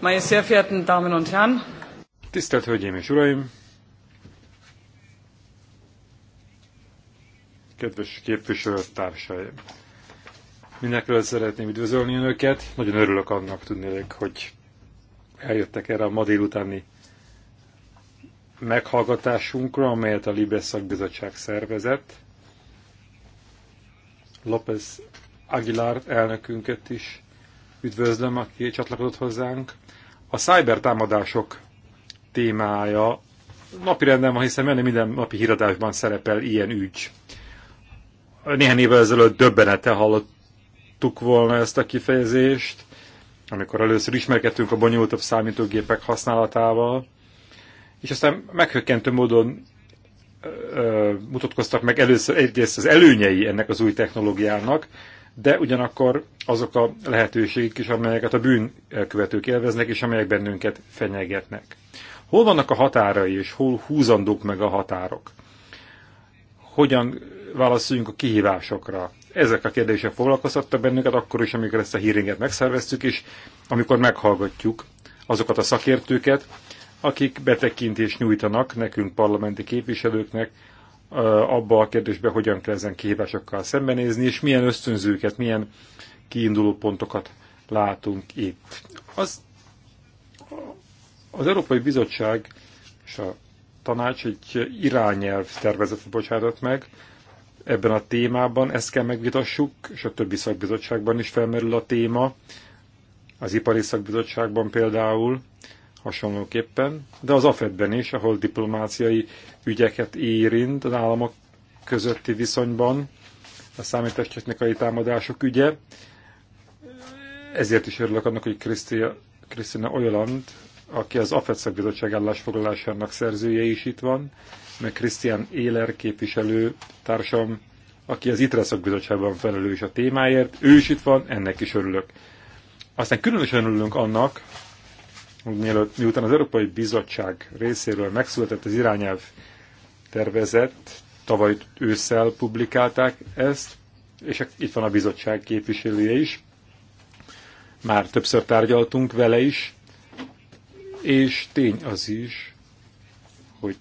Meine sehr verehrten Damen und Herren! Tisztelt Hölgyeim és Uraim! Kedves képviselőtársaim! Mindenkről szeretném üdvözölni Önöket. Nagyon örülök annak tudnélek, hogy eljöttek erre a ma délutáni meghallgatásunkra, amelyet a Libes Szakbizottság szervezett. López Aguilar elnökünket is üdvözlöm, aki csatlakozott hozzánk. A cyber támadások témája napirenden van, hiszen mennyi minden napi híradásban szerepel ilyen ügy. Néhány évvel ezelőtt döbbenete hallottuk volna ezt a kifejezést, amikor először ismerkedtünk a bonyolultabb számítógépek használatával, és aztán meghökkentő módon ö, mutatkoztak meg először egyrészt az előnyei ennek az új technológiának, de ugyanakkor azok a lehetőségek is, amelyeket a bűnkövetők élveznek, és amelyek bennünket fenyegetnek. Hol vannak a határai, és hol húzandók meg a határok? Hogyan válaszoljunk a kihívásokra? Ezek a kérdések foglalkoztattak bennünket akkor is, amikor ezt a híringet megszerveztük, és amikor meghallgatjuk azokat a szakértőket, akik betekintést nyújtanak nekünk parlamenti képviselőknek abba a kérdésbe, hogyan kell ezen kihívásokkal szembenézni, és milyen ösztönzőket, milyen kiinduló pontokat látunk itt. Az, az Európai Bizottság és a tanács egy irányelv tervezetet bocsátott meg ebben a témában, ezt kell megvitassuk, és a többi szakbizottságban is felmerül a téma, az ipari szakbizottságban például, hasonlóképpen, de az AFED-ben is, ahol diplomáciai ügyeket érint az államok közötti viszonyban a számítástechnikai támadások ügye. Ezért is örülök annak, hogy Krisztina Ojoland, aki az AFED szakbizottság állásfoglalásának szerzője is itt van, meg Krisztián Éler képviselő társam, aki az ITRE szakbizottságban felelős a témáért, ő is itt van, ennek is örülök. Aztán különösen örülünk annak, mielőtt, miután az Európai Bizottság részéről megszületett az irányelv tervezett, tavaly ősszel publikálták ezt, és itt van a bizottság képviselője is. Már többször tárgyaltunk vele is, és tény az is, hogy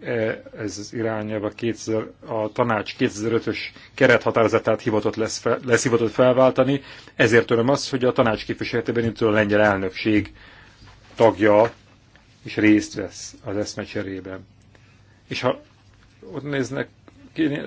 e, ez az irányelv a, 2000, a tanács 2005-ös kerethatározatát hivatott lesz, lesz hivatott felváltani, ezért öröm az, hogy a tanács képviseletében itt a lengyel elnökség tagja és részt vesz az eszmecserében. És ha ott néznek ki, eh,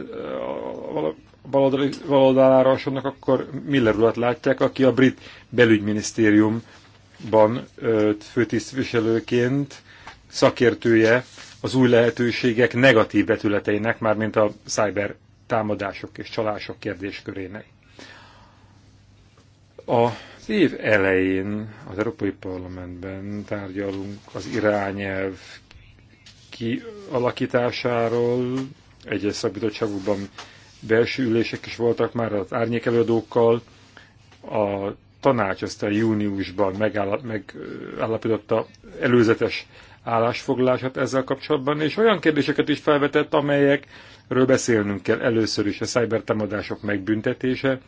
baloldalára asonnak, akkor Miller urat látják, aki a brit belügyminisztériumban eh, főtisztviselőként szakértője az új lehetőségek negatív betületeinek, mármint a cyber támadások és csalások kérdéskörének. A az év elején az Európai Parlamentben tárgyalunk az irányelv kialakításáról, egyes szakbizottságokban belső ülések is voltak már az árnyékelőadókkal, a tanács aztán júniusban megállapította előzetes állásfoglalását ezzel kapcsolatban, és olyan kérdéseket is felvetett, amelyekről beszélnünk kell először is a szájbertámadások megbüntetése,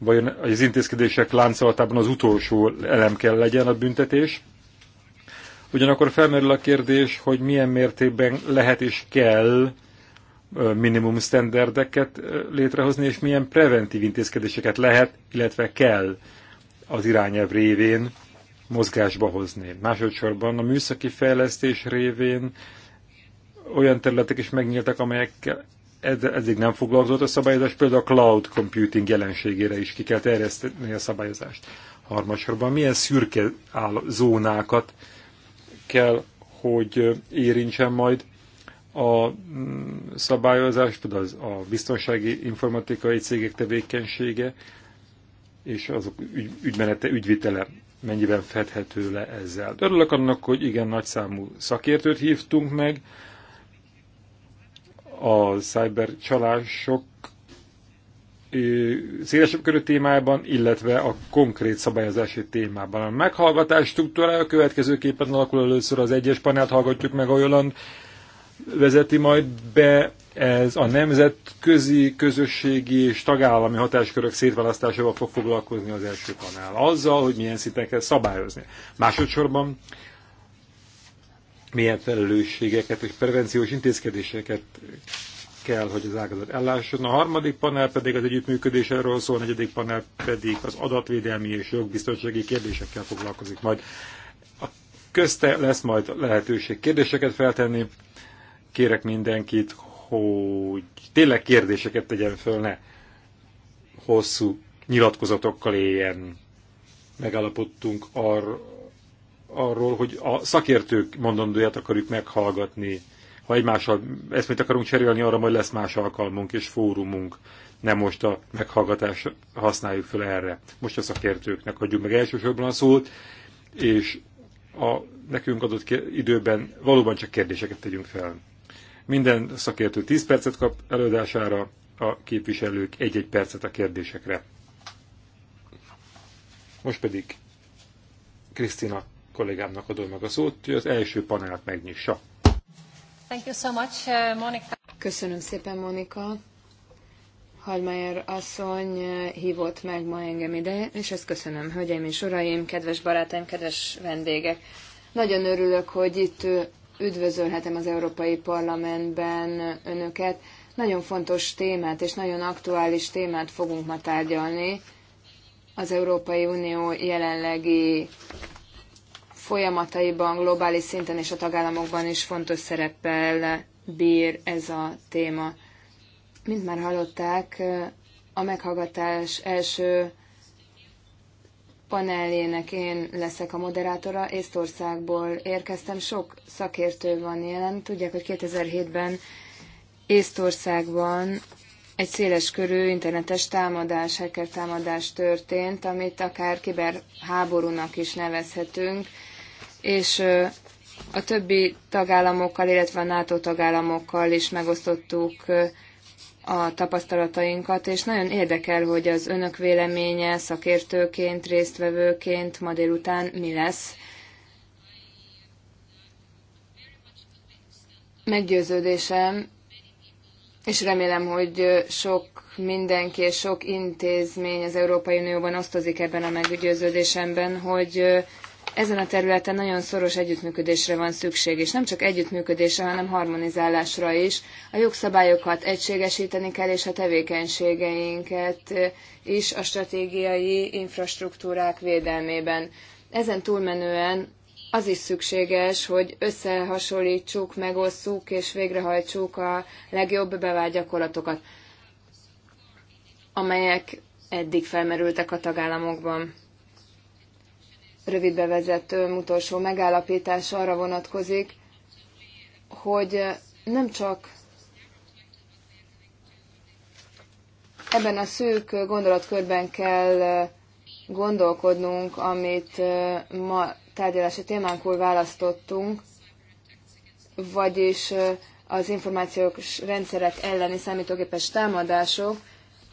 vajon az intézkedések láncolatában az utolsó elem kell legyen a büntetés. Ugyanakkor felmerül a kérdés, hogy milyen mértékben lehet és kell minimum standardeket létrehozni, és milyen preventív intézkedéseket lehet, illetve kell az irányelv révén mozgásba hozni. Másodszorban a műszaki fejlesztés révén olyan területek is megnyíltak, amelyekkel eddig nem foglalkozott a szabályozás, például a cloud computing jelenségére is ki kell terjeszteni a szabályozást. Harmadsorban milyen szürke áll, zónákat kell, hogy érintsen majd a mm, szabályozás, például az, a biztonsági informatikai cégek tevékenysége és azok ügy, ügymenete, ügyvitele mennyiben fedhető le ezzel. Örülök annak, hogy igen nagy számú szakértőt hívtunk meg, a cyber csalások szélesebb körű témában, illetve a konkrét szabályozási témában. A meghallgatás struktúrája következőképpen alakul először az egyes panelt hallgatjuk meg, Ojoland vezeti majd be, ez a nemzetközi, közösségi és tagállami hatáskörök szétválasztásával fog foglalkozni az első panel. Azzal, hogy milyen szinten kell szabályozni. Másodszorban milyen felelősségeket és prevenciós intézkedéseket kell, hogy az ágazat ellásson. A harmadik panel pedig az együttműködés erről szól, a negyedik panel pedig az adatvédelmi és jogbiztonsági kérdésekkel foglalkozik majd. A közte lesz majd lehetőség kérdéseket feltenni. Kérek mindenkit, hogy tényleg kérdéseket tegyen föl, ne hosszú nyilatkozatokkal éljen. Megállapodtunk arra, arról, hogy a szakértők mondandóját akarjuk meghallgatni. Ha egymással eszmét akarunk cserélni, arra majd lesz más alkalmunk és fórumunk. Nem most a meghallgatás használjuk fel erre. Most a szakértőknek adjuk meg elsősorban a szót, és a nekünk adott időben valóban csak kérdéseket tegyünk fel. Minden szakértő 10 percet kap előadására, a képviselők egy-egy percet a kérdésekre. Most pedig Krisztina kollégámnak adom meg a szót, hogy az első panelt megnyissa. Thank you so much, uh, Monica. Köszönöm szépen, Monika. Halmayer asszony uh, hívott meg ma engem ide, és ezt köszönöm, hölgyeim és uraim, kedves barátaim, kedves vendégek. Nagyon örülök, hogy itt uh, üdvözölhetem az Európai Parlamentben önöket. Nagyon fontos témát és nagyon aktuális témát fogunk ma tárgyalni. Az Európai Unió jelenlegi folyamataiban, globális szinten és a tagállamokban is fontos szereppel bír ez a téma. Mint már hallották, a meghallgatás első panelének én leszek a moderátora. Észtországból érkeztem, sok szakértő van jelen. Tudják, hogy 2007-ben Észtországban egy körű internetes támadás, hacker támadás történt, amit akár kiberháborúnak is nevezhetünk és a többi tagállamokkal, illetve a NATO tagállamokkal is megosztottuk a tapasztalatainkat, és nagyon érdekel, hogy az önök véleménye szakértőként, résztvevőként ma délután mi lesz. Meggyőződésem, és remélem, hogy sok mindenki és sok intézmény az Európai Unióban osztozik ebben a meggyőződésemben, hogy ezen a területen nagyon szoros együttműködésre van szükség, és nem csak együttműködésre, hanem harmonizálásra is. A jogszabályokat egységesíteni kell, és a tevékenységeinket is a stratégiai infrastruktúrák védelmében. Ezen túlmenően az is szükséges, hogy összehasonlítsuk, megosszuk és végrehajtsuk a legjobb bevált gyakorlatokat, amelyek eddig felmerültek a tagállamokban rövid bevezetőm utolsó megállapítás arra vonatkozik, hogy nem csak ebben a szűk gondolatkörben kell gondolkodnunk, amit ma tárgyalási témánkul választottunk, vagyis az információs rendszerek elleni számítógépes támadások,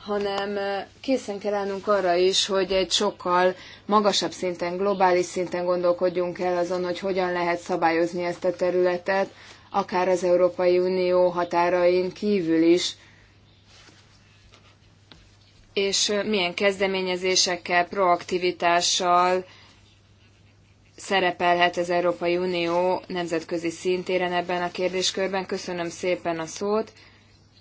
hanem készen kell állnunk arra is, hogy egy sokkal magasabb szinten, globális szinten gondolkodjunk el azon, hogy hogyan lehet szabályozni ezt a területet, akár az Európai Unió határain kívül is, és milyen kezdeményezésekkel, proaktivitással szerepelhet az Európai Unió nemzetközi szintéren ebben a kérdéskörben. Köszönöm szépen a szót.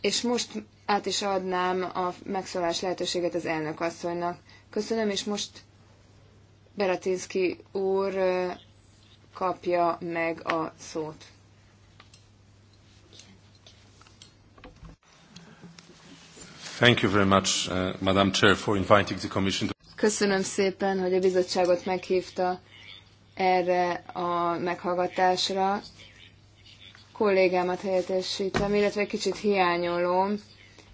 És most át is adnám a megszólás lehetőséget az elnök asszonynak. Köszönöm, és most Beratinski úr kapja meg a szót. Thank you very much, uh, Madam Chair, for inviting the Commission. To... Köszönöm szépen, hogy a bizottságot meghívta erre a meghallgatásra kollégámat helyettesítem, illetve egy kicsit hiányolom,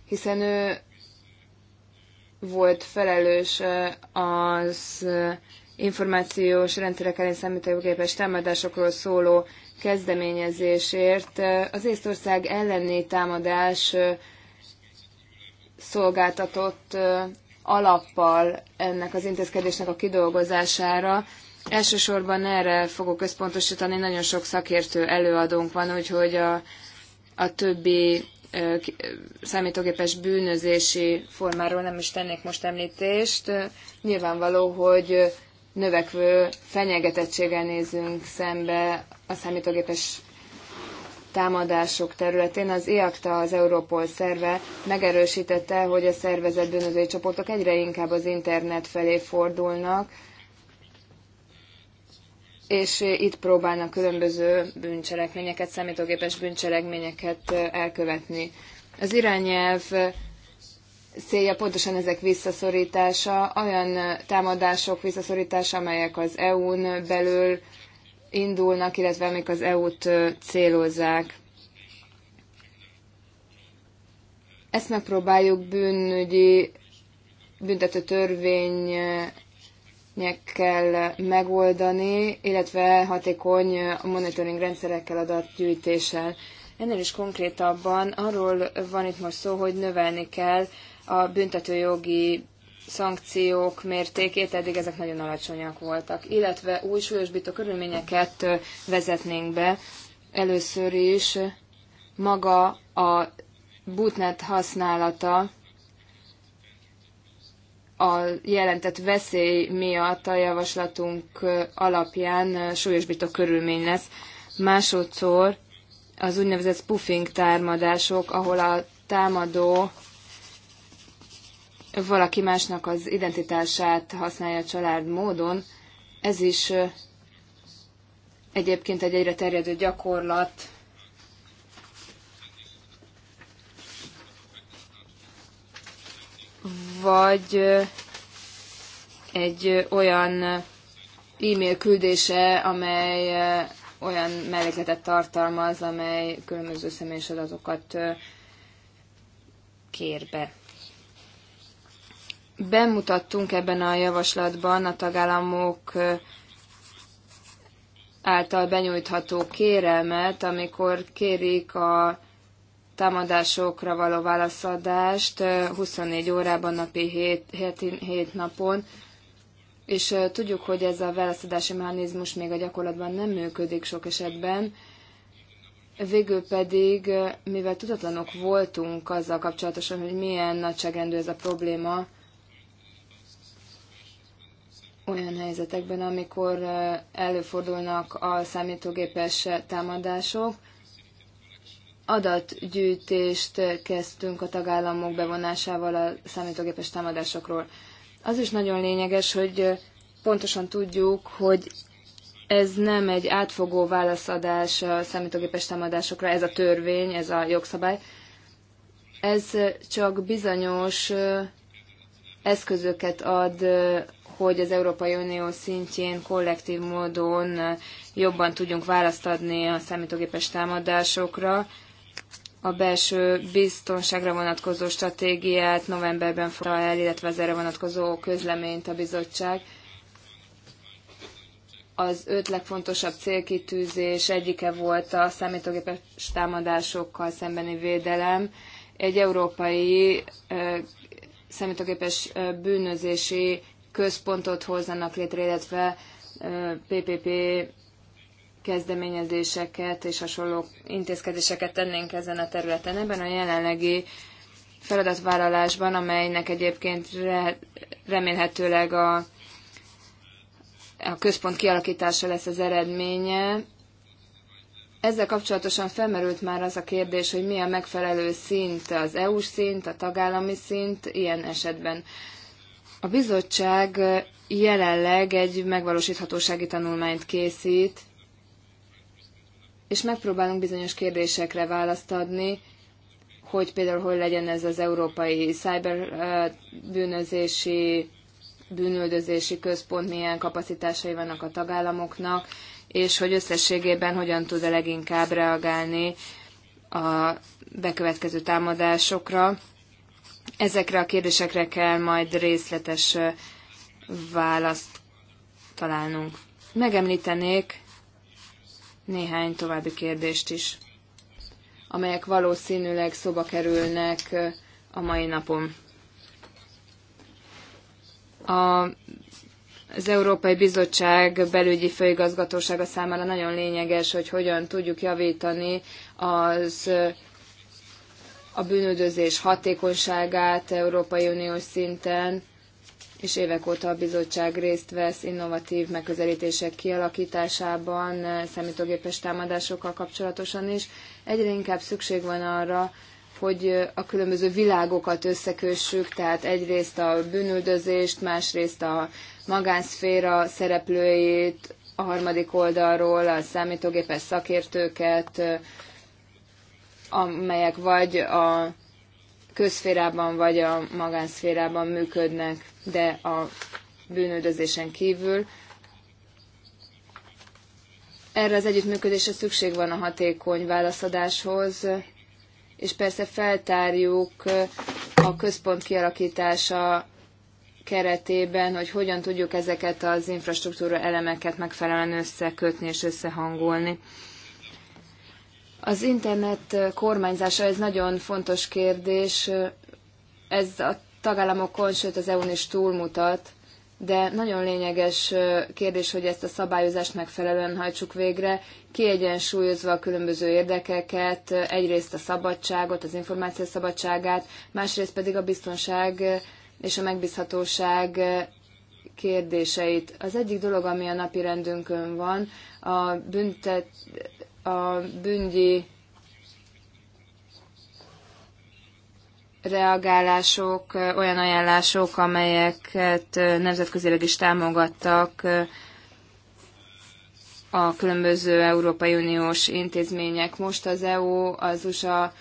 hiszen ő volt felelős az információs rendszerek ellen számítógépes támadásokról szóló kezdeményezésért. Az Észtország elleni támadás szolgáltatott alappal ennek az intézkedésnek a kidolgozására, Elsősorban erre fogok összpontosítani, nagyon sok szakértő előadónk van, úgyhogy a, a többi számítógépes bűnözési formáról nem is tennék most említést. Nyilvánvaló, hogy növekvő fenyegetettséggel nézünk szembe a számítógépes támadások területén. Az IACTA, az Europol szerve megerősítette, hogy a szervezett bűnözői csoportok egyre inkább az internet felé fordulnak, és eh, itt próbálnak különböző bűncselekményeket, számítógépes bűncselekményeket eh, elkövetni. Az irányelv eh, célja pontosan ezek visszaszorítása, olyan támadások visszaszorítása, amelyek az EU-n belül indulnak, illetve amik az EU-t célozzák. Ezt megpróbáljuk bűnügyi büntető törvény kell megoldani, illetve hatékony monitoring rendszerekkel, adatgyűjtéssel. Ennél is konkrétabban arról van itt most szó, hogy növelni kell a büntetőjogi szankciók mértékét, eddig ezek nagyon alacsonyak voltak, illetve új súlyosbító körülményeket vezetnénk be. Először is maga a bootnet használata a jelentett veszély miatt a javaslatunk alapján súlyosbító körülmény lesz. Másodszor az úgynevezett spoofing támadások, ahol a támadó valaki másnak az identitását használja a család módon, ez is egyébként egy egyre terjedő gyakorlat, vagy egy olyan e-mail küldése, amely olyan mellékletet tartalmaz, amely különböző személyes adatokat kér be. Bemutattunk ebben a javaslatban a tagállamok által benyújtható kérelmet, amikor kérik a támadásokra való válaszadást 24 órában napi 7, 7, 7 napon, és tudjuk, hogy ez a válaszadási mechanizmus még a gyakorlatban nem működik sok esetben, Végül pedig, mivel tudatlanok voltunk azzal kapcsolatosan, hogy milyen nagyságrendű ez a probléma, olyan helyzetekben, amikor előfordulnak a számítógépes támadások, adatgyűjtést kezdtünk a tagállamok bevonásával a számítógépes támadásokról. Az is nagyon lényeges, hogy pontosan tudjuk, hogy ez nem egy átfogó válaszadás a számítógépes támadásokra, ez a törvény, ez a jogszabály. Ez csak bizonyos eszközöket ad, hogy az Európai Unió szintjén kollektív módon jobban tudjunk választ adni a számítógépes támadásokra, a belső biztonságra vonatkozó stratégiát novemberben fogja el, illetve az erre vonatkozó közleményt a bizottság. Az öt legfontosabb célkitűzés egyike volt a számítógépes támadásokkal szembeni védelem. Egy európai számítógépes bűnözési központot hozzanak létre, illetve PPP kezdeményezéseket és hasonló intézkedéseket tennénk ezen a területen. Ebben a jelenlegi feladatvállalásban, amelynek egyébként remélhetőleg a, a központ kialakítása lesz az eredménye. Ezzel kapcsolatosan felmerült már az a kérdés, hogy mi a megfelelő szint, az EU-s szint, a tagállami szint ilyen esetben. A bizottság jelenleg egy megvalósíthatósági tanulmányt készít, és megpróbálunk bizonyos kérdésekre választ adni, hogy például hol legyen ez az európai cyberbűnözési, bűnöldözési központ, milyen kapacitásai vannak a tagállamoknak, és hogy összességében hogyan tud a leginkább reagálni a bekövetkező támadásokra. Ezekre a kérdésekre kell majd részletes választ találnunk. Megemlítenék néhány további kérdést is, amelyek valószínűleg szoba kerülnek a mai napon. A, az Európai Bizottság belügyi főigazgatósága számára nagyon lényeges, hogy hogyan tudjuk javítani az a bűnöldözés hatékonyságát Európai Uniós szinten, és évek óta a bizottság részt vesz innovatív megközelítések kialakításában, számítógépes támadásokkal kapcsolatosan is. Egyre inkább szükség van arra, hogy a különböző világokat összekössük, tehát egyrészt a bűnüldözést, másrészt a magánszféra szereplőjét, a harmadik oldalról a számítógépes szakértőket, amelyek vagy a közszférában vagy a magánszférában működnek, de a bűnöldözésen kívül. Erre az együttműködésre szükség van a hatékony válaszadáshoz, és persze feltárjuk eh, a központ kialakítása keretében, hogy hogyan tudjuk ezeket az infrastruktúra elemeket megfelelően összekötni és összehangolni. Az internet kormányzása, ez nagyon fontos kérdés. Ez a tagállamokon, sőt az EU-n is túlmutat, de nagyon lényeges kérdés, hogy ezt a szabályozást megfelelően hajtsuk végre, kiegyensúlyozva a különböző érdekeket, egyrészt a szabadságot, az információ szabadságát, másrészt pedig a biztonság és a megbízhatóság kérdéseit. Az egyik dolog, ami a napi rendünkön van, a büntet, a bűnyi reagálások, olyan ajánlások, amelyeket nemzetközileg is támogattak a különböző Európai Uniós intézmények. Most az EU, az USA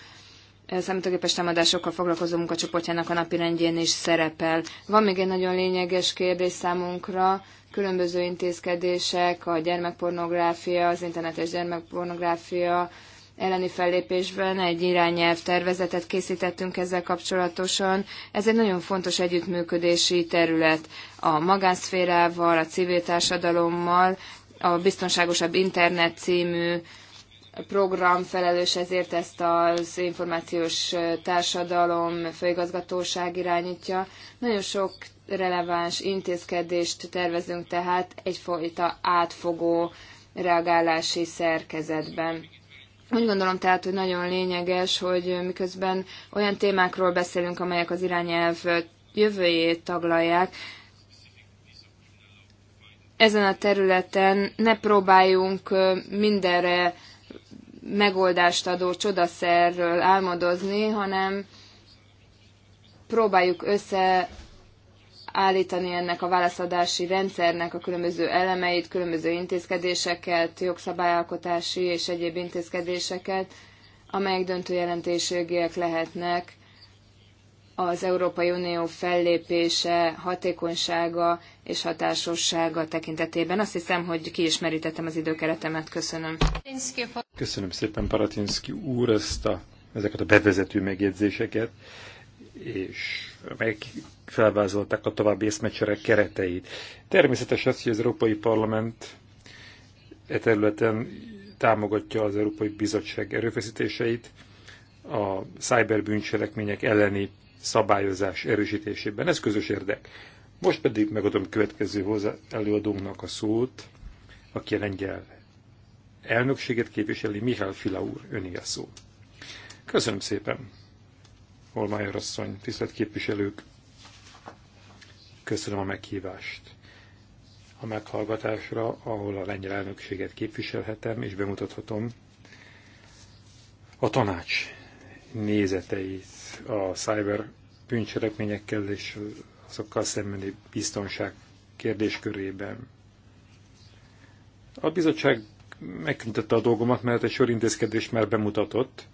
számítógépes támadásokkal foglalkozó munkacsoportjának a napirendjén is szerepel. Van még egy nagyon lényeges kérdés számunkra, különböző intézkedések, a gyermekpornográfia, az internetes gyermekpornográfia elleni fellépésben egy irányelv tervezetet készítettünk ezzel kapcsolatosan. Ez egy nagyon fontos együttműködési terület a magánszférával, a civil társadalommal, a Biztonságosabb Internet című program felelős ezért ezt az információs társadalom főigazgatóság irányítja. Nagyon sok releváns intézkedést tervezünk tehát egyfajta átfogó reagálási szerkezetben. Úgy gondolom tehát, hogy nagyon lényeges, hogy miközben olyan témákról beszélünk, amelyek az irányelv jövőjét taglalják, ezen a területen ne próbáljunk mindenre megoldást adó csodaszerről álmodozni, hanem próbáljuk össze állítani ennek a válaszadási rendszernek a különböző elemeit, különböző intézkedéseket, jogszabályalkotási és egyéb intézkedéseket, amelyek döntő jelentőségűek lehetnek az Európai Unió fellépése, hatékonysága és hatásossága tekintetében. Azt hiszem, hogy kiismerítettem az időkeretemet. Köszönöm. Köszönöm szépen, Paratinszki úr, ezt a, ezeket a bevezető megjegyzéseket, és meg felvázolták a további eszmecsere kereteit. Természetes az, hogy az Európai Parlament e területen támogatja az Európai Bizottság erőfeszítéseit a cyberbűncselekmények elleni szabályozás erősítésében. Ez közös érdek. Most pedig megadom következő hozzá előadónknak a szót, aki a lengyel elnökséget képviseli, Mihály Fila úr, öné a szó. Köszönöm szépen, Holmájer asszony, tisztelt képviselők! Köszönöm a meghívást a meghallgatásra, ahol a lengyel elnökséget képviselhetem és bemutathatom a tanács nézeteit a cyber bűncselekményekkel és azokkal szembeni biztonság kérdéskörében. A bizottság megküntette a dolgomat, mert egy sor intézkedés már bemutatott.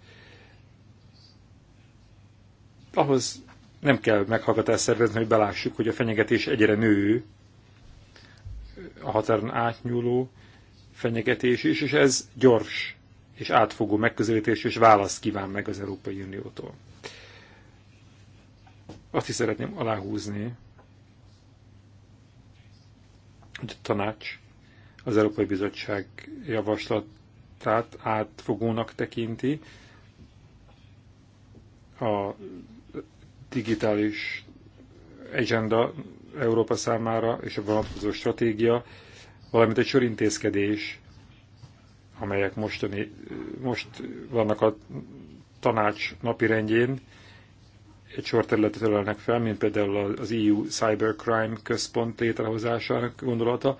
Ahhoz nem kell meghallgatást szervezni, hogy belássuk, hogy a fenyegetés egyre nő, a határon átnyúló fenyegetés is, és ez gyors és átfogó megközelítés és választ kíván meg az Európai Uniótól. Azt is szeretném aláhúzni, hogy a tanács az Európai Bizottság javaslatát átfogónak tekinti, a digitális agenda Európa számára és a vonatkozó stratégia, valamint egy sor intézkedés, amelyek mostani, most vannak a tanács napirendjén, egy sor területet ölelnek fel, mint például az EU Cybercrime Központ létrehozásának gondolata,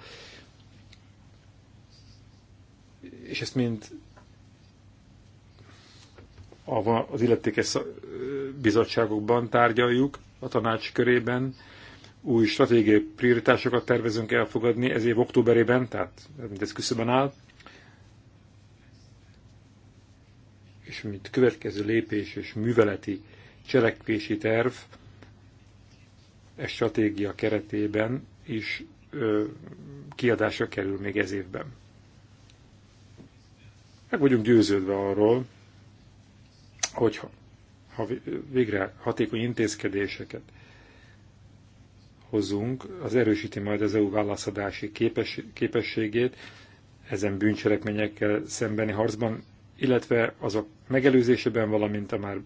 és ezt mind az illetékes bizottságokban tárgyaljuk, a tanács körében. Új stratégiai prioritásokat tervezünk elfogadni ez év októberében, tehát mindez küszöben áll. És mint következő lépés és műveleti cselekvési terv, e stratégia keretében is ö, kiadásra kerül még ez évben. Meg vagyunk győződve arról, hogy ha végre hatékony intézkedéseket hozunk, az erősíti majd az EU válaszadási képes, képességét ezen bűncselekményekkel szembeni harcban, illetve azok megelőzésében, valamint a már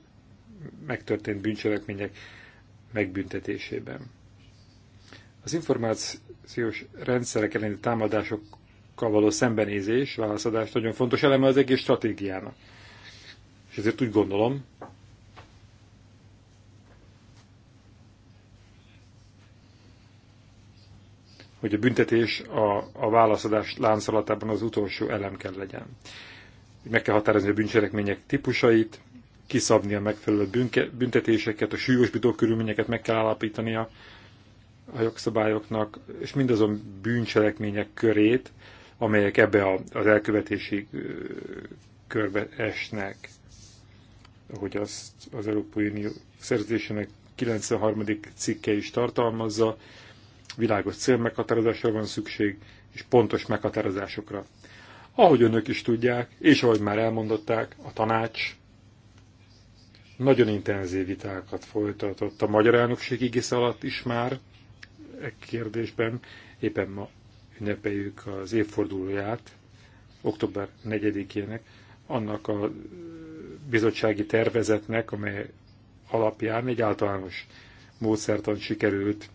megtörtént bűncselekmények megbüntetésében. Az információs rendszerek elleni támadásokkal való szembenézés, válaszadás nagyon fontos eleme az egész stratégiának. És ezért úgy gondolom, hogy a büntetés a, a válaszadás láncolatában az utolsó elem kell legyen. Meg kell határozni a bűncselekmények típusait, kiszabni a megfelelő bünke, büntetéseket, a súlyos körülményeket meg kell állapítania a jogszabályoknak, és mindazon bűncselekmények körét, amelyek ebbe a, az elkövetési körbe esnek ahogy azt az Európai Unió szerződésének 93. cikke is tartalmazza, világos célmeghatározásra van szükség, és pontos meghatározásokra. Ahogy önök is tudják, és ahogy már elmondották, a tanács nagyon intenzív vitákat folytatott a magyar elnökség igésze alatt is már e kérdésben. Éppen ma ünnepeljük az évfordulóját, október 4-ének, annak a bizottsági tervezetnek, amely alapján egy általános módszertan sikerült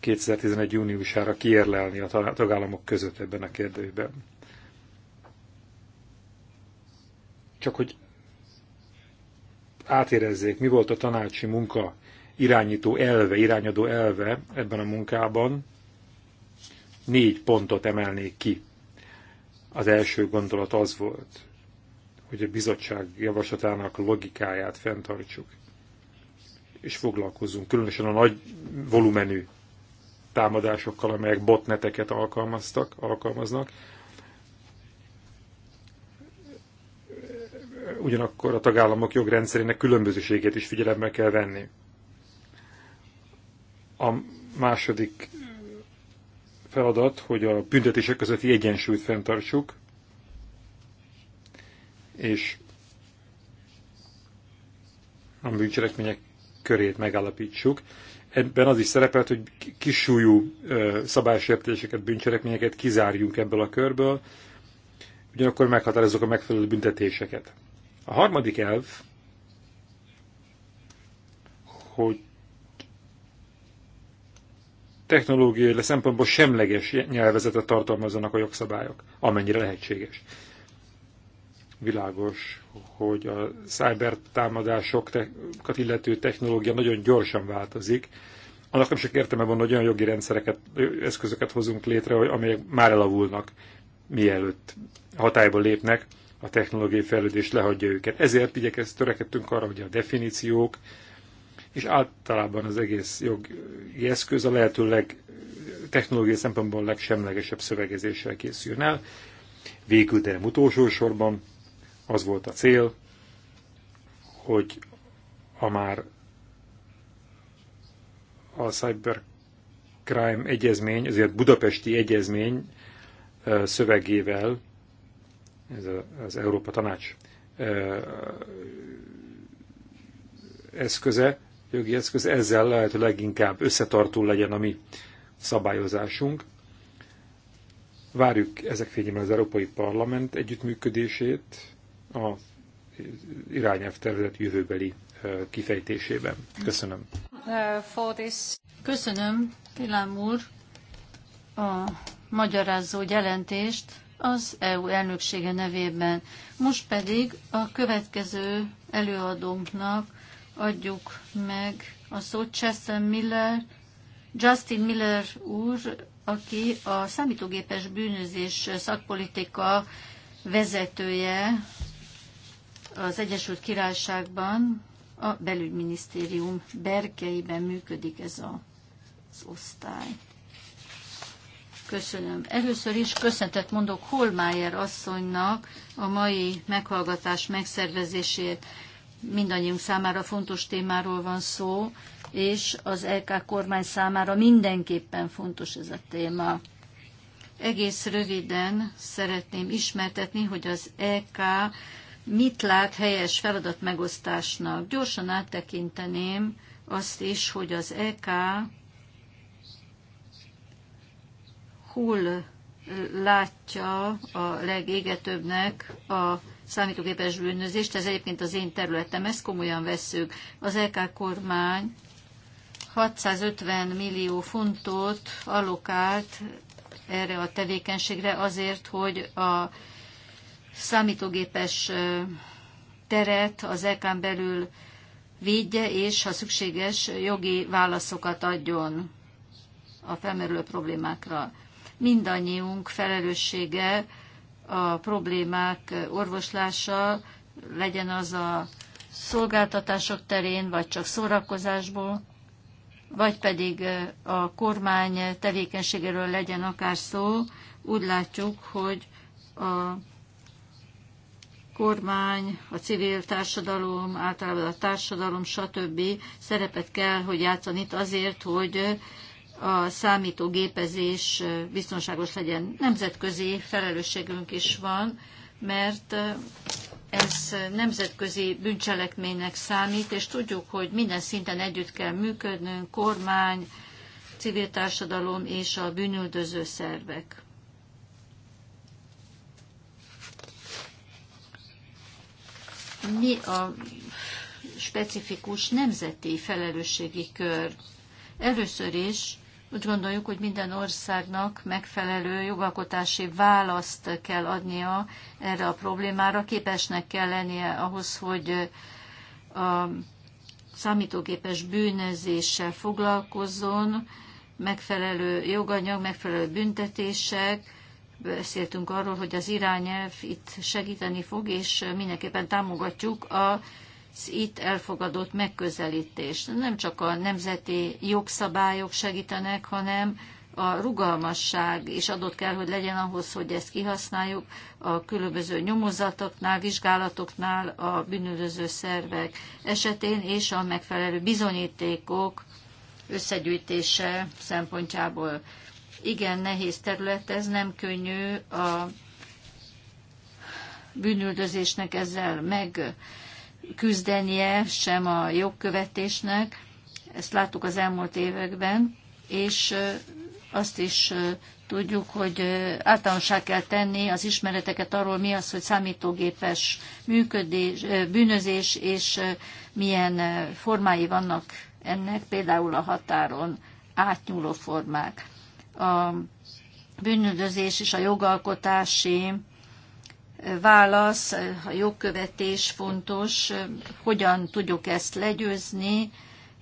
2011. júniusára kiérlelni a tagállamok között ebben a kérdőben. Csak hogy átérezzék, mi volt a tanácsi munka irányító elve, irányadó elve ebben a munkában, négy pontot emelnék ki. Az első gondolat az volt, hogy a bizottság javaslatának logikáját fenntartsuk, és foglalkozzunk különösen a nagy volumenű támadásokkal, amelyek botneteket alkalmaztak, alkalmaznak. Ugyanakkor a tagállamok jogrendszerének különbözőségét is figyelembe kell venni. A második feladat, hogy a büntetések közötti egyensúlyt fenntartsuk, és a bűncselekmények körét megállapítsuk. Ebben az is szerepelt, hogy kisúlyú szabálysértéseket, bűncselekményeket kizárjunk ebből a körből, ugyanakkor meghatározzuk a megfelelő büntetéseket. A harmadik elv, hogy technológiai szempontból semleges nyelvezetet tartalmazzanak a jogszabályok, amennyire lehetséges. Világos, hogy a cyber támadásokat illető technológia nagyon gyorsan változik. Annak nem csak értelme van, hogy olyan jogi rendszereket, eszközöket hozunk létre, amelyek már elavulnak, mielőtt hatályba lépnek, a technológiai fejlődés lehagyja őket. Ezért igyekez, törekedtünk arra, hogy a definíciók, és általában az egész jogi eszköz a leg, technológiai szempontból legsemlegesebb szövegezéssel készüljön el. Végül, de nem utolsó sorban, az volt a cél, hogy a már a cybercrime egyezmény, ezért budapesti egyezmény szövegével, ez az Európa Tanács eszköze, jogi eszköz, ezzel hogy leginkább összetartó legyen a mi szabályozásunk. Várjuk ezek fényében az Európai Parlament együttműködését, a irányelv tervezet jövőbeli kifejtésében. Köszönöm. Köszönöm, Pilám úr, a magyarázó jelentést az EU elnöksége nevében. Most pedig a következő előadónknak adjuk meg a szót Chesson Miller, Justin Miller úr, aki a számítógépes bűnözés szakpolitika vezetője az Egyesült Királyságban a belügyminisztérium berkeiben működik ez a, az osztály. Köszönöm. Először is köszöntet mondok Holmájer asszonynak a mai meghallgatás megszervezését. Mindannyiunk számára fontos témáról van szó, és az LK kormány számára mindenképpen fontos ez a téma. Egész röviden szeretném ismertetni, hogy az EK mit lát helyes feladatmegosztásnak. Gyorsan áttekinteném azt is, hogy az EK hol látja a legégetőbbnek a számítógépes bűnözést, ez egyébként az én területem, ezt komolyan veszük. Az EK kormány 650 millió fontot allokált erre a tevékenységre azért, hogy a számítógépes teret az EK-n belül védje, és ha szükséges, jogi válaszokat adjon a felmerülő problémákra. Mindannyiunk felelőssége a problémák orvoslása, legyen az a szolgáltatások terén, vagy csak szórakozásból, vagy pedig a kormány tevékenységéről legyen akár szó, úgy látjuk, hogy a kormány, a civil társadalom, általában a társadalom, stb. szerepet kell, hogy játszani itt azért, hogy a számítógépezés biztonságos legyen. Nemzetközi felelősségünk is van, mert ez nemzetközi bűncselekménynek számít, és tudjuk, hogy minden szinten együtt kell működnünk, kormány, civil társadalom és a bűnüldöző szervek. mi a specifikus nemzeti felelősségi kör. Először is úgy gondoljuk, hogy minden országnak megfelelő jogalkotási választ kell adnia erre a problémára, képesnek kell lennie ahhoz, hogy a számítógépes bűnözéssel foglalkozzon, megfelelő joganyag, megfelelő büntetések, beszéltünk arról, hogy az irányelv itt segíteni fog, és mindenképpen támogatjuk az itt elfogadott megközelítést. Nem csak a nemzeti jogszabályok segítenek, hanem a rugalmasság is adott kell, hogy legyen ahhoz, hogy ezt kihasználjuk a különböző nyomozatoknál, vizsgálatoknál, a bűnöző szervek esetén, és a megfelelő bizonyítékok összegyűjtése szempontjából igen nehéz terület, ez nem könnyű a bűnüldözésnek ezzel megküzdenie, sem a jogkövetésnek. Ezt láttuk az elmúlt években, és azt is tudjuk, hogy általánosá kell tenni az ismereteket arról, mi az, hogy számítógépes működés, bűnözés, és milyen formái vannak ennek, például a határon átnyúló formák a bűnöldözés és a jogalkotási eh, válasz, a jogkövetés fontos, hogyan tudjuk ezt legyőzni,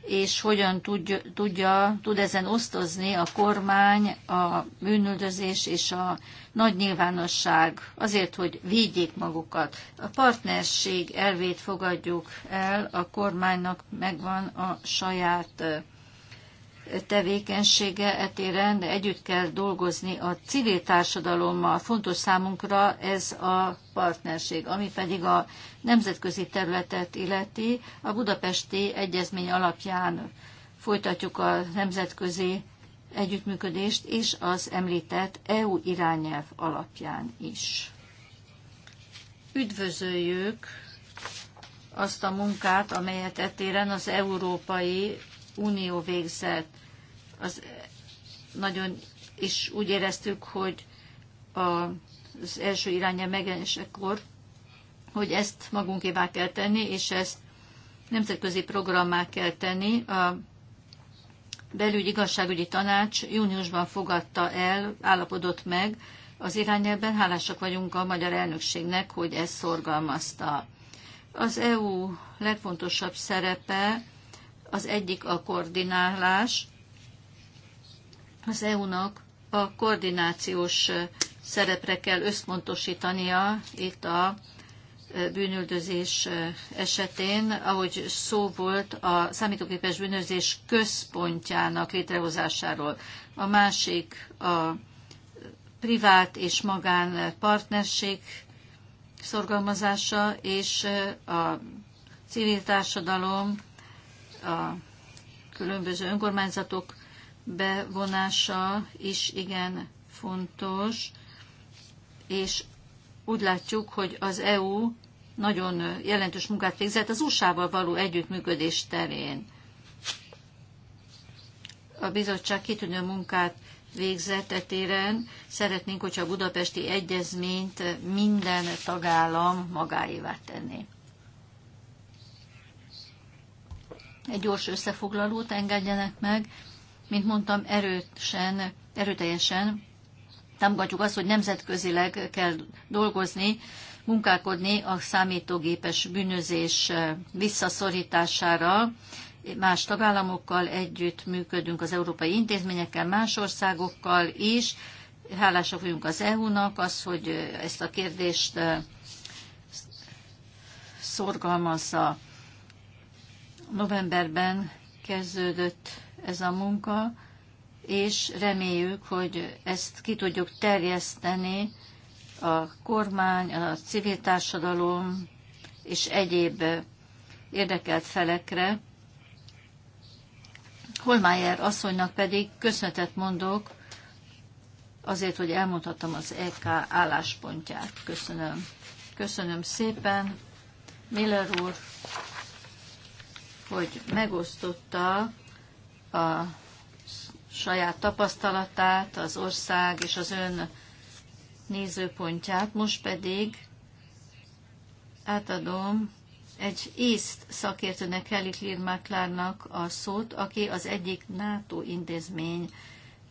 és hogyan tudja, tudja, tud ezen osztozni a kormány, a bűnüldözés és a nagy nyilvánosság azért, hogy védjék magukat. A partnerség elvét fogadjuk el, a kormánynak megvan a saját eh, tevékenysége etéren együtt kell dolgozni a civil társadalommal. Fontos számunkra ez a partnerség, ami pedig a nemzetközi területet illeti. A budapesti egyezmény alapján folytatjuk a nemzetközi együttműködést és az említett EU irányelv alapján is. Üdvözöljük azt a munkát, amelyet etéren az Európai Unió végzett. Az nagyon és úgy éreztük, hogy az első irányja megjelenésekor, hogy ezt magunkévá kell tenni, és ezt nemzetközi programmá kell tenni. A belügyi igazságügyi tanács júniusban fogadta el, állapodott meg az irányelben. Hálásak vagyunk a magyar elnökségnek, hogy ezt szorgalmazta. Az EU legfontosabb szerepe az egyik a koordinálás. Az EU-nak a koordinációs szerepre kell összpontosítania itt a bűnüldözés esetén, ahogy szó volt a számítógépes bűnözés központjának létrehozásáról. A másik a privát és magán partnerség szorgalmazása és a civil társadalom a különböző önkormányzatok bevonása is igen fontos, és úgy látjuk, hogy az EU nagyon jelentős munkát végzett az USA-val való együttműködés terén. A bizottság kitűnő munkát végzett e Szeretnénk, hogyha a budapesti egyezményt minden tagállam magáévá tenné. egy gyors összefoglalót engedjenek meg. Mint mondtam, erősen, erőteljesen támogatjuk azt, hogy nemzetközileg kell dolgozni, munkálkodni a számítógépes bűnözés visszaszorítására. Más tagállamokkal együtt működünk az európai intézményekkel, más országokkal is. Hálásak vagyunk az EU-nak az, hogy ezt a kérdést szorgalmazza novemberben kezdődött ez a munka, és reméljük, hogy ezt ki tudjuk terjeszteni a kormány, a civil társadalom és egyéb érdekelt felekre. Holmájer asszonynak pedig köszönetet mondok azért, hogy elmondhattam az EK álláspontját. Köszönöm. Köszönöm szépen. Miller úr, hogy megosztotta a saját tapasztalatát, az ország és az ön nézőpontját, most pedig átadom egy észt szakértőnek, Kelly Klirmáklárnak a szót, aki az egyik NATO intézmény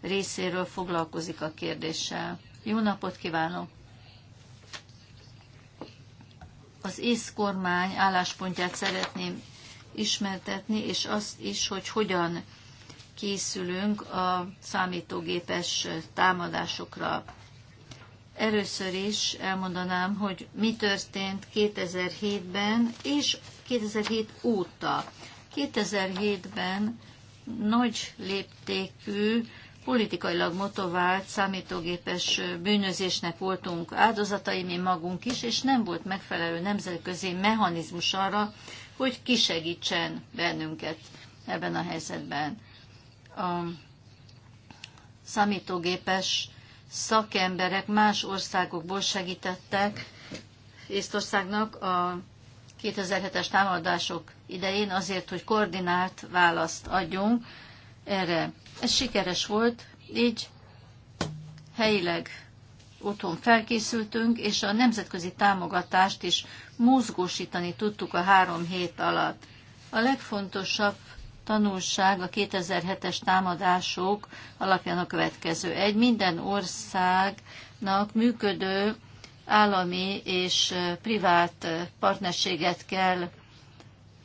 részéről foglalkozik a kérdéssel. Jó napot kívánok! Az ész kormány álláspontját szeretném ismertetni, és azt is, hogy hogyan készülünk a számítógépes támadásokra. Először is elmondanám, hogy mi történt 2007-ben és 2007 óta. 2007-ben nagy léptékű, politikailag motivált számítógépes bűnözésnek voltunk áldozatai, mi magunk is, és nem volt megfelelő nemzetközi mechanizmus arra, hogy kisegítsen bennünket ebben a helyzetben. A számítógépes szakemberek más országokból segítettek Észtországnak a 2007-es támadások idején azért, hogy koordinált választ adjunk erre. Ez sikeres volt, így helyileg otthon felkészültünk, és a nemzetközi támogatást is mozgósítani tudtuk a három hét alatt. A legfontosabb tanulság a 2007-es támadások alapján a következő. Egy minden országnak működő állami és privát partnerséget kell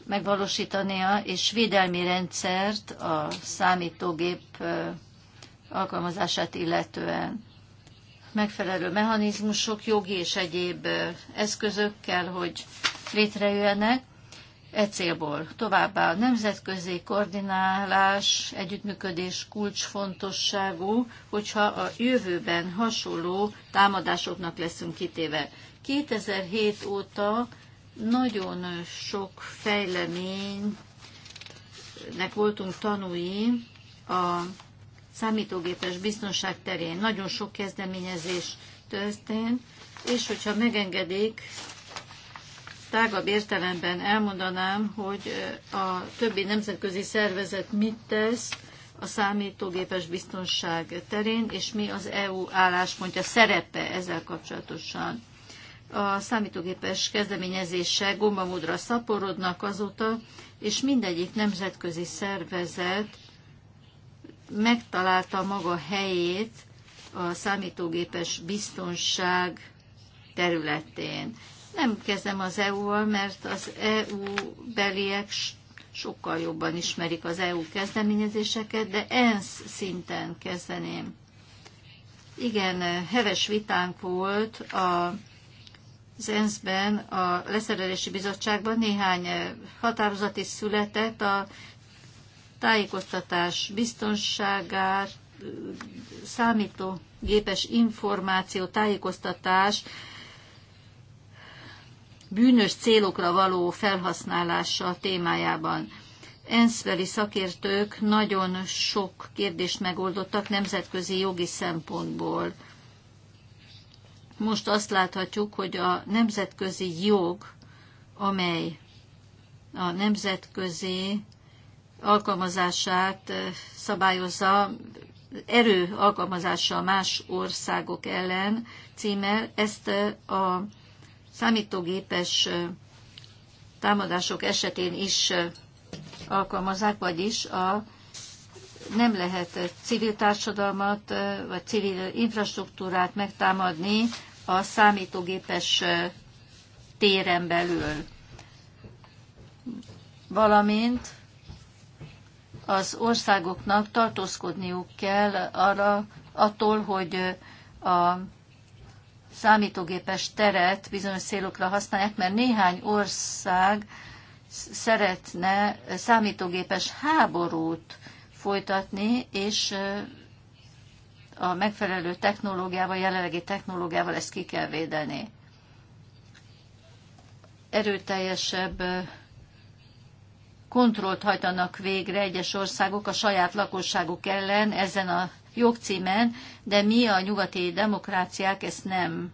megvalósítania, és védelmi rendszert a számítógép alkalmazását illetően megfelelő mechanizmusok, jogi és egyéb eszközök kell, hogy létrejöjjenek e célból. Továbbá a nemzetközi koordinálás, együttműködés kulcsfontosságú, hogyha a jövőben hasonló támadásoknak leszünk kitéve. 2007 óta nagyon sok fejleménynek voltunk tanúi a számítógépes biztonság terén. Nagyon sok kezdeményezés történt, és hogyha megengedik, tágabb értelemben elmondanám, hogy a többi nemzetközi szervezet mit tesz a számítógépes biztonság terén, és mi az EU álláspontja szerepe ezzel kapcsolatosan. A számítógépes kezdeményezések gombamódra szaporodnak azóta, és mindegyik nemzetközi szervezet megtalálta maga helyét a számítógépes biztonság területén. Nem kezdem az EU-val, mert az EU beliek sokkal jobban ismerik az EU kezdeményezéseket, de ENSZ szinten kezdeném. Igen, heves vitánk volt a az ENSZ-ben, a Leszerelési Bizottságban néhány határozat is született a tájékoztatás biztonságát, számítógépes információ, tájékoztatás, bűnös célokra való felhasználása témájában. Enszveli szakértők nagyon sok kérdést megoldottak nemzetközi jogi szempontból. Most azt láthatjuk, hogy a nemzetközi jog, amely a nemzetközi alkalmazását eh, szabályozza erő alkalmazása más országok ellen címmel. Ezt eh, a számítógépes eh, támadások esetén is alkalmazák, vagyis a nem lehet civil társadalmat vagy civil infrastruktúrát megtámadni a számítógépes téren belül. Valamint az országoknak tartózkodniuk kell arra, attól, hogy a számítógépes teret bizonyos célokra használják, mert néhány ország szeretne számítógépes háborút folytatni, és a megfelelő technológiával, jelenlegi technológiával ezt ki kell védeni. Erőteljesebb kontrollt hajtanak végre egyes országok a saját lakosságuk ellen ezen a jogcímen, de mi a nyugati demokráciák ezt nem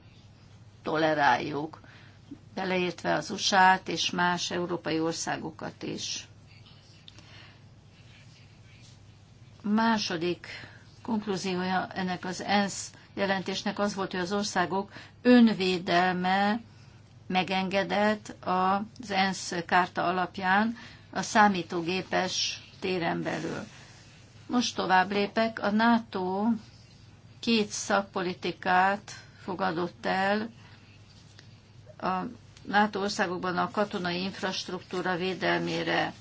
toleráljuk, beleértve az usa és más európai országokat is. Második konklúziója ennek az ENSZ jelentésnek az volt, hogy az országok önvédelme megengedett az ENSZ kárta alapján, a számítógépes téren belül. Most tovább lépek, a NATO két szakpolitikát fogadott el a NATO országokban a katonai infrastruktúra védelmére.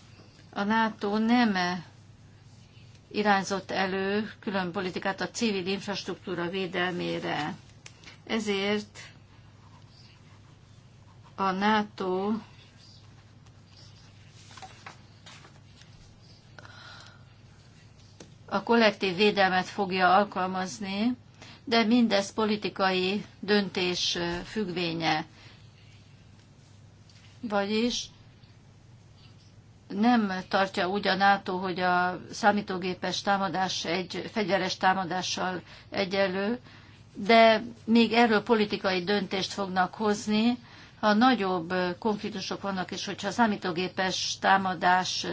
A NATO nem -e irányzott elő külön politikát a civil infrastruktúra védelmére. Ezért a NATO a kollektív védelmet fogja alkalmazni, de mindez politikai döntés függvénye. Vagyis nem tartja úgy a NATO, hogy a számítógépes támadás egy fegyveres támadással egyelő, de még erről politikai döntést fognak hozni, ha nagyobb konfliktusok vannak, és hogyha a számítógépes támadás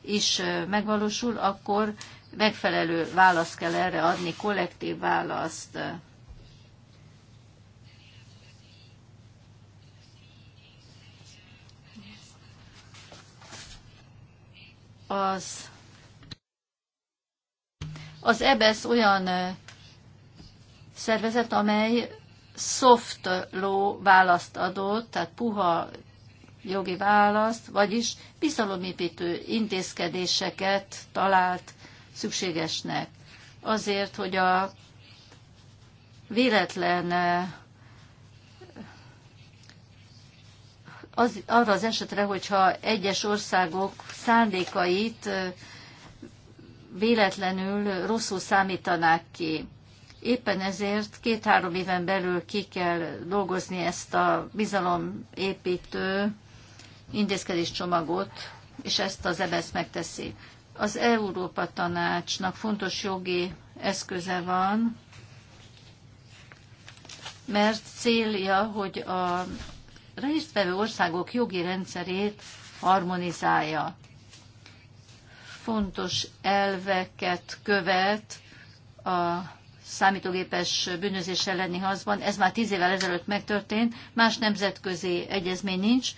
is megvalósul, akkor megfelelő választ kell erre adni, kollektív választ. Az, az EBS e olyan szervezet, amely soft law választ adott, tehát puha jogi választ, vagyis bizalomépítő intézkedéseket talált szükségesnek azért, hogy a véletlen az, arra az esetre, hogyha egyes országok szándékait véletlenül rosszul számítanák ki. Éppen ezért két-három éven belül ki kell dolgozni ezt a bizalomépítő intézkedéscsomagot, és ezt az EBSZ e megteszi. Az Európa Tanácsnak fontos jogi eszköze van, mert célja, hogy a résztvevő országok jogi rendszerét harmonizálja. Fontos elveket követ a számítógépes bűnözés elleni hazban. Ez már tíz évvel ezelőtt megtörtént, más nemzetközi egyezmény nincs,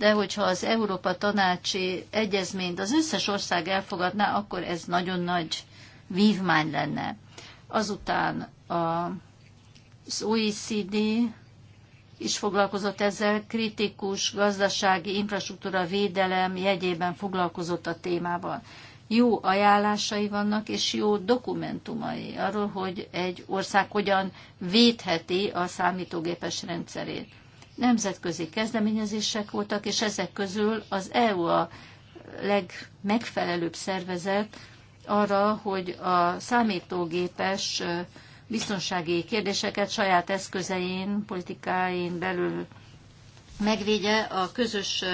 de hogyha az Európa Tanácsi Egyezményt az összes ország elfogadná, akkor ez nagyon nagy vívmány lenne. Azután a, az OECD is foglalkozott ezzel, kritikus gazdasági infrastruktúra védelem jegyében foglalkozott a témával. Jó ajánlásai vannak, és jó dokumentumai arról, hogy egy ország hogyan védheti a számítógépes rendszerét nemzetközi kezdeményezések voltak, és ezek közül az EU a legmegfelelőbb szervezet arra, hogy a számítógépes biztonsági kérdéseket saját eszközein, politikáin belül megvédje a közös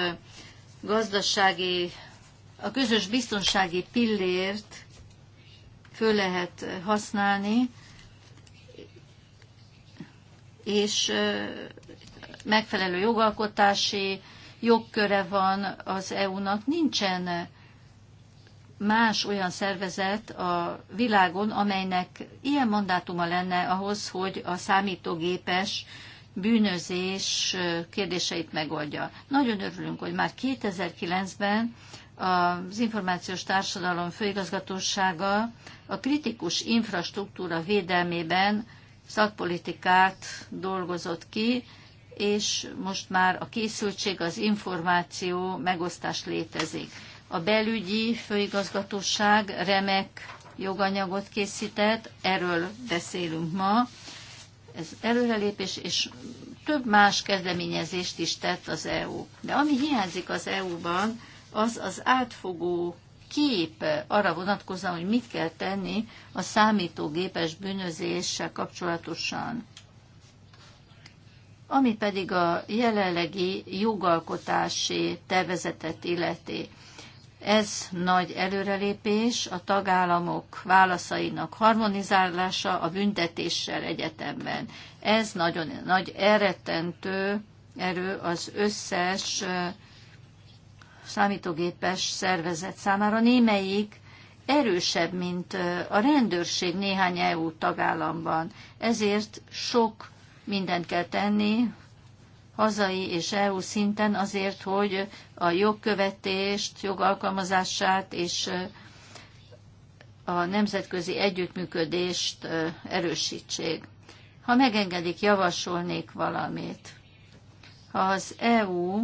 gazdasági, a közös biztonsági pillért föl lehet használni, és megfelelő jogalkotási jogköre van az EU-nak. Nincsen más olyan szervezet a világon, amelynek ilyen mandátuma lenne ahhoz, hogy a számítógépes bűnözés kérdéseit megoldja. Nagyon örülünk, hogy már 2009-ben az Információs Társadalom Főigazgatósága a kritikus infrastruktúra védelmében szakpolitikát dolgozott ki, és most már a készültség, az információ megosztás létezik. A belügyi főigazgatóság remek joganyagot készített, erről beszélünk ma. Ez előrelépés, és több más kezdeményezést is tett az EU. De ami hiányzik az EU-ban, az az átfogó kép arra vonatkozóan, hogy mit kell tenni a számítógépes bűnözéssel kapcsolatosan. Ami pedig a jelenlegi jogalkotási tervezetet illeti. Ez nagy előrelépés a tagállamok válaszainak harmonizálása a büntetéssel egyetemben. Ez nagyon nagy elrettentő erő az összes számítógépes szervezet számára. Némelyik erősebb, mint a rendőrség néhány EU tagállamban. Ezért sok mindent kell tenni hazai és EU szinten azért, hogy a jogkövetést, jogalkalmazását és a nemzetközi együttműködést erősítsék. Ha megengedik, javasolnék valamit. Ha az EU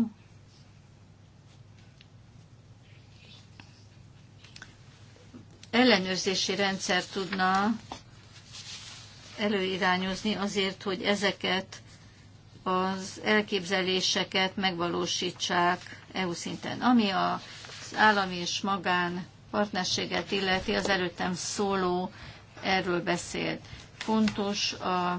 ellenőrzési rendszer tudna előirányozni azért, hogy ezeket az elképzeléseket megvalósítsák EU szinten. Ami az állami és magán partnerséget illeti, az előttem szóló erről beszélt. Fontos a,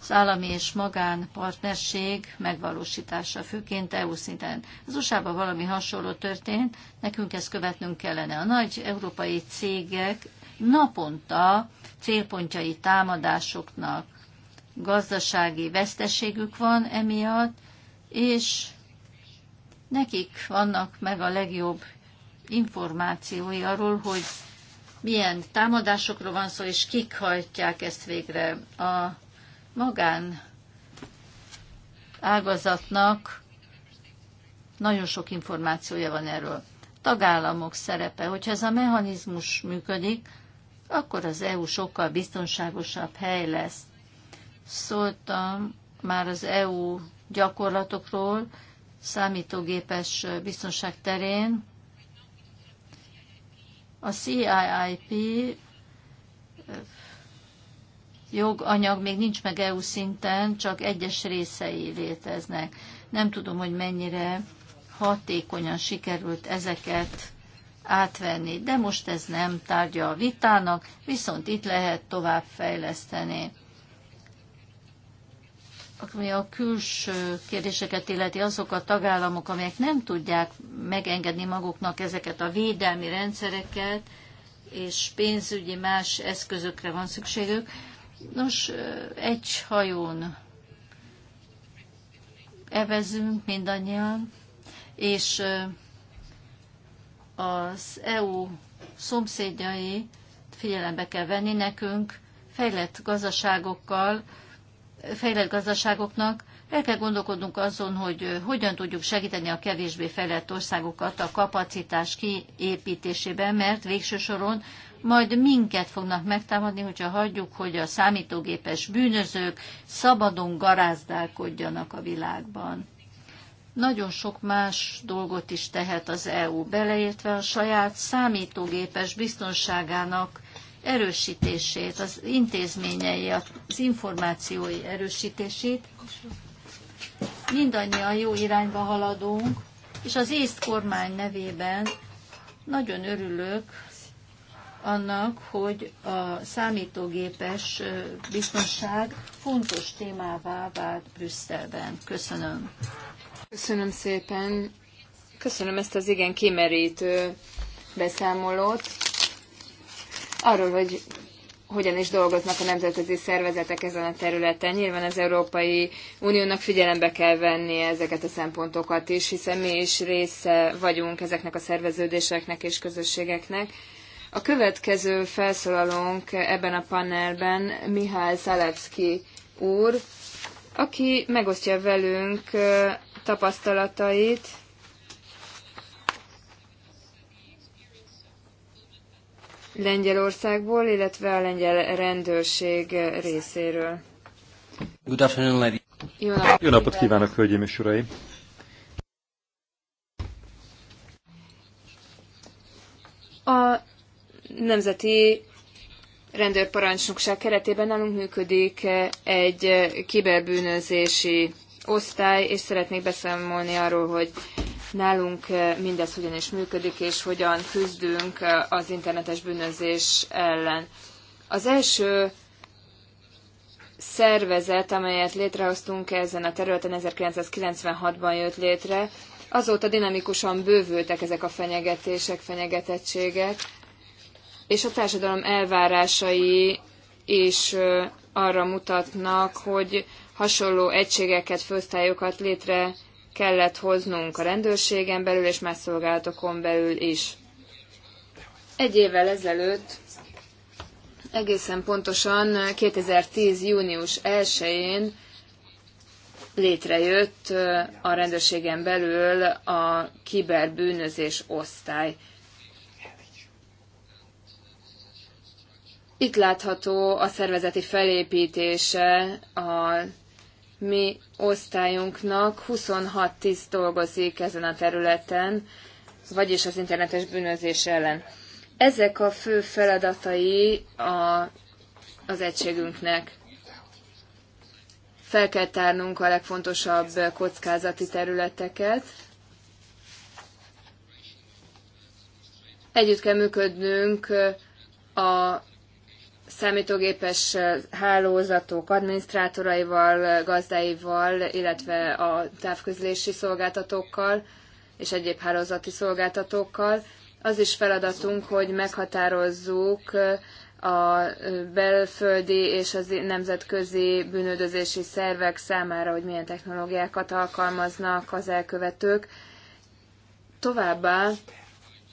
az állami és magán partnerség megvalósítása, főként EU szinten. Az usa valami hasonló történt, nekünk ezt követnünk kellene. A nagy európai cégek naponta célpontjai támadásoknak gazdasági veszteségük van emiatt, és nekik vannak meg a legjobb információi arról, hogy milyen támadásokról van szó, és kik hajtják ezt végre. A magán ágazatnak nagyon sok információja van erről. Tagállamok szerepe, hogyha ez a mechanizmus működik, akkor az EU sokkal biztonságosabb hely lesz. Szóltam már az EU gyakorlatokról, számítógépes biztonság terén. A CIIP eh, joganyag még nincs meg EU szinten, csak egyes részei léteznek. Nem tudom, hogy mennyire hatékonyan sikerült ezeket átvenni, de most ez nem tárgya a vitának, viszont itt lehet tovább fejleszteni. Ami a külső kérdéseket illeti azok a tagállamok, amelyek nem tudják megengedni maguknak ezeket a védelmi rendszereket, és pénzügyi más eszközökre van szükségük. Nos, egy hajón evezünk mindannyian, és az EU szomszédjai figyelembe kell venni nekünk, fejlett gazdaságokkal, fejlett gazdaságoknak el kell gondolkodnunk azon, hogy hogyan tudjuk segíteni a kevésbé fejlett országokat a kapacitás kiépítésében, mert végső soron majd minket fognak megtámadni, hogyha hagyjuk, hogy a számítógépes bűnözők szabadon garázdálkodjanak a világban nagyon sok más dolgot is tehet az EU, beleértve a saját számítógépes biztonságának erősítését, az intézményei, az információi erősítését. Mindannyian jó irányba haladunk, és az észt kormány nevében nagyon örülök annak, hogy a számítógépes biztonság fontos témává vált Brüsszelben. Köszönöm. Köszönöm szépen. Köszönöm ezt az igen kimerítő beszámolót arról, hogy hogyan is dolgoznak a nemzetközi szervezetek ezen a területen. Nyilván az Európai Uniónak figyelembe kell venni ezeket a szempontokat is, hiszen mi is része vagyunk ezeknek a szerveződéseknek és közösségeknek. A következő felszólalónk ebben a panelben Mihály Szalevszki úr, aki megosztja velünk tapasztalatait, Lengyelországból, illetve a lengyel rendőrség részéről. Good afternoon, lady. Jó napot, Jó napot kívánok, hölgyeim és uraim! A Nemzeti Rendőrparancsnokság keretében nálunk működik egy kiberbűnözési osztály, és szeretnék beszámolni arról, hogy nálunk eh, mindez hogyan is működik, és hogyan küzdünk eh, az internetes bűnözés ellen. Az első szervezet, amelyet létrehoztunk ezen a területen, 1996-ban jött létre. Azóta dinamikusan bővültek ezek a fenyegetések, fenyegetettségek, és a társadalom elvárásai is eh, arra mutatnak, hogy hasonló egységeket, főosztályokat létre kellett hoznunk a rendőrségen belül és más szolgálatokon belül is. Egy évvel ezelőtt, egészen pontosan 2010. június 1-én létrejött a rendőrségen belül a kiberbűnözés osztály. Itt látható a szervezeti felépítése a mi osztályunknak 26 tiszt dolgozik ezen a területen, vagyis az internetes bűnözés ellen. Ezek a fő feladatai a, az egységünknek. Fel kell tárnunk a legfontosabb kockázati területeket. Együtt kell működnünk a számítógépes eh, hálózatok adminisztrátoraival, gazdáival, illetve a távközlési szolgáltatókkal és egyéb hálózati szolgáltatókkal. Az is feladatunk, hogy meghatározzuk eh, a eh, belföldi és az nemzetközi bűnöldözési szervek számára, hogy milyen technológiákat alkalmaznak az elkövetők. Továbbá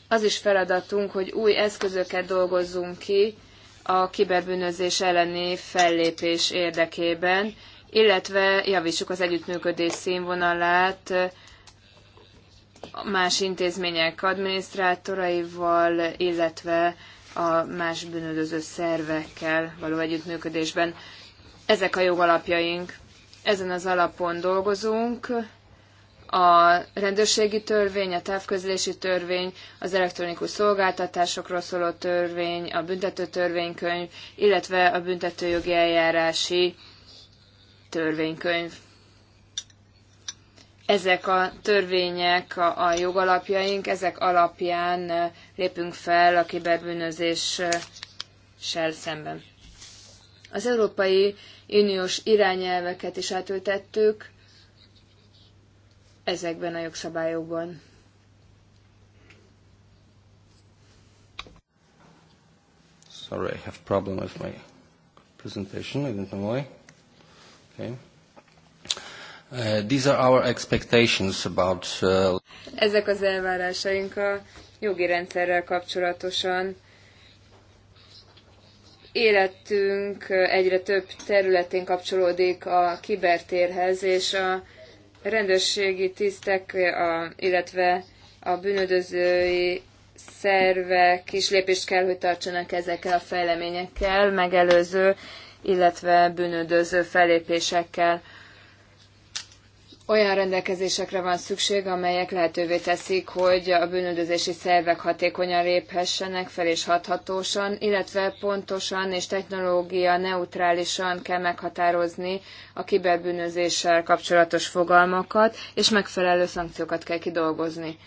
az is feladatunk, hogy új eszközöket dolgozzunk ki, a kiberbűnözés elleni fellépés érdekében, illetve javítsuk az együttműködés színvonalát más intézmények adminisztrátoraival, illetve a más bűnöző szervekkel való együttműködésben. Ezek a jogalapjaink. Ezen az alapon dolgozunk a rendőrségi törvény, a távközlési törvény, az elektronikus szolgáltatásokról szóló törvény, a büntető törvénykönyv, illetve a büntetőjogi eljárási törvénykönyv. Ezek a törvények a, a jogalapjaink, ezek alapján eh, lépünk fel a kiberbűnözéssel szemben. Az Európai Uniós irányelveket is átültettük, ezekben a jogszabályokban. Sorry, I have problem with my presentation. I don't know why. Okay. Uh, these are our expectations about, uh... Ezek az elvárásaink a jogi rendszerrel kapcsolatosan. Életünk egyre több területén kapcsolódik a kibertérhez, és a rendőrségi tisztek, a, illetve a bűnöldözői szervek is lépést kell, hogy tartsanak ezekkel a fejleményekkel, megelőző, illetve bűnöldöző fellépésekkel olyan rendelkezésekre van szükség, amelyek lehetővé teszik, hogy a bűnöldözési szervek hatékonyan léphessenek fel és hathatósan, illetve pontosan és technológia neutrálisan kell meghatározni a kiberbűnözéssel kapcsolatos fogalmakat, és megfelelő szankciókat kell kidolgozni.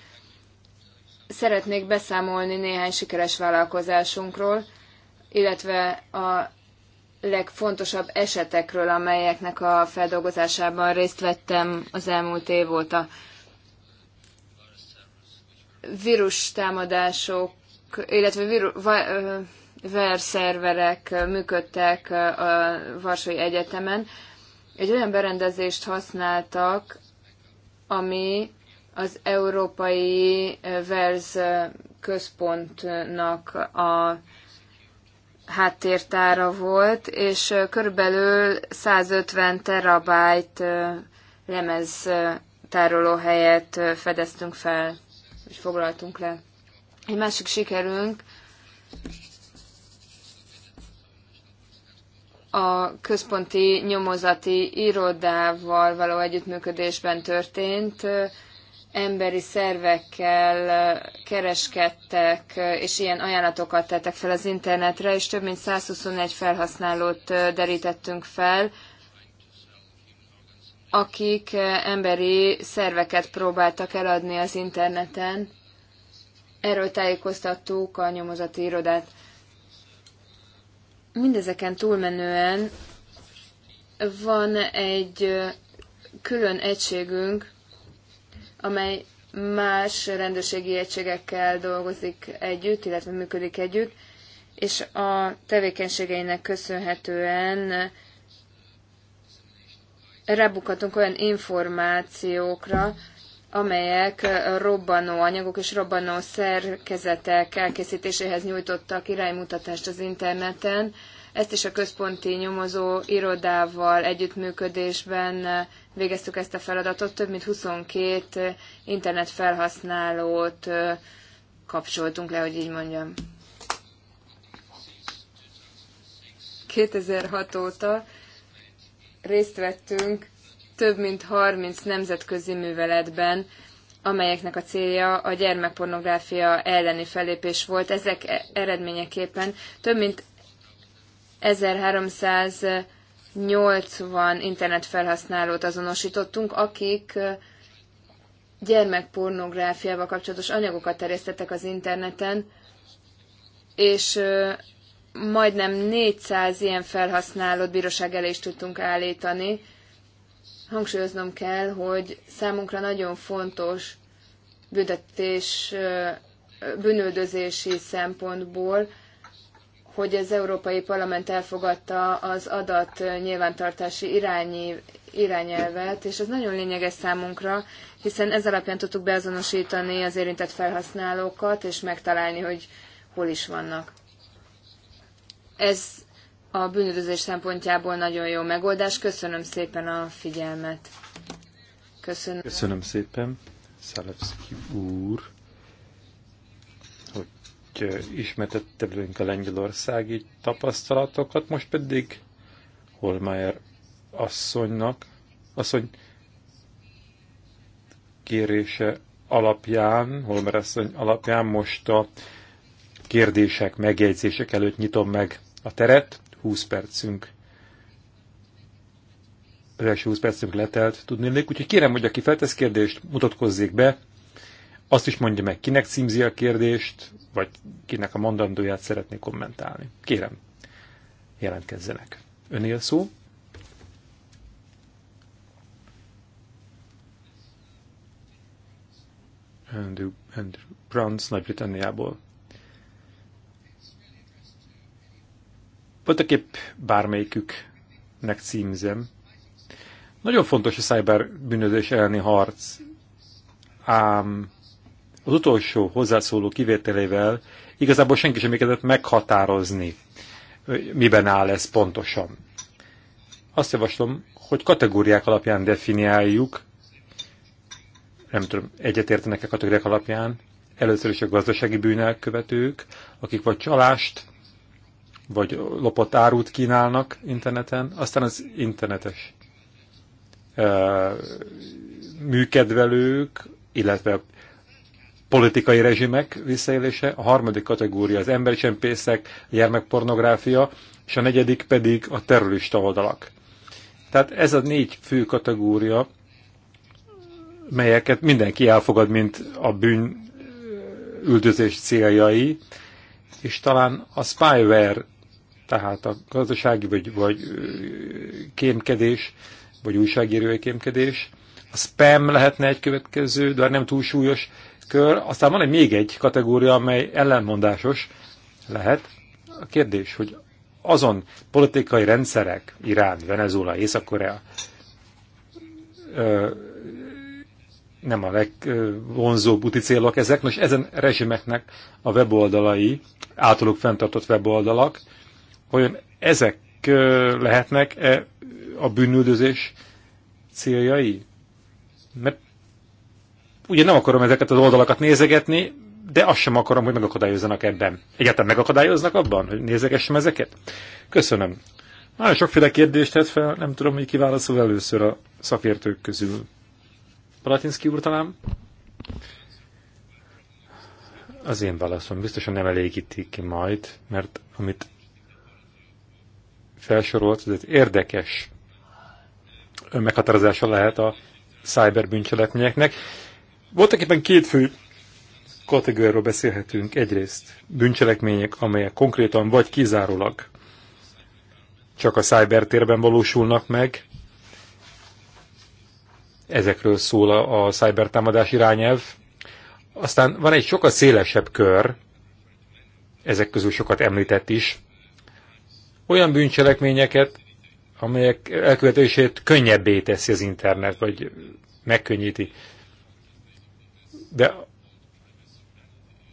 Szeretnék beszámolni néhány sikeres vállalkozásunkról, illetve a legfontosabb esetekről, amelyeknek a feldolgozásában részt vettem az elmúlt év óta. Vírus támadások, illetve víru, va, verszerverek működtek a Varsói Egyetemen. Egy olyan berendezést használtak, ami az Európai Verz Központnak a háttértára volt, és körülbelül 150 terabájt lemez tárolóhelyet fedeztünk fel, és foglaltunk le. Egy másik sikerünk a központi nyomozati irodával való együttműködésben történt emberi szervekkel kereskedtek, és ilyen ajánlatokat tettek fel az internetre, és több mint 121 felhasználót derítettünk fel, akik emberi szerveket próbáltak eladni az interneten. Erről tájékoztattuk a nyomozati irodát. Mindezeken túlmenően van egy külön egységünk, amely más rendőrségi egységekkel dolgozik együtt, illetve működik együtt, és a tevékenységeinek köszönhetően rábukhatunk olyan információkra, amelyek robbanó anyagok és robbanó szerkezetek elkészítéséhez nyújtottak iránymutatást az interneten, ezt is a központi nyomozó irodával együttműködésben eh, végeztük ezt a feladatot. Több mint 22 eh, internet felhasználót eh, kapcsoltunk le, hogy így mondjam. 2006 óta részt vettünk több mint 30 nemzetközi műveletben, amelyeknek a célja a gyermekpornográfia elleni fellépés volt. Ezek e- eredményeképpen több mint 1380 internetfelhasználót azonosítottunk, akik gyermekpornográfiával kapcsolatos anyagokat terjesztettek az interneten, és majdnem 400 ilyen felhasználót bíróság elé is tudtunk állítani. Hangsúlyoznom kell, hogy számunkra nagyon fontos büntetés, bűnöldözési szempontból, hogy az Európai Parlament elfogadta az adat nyilvántartási irányi, irányelvet, és ez nagyon lényeges számunkra, hiszen ez alapján tudtuk beazonosítani az érintett felhasználókat, és megtalálni, hogy hol is vannak. Ez a bűnözés szempontjából nagyon jó megoldás. Köszönöm szépen a figyelmet. Köszönöm. Köszönöm szépen, Szalevszki úr hogy ismertette velünk a lengyelországi tapasztalatokat, most pedig Holmeier asszonynak, asszony kérése alapján, Holmer asszony alapján most a kérdések, megjegyzések előtt nyitom meg a teret, 20 percünk az első 20 percünk letelt, tudnélik. Úgyhogy kérem, hogy aki feltesz kérdést, mutatkozzék be, azt is mondja meg, kinek címzi a kérdést, vagy kinek a mondandóját szeretné kommentálni. Kérem, jelentkezzenek. Önél szó. Andrew, Andrew Brands Nagy-Britanniából. Voltak épp bármelyiküknek címzem. Nagyon fontos a cyber bűnözés elleni harc, ám az utolsó hozzászóló kivételével igazából senki sem kezdett meghatározni, miben áll ez pontosan. Azt javaslom, hogy kategóriák alapján definiáljuk, nem tudom, egyetértenek-e kategóriák alapján, először is a gazdasági bűnelkövetők, akik vagy csalást, vagy lopott árut kínálnak interneten, aztán az internetes műkedvelők, illetve politikai rezsimek visszaélése, a harmadik kategória az embercsempészek, gyermekpornográfia, és a negyedik pedig a terrorista oldalak. Tehát ez a négy fő kategória, melyeket mindenki elfogad, mint a bűn üldözés céljai, és talán a spyware, tehát a gazdasági vagy, vagy kémkedés, vagy újságírói kémkedés, a spam lehetne egy következő, de nem túl súlyos kör. Aztán van egy még egy kategória, amely ellenmondásos lehet. A kérdés, hogy azon politikai rendszerek, Irán, Venezuela, Észak-Korea, nem a legvonzóbb úti célok ezek. Nos, ezen rezsimeknek a weboldalai, általuk fenntartott weboldalak, olyan ezek lehetnek -e a bűnüldözés céljai? Mert ugye nem akarom ezeket az oldalakat nézegetni, de azt sem akarom, hogy megakadályozzanak ebben. Egyáltalán megakadályoznak abban, hogy nézegessem ezeket? Köszönöm. Nagyon sokféle kérdést tett fel, nem tudom, hogy kiválaszol először a szakértők közül. Palatinszki úr talán? Az én válaszom biztosan nem elégítik ki majd, mert amit felsorolt, ez egy érdekes meghatározása lehet a cyberbűncselekményeknek. Voltak éppen két fő kategóriáról beszélhetünk. Egyrészt bűncselekmények, amelyek konkrétan vagy kizárólag csak a szájbertérben valósulnak meg. Ezekről szól a, a cybertámadás irányelv. Aztán van egy sokkal szélesebb kör, ezek közül sokat említett is, olyan bűncselekményeket, amelyek elkövetését könnyebbé teszi az internet, vagy megkönnyíti de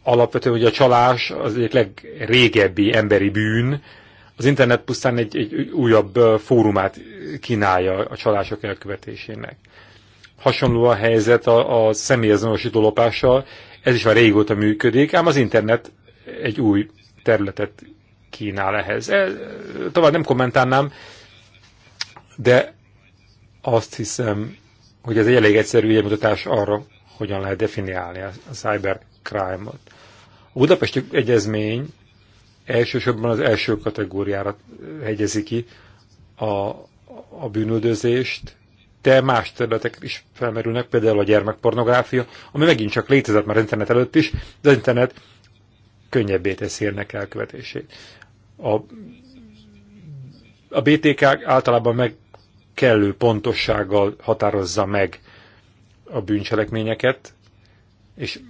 alapvetően ugye a csalás az egyik legrégebbi emberi bűn, az internet pusztán egy, egy újabb fórumát kínálja a csalások elkövetésének. Hasonló a helyzet a, a személyazonosító lopással, ez is már régóta működik, ám az internet egy új területet kínál ehhez. E, tovább nem kommentálnám, de azt hiszem, hogy ez egy elég egyszerű mutatás arra, hogyan lehet definiálni a cybercrime-ot. A Budapesti Egyezmény elsősorban az első kategóriára hegyezi ki a, a bűnöldözést, de más területek is felmerülnek, például a gyermekpornográfia, ami megint csak létezett már internet előtt is, de az internet könnyebbé teszi ennek elkövetését. A, a BTK általában meg kellő pontossággal határozza meg a bűncselekményeket, és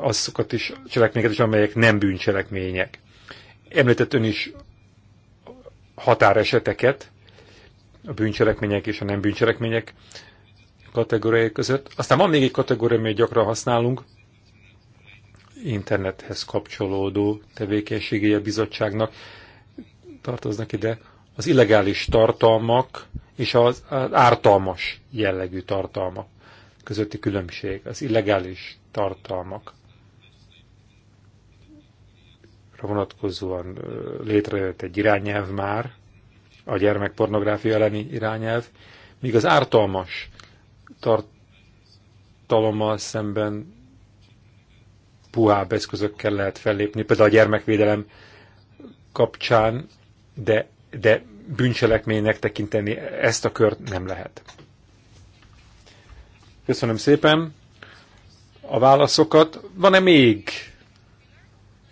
azokat is cselekményeket is, amelyek nem bűncselekmények. Említett ön is határeseteket, a bűncselekmények és a nem bűncselekmények kategóriai között. Aztán van még egy kategória, amit gyakran használunk, internethez kapcsolódó tevékenységei a bizottságnak tartoznak ide. Az illegális tartalmak és az ártalmas jellegű tartalmak közötti különbség, az illegális tartalmak vonatkozóan létrejött egy irányelv már, a gyermekpornográfia elleni irányelv, míg az ártalmas tartalommal szemben puhább eszközökkel lehet fellépni, például a gyermekvédelem kapcsán, de, de bűncselekménynek tekinteni ezt a kört nem lehet. Köszönöm szépen a válaszokat. Van-e még?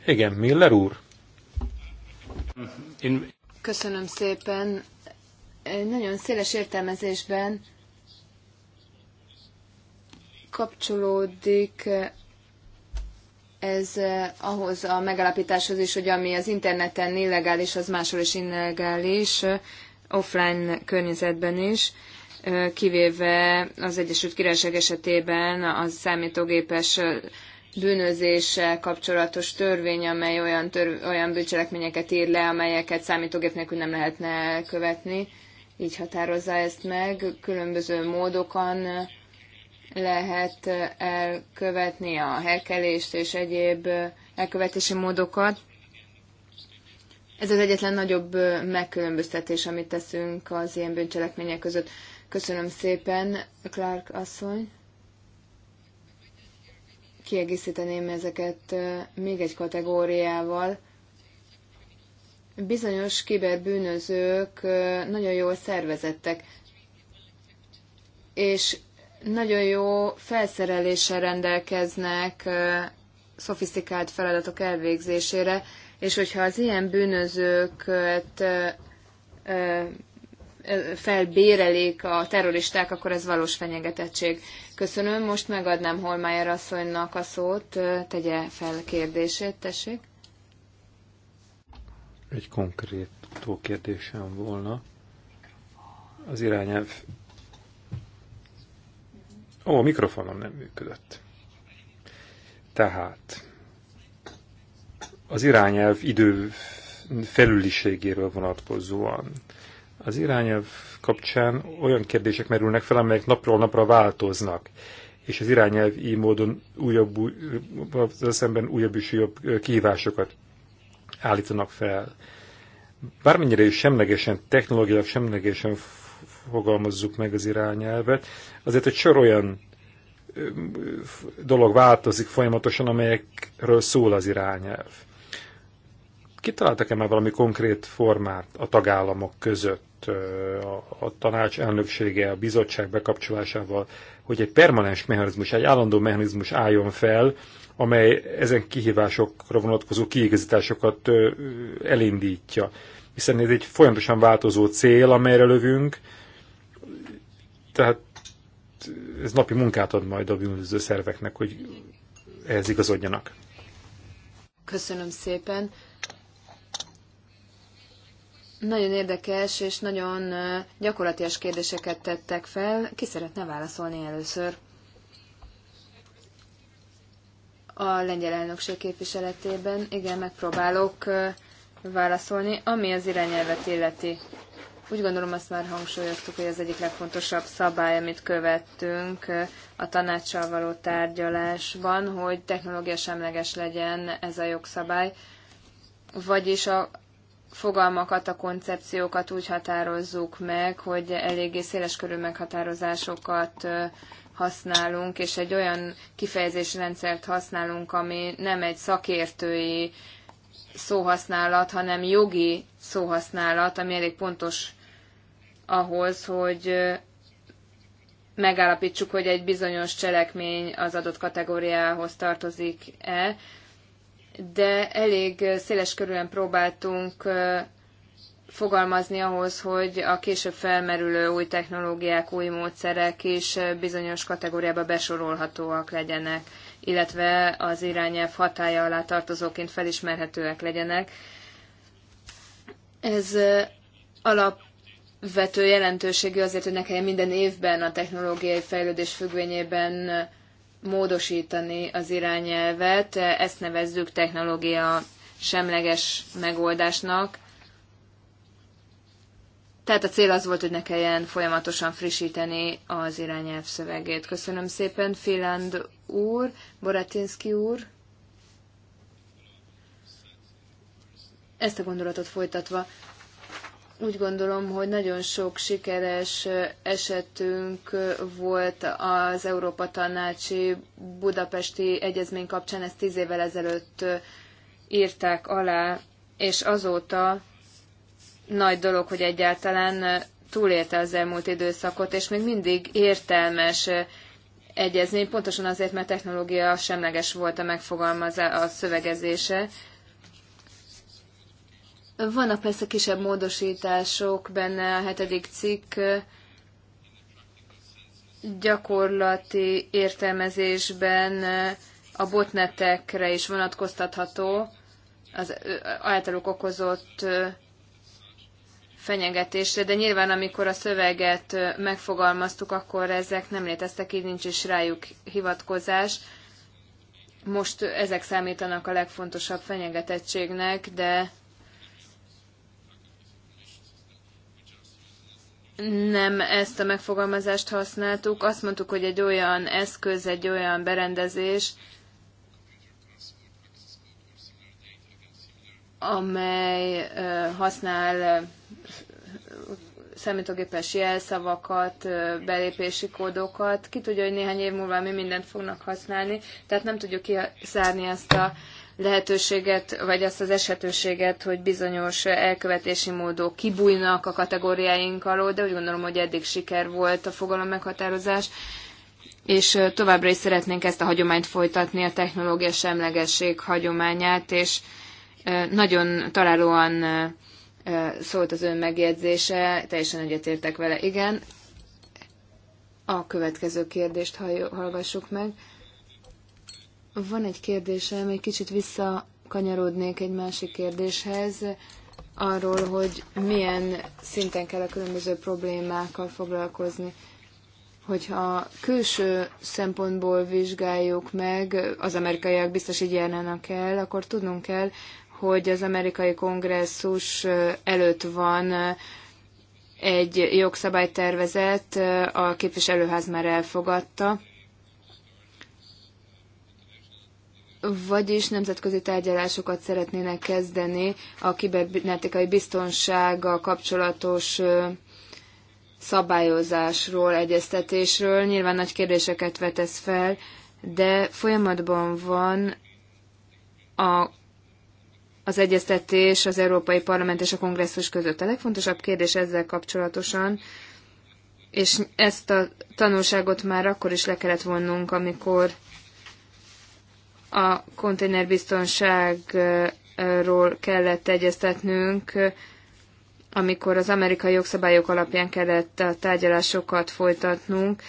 Igen, Miller úr. Köszönöm szépen. nagyon széles értelmezésben kapcsolódik ez ahhoz a megalapításhoz is, hogy ami az interneten illegális, az máshol is illegális, offline környezetben is kivéve az Egyesült Királyság esetében a számítógépes bűnözéssel kapcsolatos törvény, amely olyan, törv- olyan bűncselekményeket ír le, amelyeket számítógép nélkül nem lehetne követni. Így határozza ezt meg. Különböző módokon lehet elkövetni a hekelést és egyéb elkövetési módokat. Ez az egyetlen nagyobb megkülönböztetés, amit teszünk az ilyen bűncselekmények között. Köszönöm szépen, Clark asszony. Kiegészíteném ezeket még egy kategóriával. Bizonyos kiberbűnözők nagyon jól szervezettek, és nagyon jó felszereléssel rendelkeznek szofisztikált feladatok elvégzésére, és hogyha az ilyen bűnözőket felbérelik a terroristák, akkor ez valós fenyegetettség. Köszönöm, most megadnám Holmájer asszonynak a szót, tegye fel kérdését, tessék. Egy konkrét kérdésem volna. Az irányelv... Ó, a mikrofonom nem működött. Tehát az irányelv idő felüliségéről vonatkozóan az irányelv kapcsán olyan kérdések merülnek fel, amelyek napról napra változnak, és az irányelv így módon újabb, újabb szemben újabb és újabb kihívásokat állítanak fel. Bármennyire is semlegesen, technológiailag semlegesen fogalmazzuk meg az irányelvet, azért egy sor olyan dolog változik folyamatosan, amelyekről szól az irányelv. Kitaláltak-e már valami konkrét formát a tagállamok között, a, a tanács elnöksége, a bizottság bekapcsolásával, hogy egy permanens mechanizmus, egy állandó mechanizmus álljon fel, amely ezen kihívásokra vonatkozó kiigazításokat elindítja. Hiszen ez egy folyamatosan változó cél, amelyre lövünk, tehát ez napi munkát ad majd a bűnöző szerveknek, hogy ehhez igazodjanak. Köszönöm szépen. Nagyon érdekes és nagyon gyakorlatias kérdéseket tettek fel. Ki szeretne válaszolni először? A lengyel elnökség képviseletében, igen, megpróbálok válaszolni, ami az irányelvet illeti. Úgy gondolom, azt már hangsúlyoztuk, hogy az egyik legfontosabb szabály, amit követtünk a tanácssal való tárgyalásban, hogy technológia semleges legyen ez a jogszabály, vagyis a, fogalmakat, a koncepciókat úgy határozzuk meg, hogy eléggé körű meghatározásokat használunk, és egy olyan kifejezésrendszert használunk, ami nem egy szakértői szóhasználat, hanem jogi szóhasználat, ami elég pontos ahhoz, hogy megállapítsuk, hogy egy bizonyos cselekmény az adott kategóriához tartozik-e de elég széles körülön próbáltunk fogalmazni ahhoz, hogy a később felmerülő új technológiák, új módszerek is bizonyos kategóriába besorolhatóak legyenek, illetve az irányelv hatája alá tartozóként felismerhetőek legyenek. Ez alapvető jelentőségű azért, hogy ne kelljen minden évben a technológiai fejlődés függvényében módosítani az irányelvet, ezt nevezzük technológia semleges megoldásnak. Tehát a cél az volt, hogy ne kelljen folyamatosan frissíteni az irányelv szövegét. Köszönöm szépen, Filand úr, Boratinski úr. Ezt a gondolatot folytatva, úgy gondolom, hogy nagyon sok sikeres esetünk volt az Európa Tanácsi Budapesti Egyezmény kapcsán, ezt tíz évvel ezelőtt írták alá, és azóta nagy dolog, hogy egyáltalán túlélte az elmúlt időszakot, és még mindig értelmes egyezmény, pontosan azért, mert technológia semleges volt a megfogalmazása, a szövegezése, vannak persze kisebb módosítások benne a hetedik cikk gyakorlati értelmezésben a botnetekre is vonatkoztatható az általuk okozott fenyegetésre, de nyilván amikor a szöveget megfogalmaztuk, akkor ezek nem léteztek, így nincs is rájuk hivatkozás. Most ezek számítanak a legfontosabb fenyegetettségnek, de nem ezt a megfogalmazást használtuk, azt mondtuk, hogy egy olyan eszköz, egy olyan berendezés, amely használ számítógépes jelszavakat, belépési kódokat. Ki tudja, hogy néhány év múlva mi mindent fognak használni, tehát nem tudjuk kiszárni ezt a lehetőséget, vagy azt az eshetőséget, hogy bizonyos elkövetési módok kibújnak a kategóriáink alól, de úgy gondolom, hogy eddig siker volt a fogalom meghatározás, és továbbra is szeretnénk ezt a hagyományt folytatni, a technológia semlegesség hagyományát, és nagyon találóan szólt az ön megjegyzése, teljesen egyetértek vele. Igen, a következő kérdést hallgassuk meg. Van egy kérdésem, egy kicsit visszakanyarodnék egy másik kérdéshez, arról, hogy milyen szinten kell a különböző problémákkal foglalkozni. Hogyha külső szempontból vizsgáljuk meg, az amerikaiak biztos így járnának el, akkor tudnunk kell, hogy az amerikai kongresszus előtt van egy jogszabálytervezet, a képviselőház már elfogadta, vagyis nemzetközi tárgyalásokat szeretnének kezdeni a kibernetikai biztonsággal kapcsolatos szabályozásról, egyeztetésről. Nyilván nagy kérdéseket vetesz fel, de folyamatban van a, az egyeztetés az Európai Parlament és a Kongresszus között. A legfontosabb kérdés ezzel kapcsolatosan, és ezt a tanulságot már akkor is le kellett vonnunk, amikor a konténerbiztonságról kellett egyeztetnünk, amikor az amerikai jogszabályok alapján kellett a tárgyalásokat folytatnunk.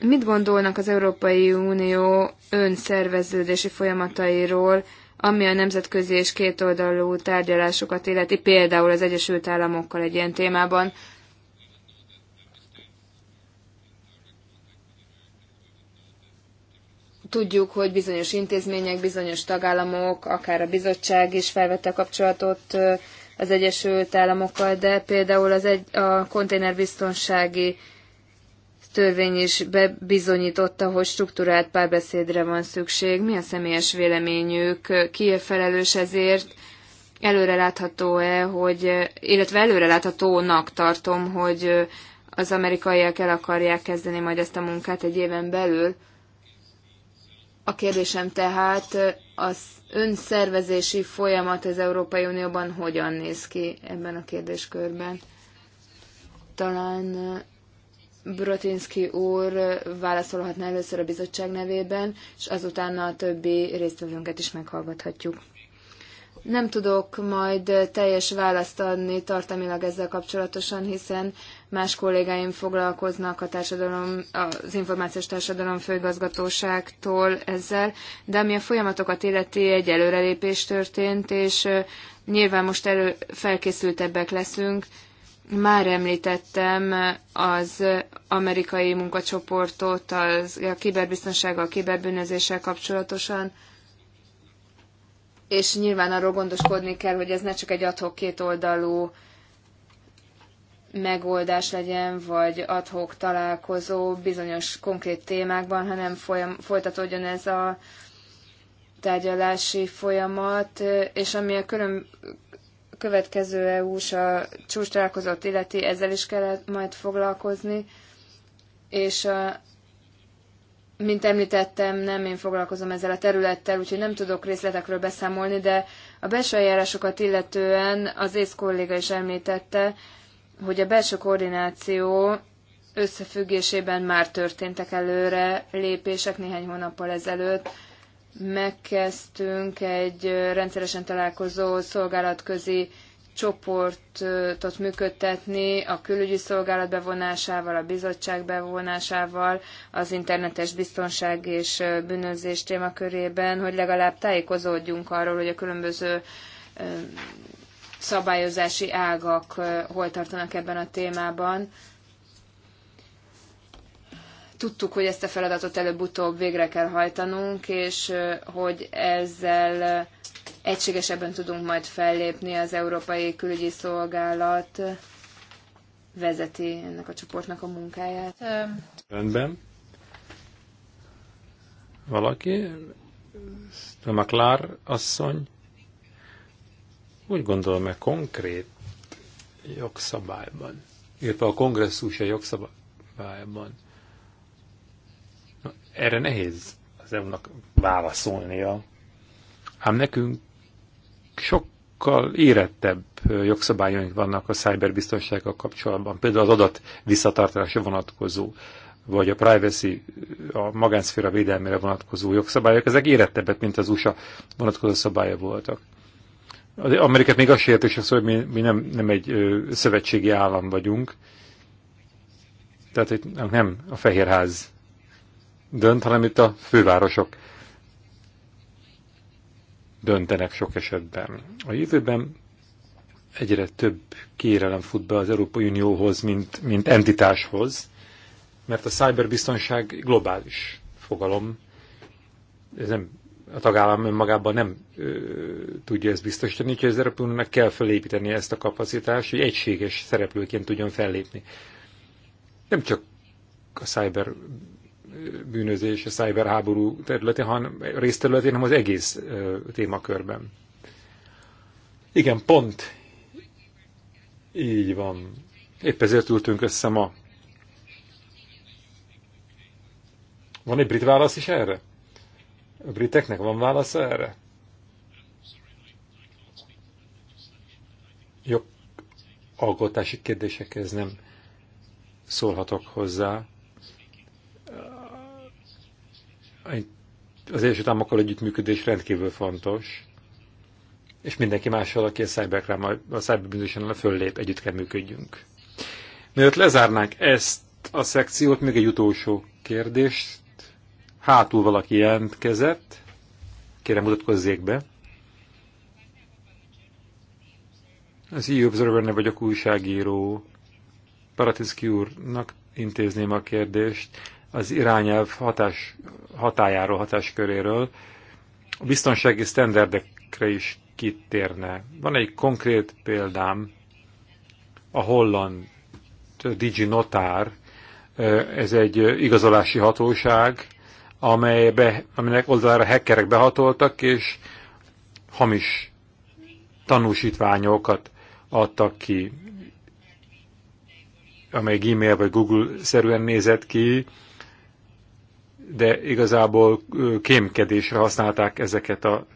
Mit gondolnak az Európai Unió önszerveződési folyamatairól, ami a nemzetközi és kétoldalú tárgyalásokat illeti, például az Egyesült Államokkal egy ilyen témában? Tudjuk, hogy bizonyos intézmények, bizonyos tagállamok, akár a bizottság is felvette kapcsolatot az Egyesült Államokkal, de például az egy, a konténerbiztonsági törvény is bebizonyította, hogy struktúrált párbeszédre van szükség. Mi a személyes véleményük? Ki felelős ezért? Előrelátható-e, hogy, illetve előreláthatónak tartom, hogy az amerikaiak el akarják kezdeni majd ezt a munkát egy éven belül. A kérdésem tehát az önszervezési folyamat az Európai Unióban hogyan néz ki ebben a kérdéskörben? Talán Brotinski úr válaszolhatna először a bizottság nevében, és azután a többi résztvevőnket is meghallgathatjuk. Nem tudok majd teljes választ adni tartalmilag ezzel kapcsolatosan, hiszen más kollégáim foglalkoznak a társadalom, az információs társadalom főigazgatóságtól ezzel, de ami a folyamatokat illeti, egy előrelépés történt, és nyilván most elő, felkészültebbek leszünk. Már említettem az amerikai munkacsoportot az, a kiberbiztonsággal, a kiberbűnözéssel kapcsolatosan, és nyilván arról gondoskodni kell, hogy ez ne csak egy adhok kétoldalú megoldás legyen, vagy adhok találkozó bizonyos konkrét témákban, hanem folyam, folytatódjon ez a tárgyalási folyamat, és ami a külön, következő EU-s a csúcs találkozót illeti, ezzel is kellett majd foglalkozni, és a mint említettem, nem én foglalkozom ezzel a területtel, úgyhogy nem tudok részletekről beszámolni, de a belső eljárásokat illetően az ész kolléga is említette, hogy a belső koordináció összefüggésében már történtek előre lépések néhány hónappal ezelőtt. Megkezdtünk egy rendszeresen találkozó szolgálatközi csoportot működtetni a külügyi szolgálat bevonásával, a bizottság bevonásával, az internetes biztonság és bűnözés témakörében, hogy legalább tájékozódjunk arról, hogy a különböző szabályozási ágak hol tartanak ebben a témában. Tudtuk, hogy ezt a feladatot előbb-utóbb végre kell hajtanunk, és hogy ezzel egységesebben tudunk majd fellépni. Az Európai Külügyi Szolgálat vezeti ennek a csoportnak a munkáját. Rendben. Valaki? A Maklár asszony? Úgy gondolom, mert konkrét jogszabályban, illetve a kongresszus a jogszabályban. Na, erre nehéz az EU-nak válaszolnia. Ám nekünk sokkal érettebb jogszabályaink vannak a cyberbiztonsággal kapcsolatban, például az adat visszatartásra vonatkozó, vagy a privacy, a magánszféra védelmére vonatkozó jogszabályok, ezek érettebbek, mint az USA vonatkozó szabálya voltak. Az Amerikát még azt sért, hogy mi, mi nem, nem egy ö, szövetségi állam vagyunk, tehát itt nem a Fehérház dönt, hanem itt a fővárosok döntenek sok esetben. A jövőben egyre több kérelem fut be az Európai Unióhoz, mint, mint entitáshoz, mert a cyberbiztonság globális fogalom. Ez nem, a tagállam önmagában nem ö, tudja ezt biztosítani, úgyhogy az Európai Uniónak kell felépíteni ezt a kapacitást, hogy egységes szereplőként tudjon fellépni. Nem csak a cyber bűnözés, a szájberháború területén, hanem részterületén, hanem az egész témakörben. Igen, pont így van. Épp ezért ültünk össze ma. Van egy brit válasz is erre? A briteknek van válasz erre? Jobb alkotási kérdésekhez nem szólhatok hozzá. az Egyesült Államokkal együttműködés rendkívül fontos, és mindenki mással, aki a cybercrime, a cyberbűnözésen föllép, együtt kell működjünk. Mielőtt lezárnánk ezt a szekciót, még egy utolsó kérdést. Hátul valaki jelentkezett. Kérem, mutatkozzék be. Az EU Observer-ne vagyok újságíró. Paratiszki úrnak intézném a kérdést az irányelv hatás, hatájáról, hatásköréről, a biztonsági sztenderdekre is kitérne. Van egy konkrét példám, a holland Digi Notár, ez egy igazolási hatóság, amelybe, aminek oldalára hackerek behatoltak, és hamis tanúsítványokat adtak ki, amely Gmail vagy Google-szerűen nézett ki, de igazából kémkedésre használták ezeket a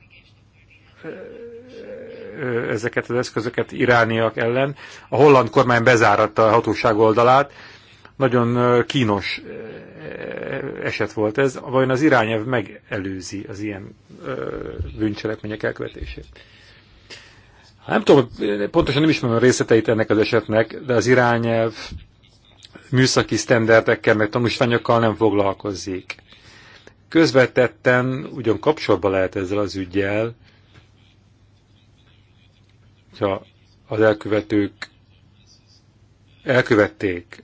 ezeket az eszközöket irániak ellen. A holland kormány bezáratta a hatóság oldalát. Nagyon kínos eset volt ez. Vajon az irányelv megelőzi az ilyen bűncselekmények elkövetését? Nem tudom, pontosan nem ismerem a részleteit ennek az esetnek, de az irányelv műszaki sztenderdekkel, meg tanúsványokkal nem foglalkozik közvetetten ugyan kapcsolatban lehet ezzel az ügyjel, hogyha az elkövetők elkövették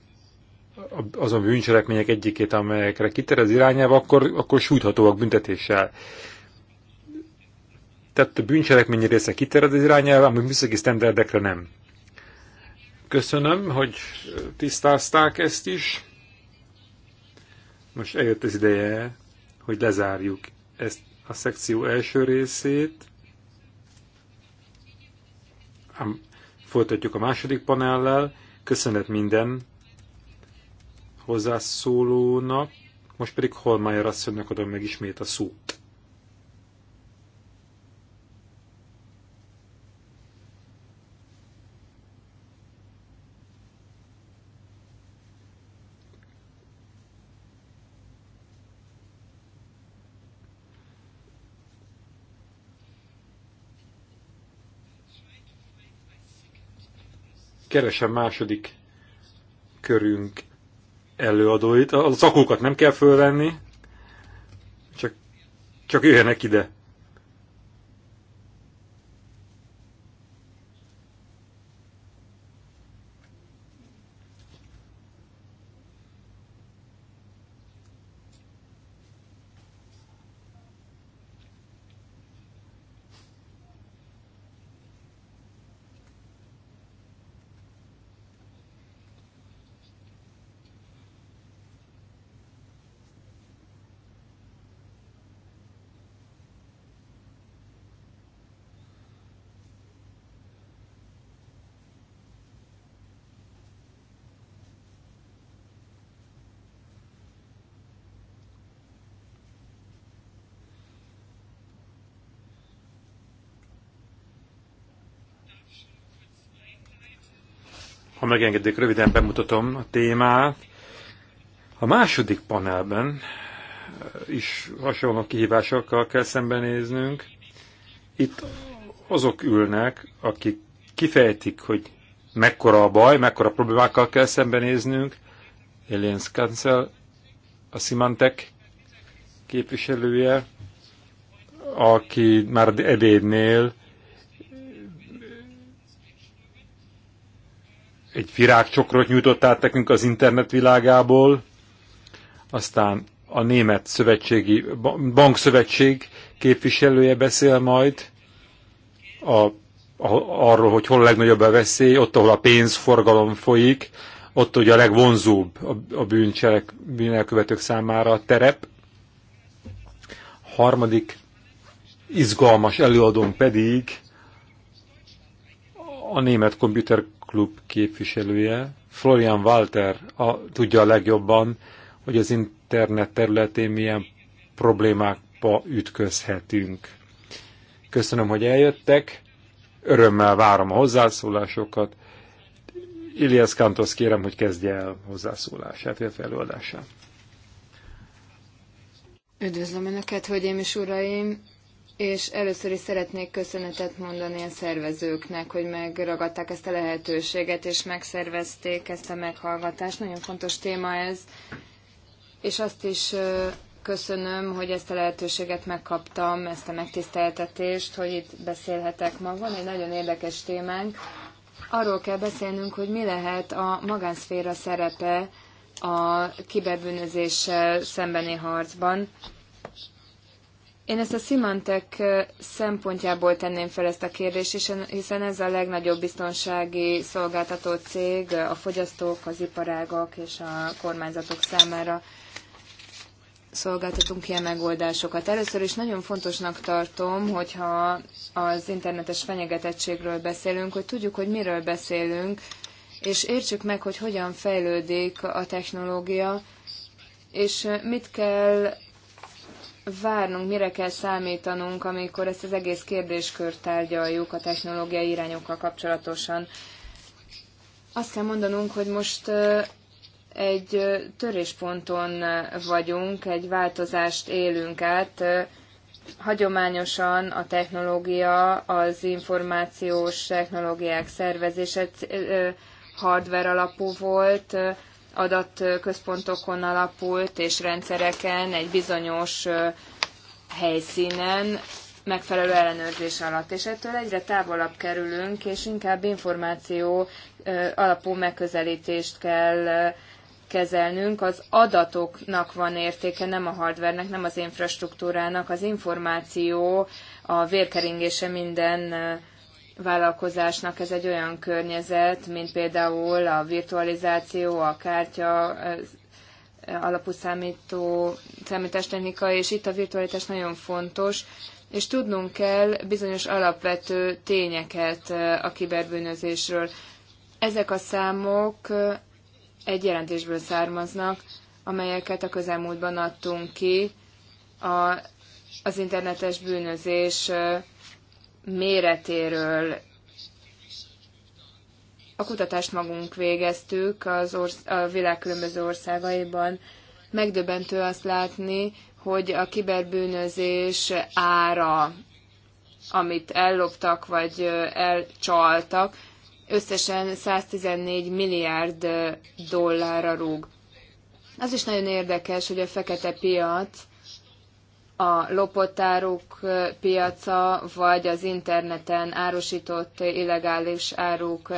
azon bűncselekmények egyikét, amelyekre kiter az irányába, akkor, akkor sújthatóak büntetéssel. Tehát a bűncselekmény része kiter az irányába, ami műszaki sztenderdekre nem. Köszönöm, hogy tisztázták ezt is. Most eljött az ideje hogy lezárjuk ezt a szekció első részét. Folytatjuk a második panellel. Köszönet minden hozzászólónak. Most pedig Holmájer asszonynak adom meg ismét a szót. keresem második körünk előadóit. A szakókat nem kell fölvenni, csak, csak jöjjenek ide. megengedik, röviden bemutatom a témát. A második panelben eh, is hasonló kihívásokkal kell szembenéznünk. Itt azok ülnek, akik kifejtik, hogy mekkora a baj, mekkora problémákkal kell szembenéznünk. Eliens Kancel, a Symantec képviselője, aki már ebédnél egy virágcsokrot nyújtott át nekünk az internet világából, aztán a német szövetségi, bankszövetség képviselője beszél majd a, a, arról, hogy hol a legnagyobb a veszély, ott, ahol a pénzforgalom folyik, ott ugye a legvonzóbb a, a bűncselek, bűnelkövetők számára a terep. Harmadik izgalmas előadón pedig a német komputer klub képviselője, Florian Walter a, tudja a legjobban, hogy az internet területén milyen problémákba ütközhetünk. Köszönöm, hogy eljöttek, örömmel várom a hozzászólásokat. Ilias Kantos kérem, hogy kezdje el hozzászólását, illetve előadását. Üdvözlöm Önöket, hogy én is uraim! és először is szeretnék köszönetet mondani a szervezőknek, hogy megragadták ezt a lehetőséget, és megszervezték ezt a meghallgatást. Nagyon fontos téma ez, és azt is köszönöm, hogy ezt a lehetőséget megkaptam, ezt a megtiszteltetést, hogy itt beszélhetek ma. Van egy nagyon érdekes témánk. Arról kell beszélnünk, hogy mi lehet a magánszféra szerepe a kiberbűnözéssel szembeni harcban én ezt a Symantec szempontjából tenném fel ezt a kérdést, hiszen ez a legnagyobb biztonsági szolgáltató cég a fogyasztók, az iparágok és a kormányzatok számára szolgáltatunk ilyen megoldásokat. Először is nagyon fontosnak tartom, hogyha az internetes fenyegetettségről beszélünk, hogy tudjuk, hogy miről beszélünk, és értsük meg, hogy hogyan fejlődik a technológia, és mit kell várnunk, mire kell számítanunk, amikor ezt az egész kérdéskört tárgyaljuk a technológiai irányokkal kapcsolatosan. Azt kell mondanunk, hogy most egy törésponton vagyunk, egy változást élünk át. Hagyományosan a technológia, az információs technológiák szervezése hardware alapú volt, adatközpontokon alapult és rendszereken egy bizonyos helyszínen megfelelő ellenőrzés alatt. És ettől egyre távolabb kerülünk, és inkább információ alapú megközelítést kell kezelnünk. Az adatoknak van értéke, nem a hardvernek, nem az infrastruktúrának. Az információ a vérkeringése minden vállalkozásnak ez egy olyan környezet, mint például a virtualizáció, a kártya, eh, alapú számító, számítástechnika, és itt a virtualitás nagyon fontos, és tudnunk kell bizonyos alapvető tényeket eh, a kiberbűnözésről. Ezek a számok eh, egy jelentésből származnak, amelyeket a közelmúltban adtunk ki a, az internetes bűnözés méretéről. A kutatást magunk végeztük az orsz- a világ különböző országaiban. Megdöbentő azt látni, hogy a kiberbűnözés ára, amit elloptak vagy elcsaltak, összesen 114 milliárd dollárra rúg. Az is nagyon érdekes, hogy a fekete piac a lopott áruk piaca, vagy az interneten árusított illegális áruk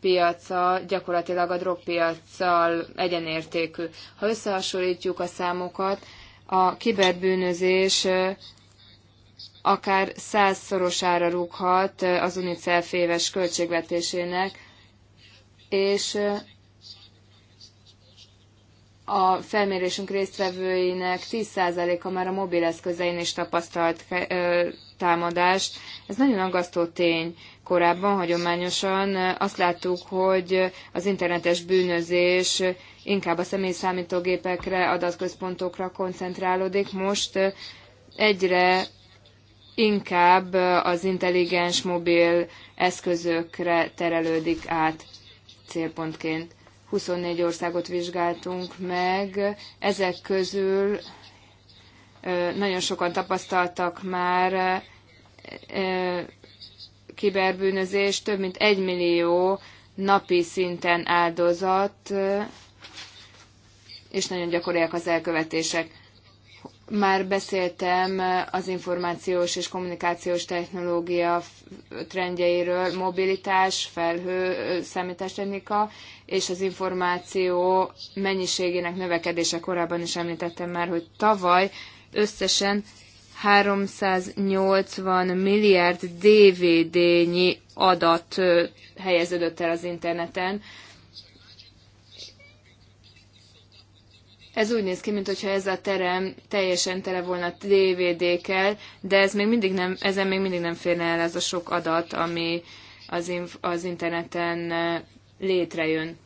piaca gyakorlatilag a drogpiacsal egyenértékű. Ha összehasonlítjuk a számokat, a kiberbűnözés akár százszorosára rúghat az UNICEF éves költségvetésének, és a felmérésünk résztvevőinek 10%-a már a mobileszközein is tapasztalt támadást. Ez nagyon aggasztó tény. Korábban hagyományosan azt láttuk, hogy az internetes bűnözés inkább a személy számítógépekre, adatközpontokra koncentrálódik. Most egyre inkább az intelligens mobil eszközökre terelődik át célpontként. 24 országot vizsgáltunk meg, ezek közül nagyon sokan tapasztaltak már kiberbűnözés, több mint egy millió napi szinten áldozat, és nagyon gyakoriak az elkövetések. Már beszéltem az információs és kommunikációs technológia trendjeiről, mobilitás, felhő, számítástechnika, és az információ mennyiségének növekedése korábban is említettem már, hogy tavaly összesen 380 milliárd DVD-nyi adat helyeződött el az interneten. Ez úgy néz ki, mintha ez a terem teljesen tele volna DVD-kel, de ez még mindig nem, ezen még mindig nem férne el ez a sok adat, ami az, az interneten létrejön.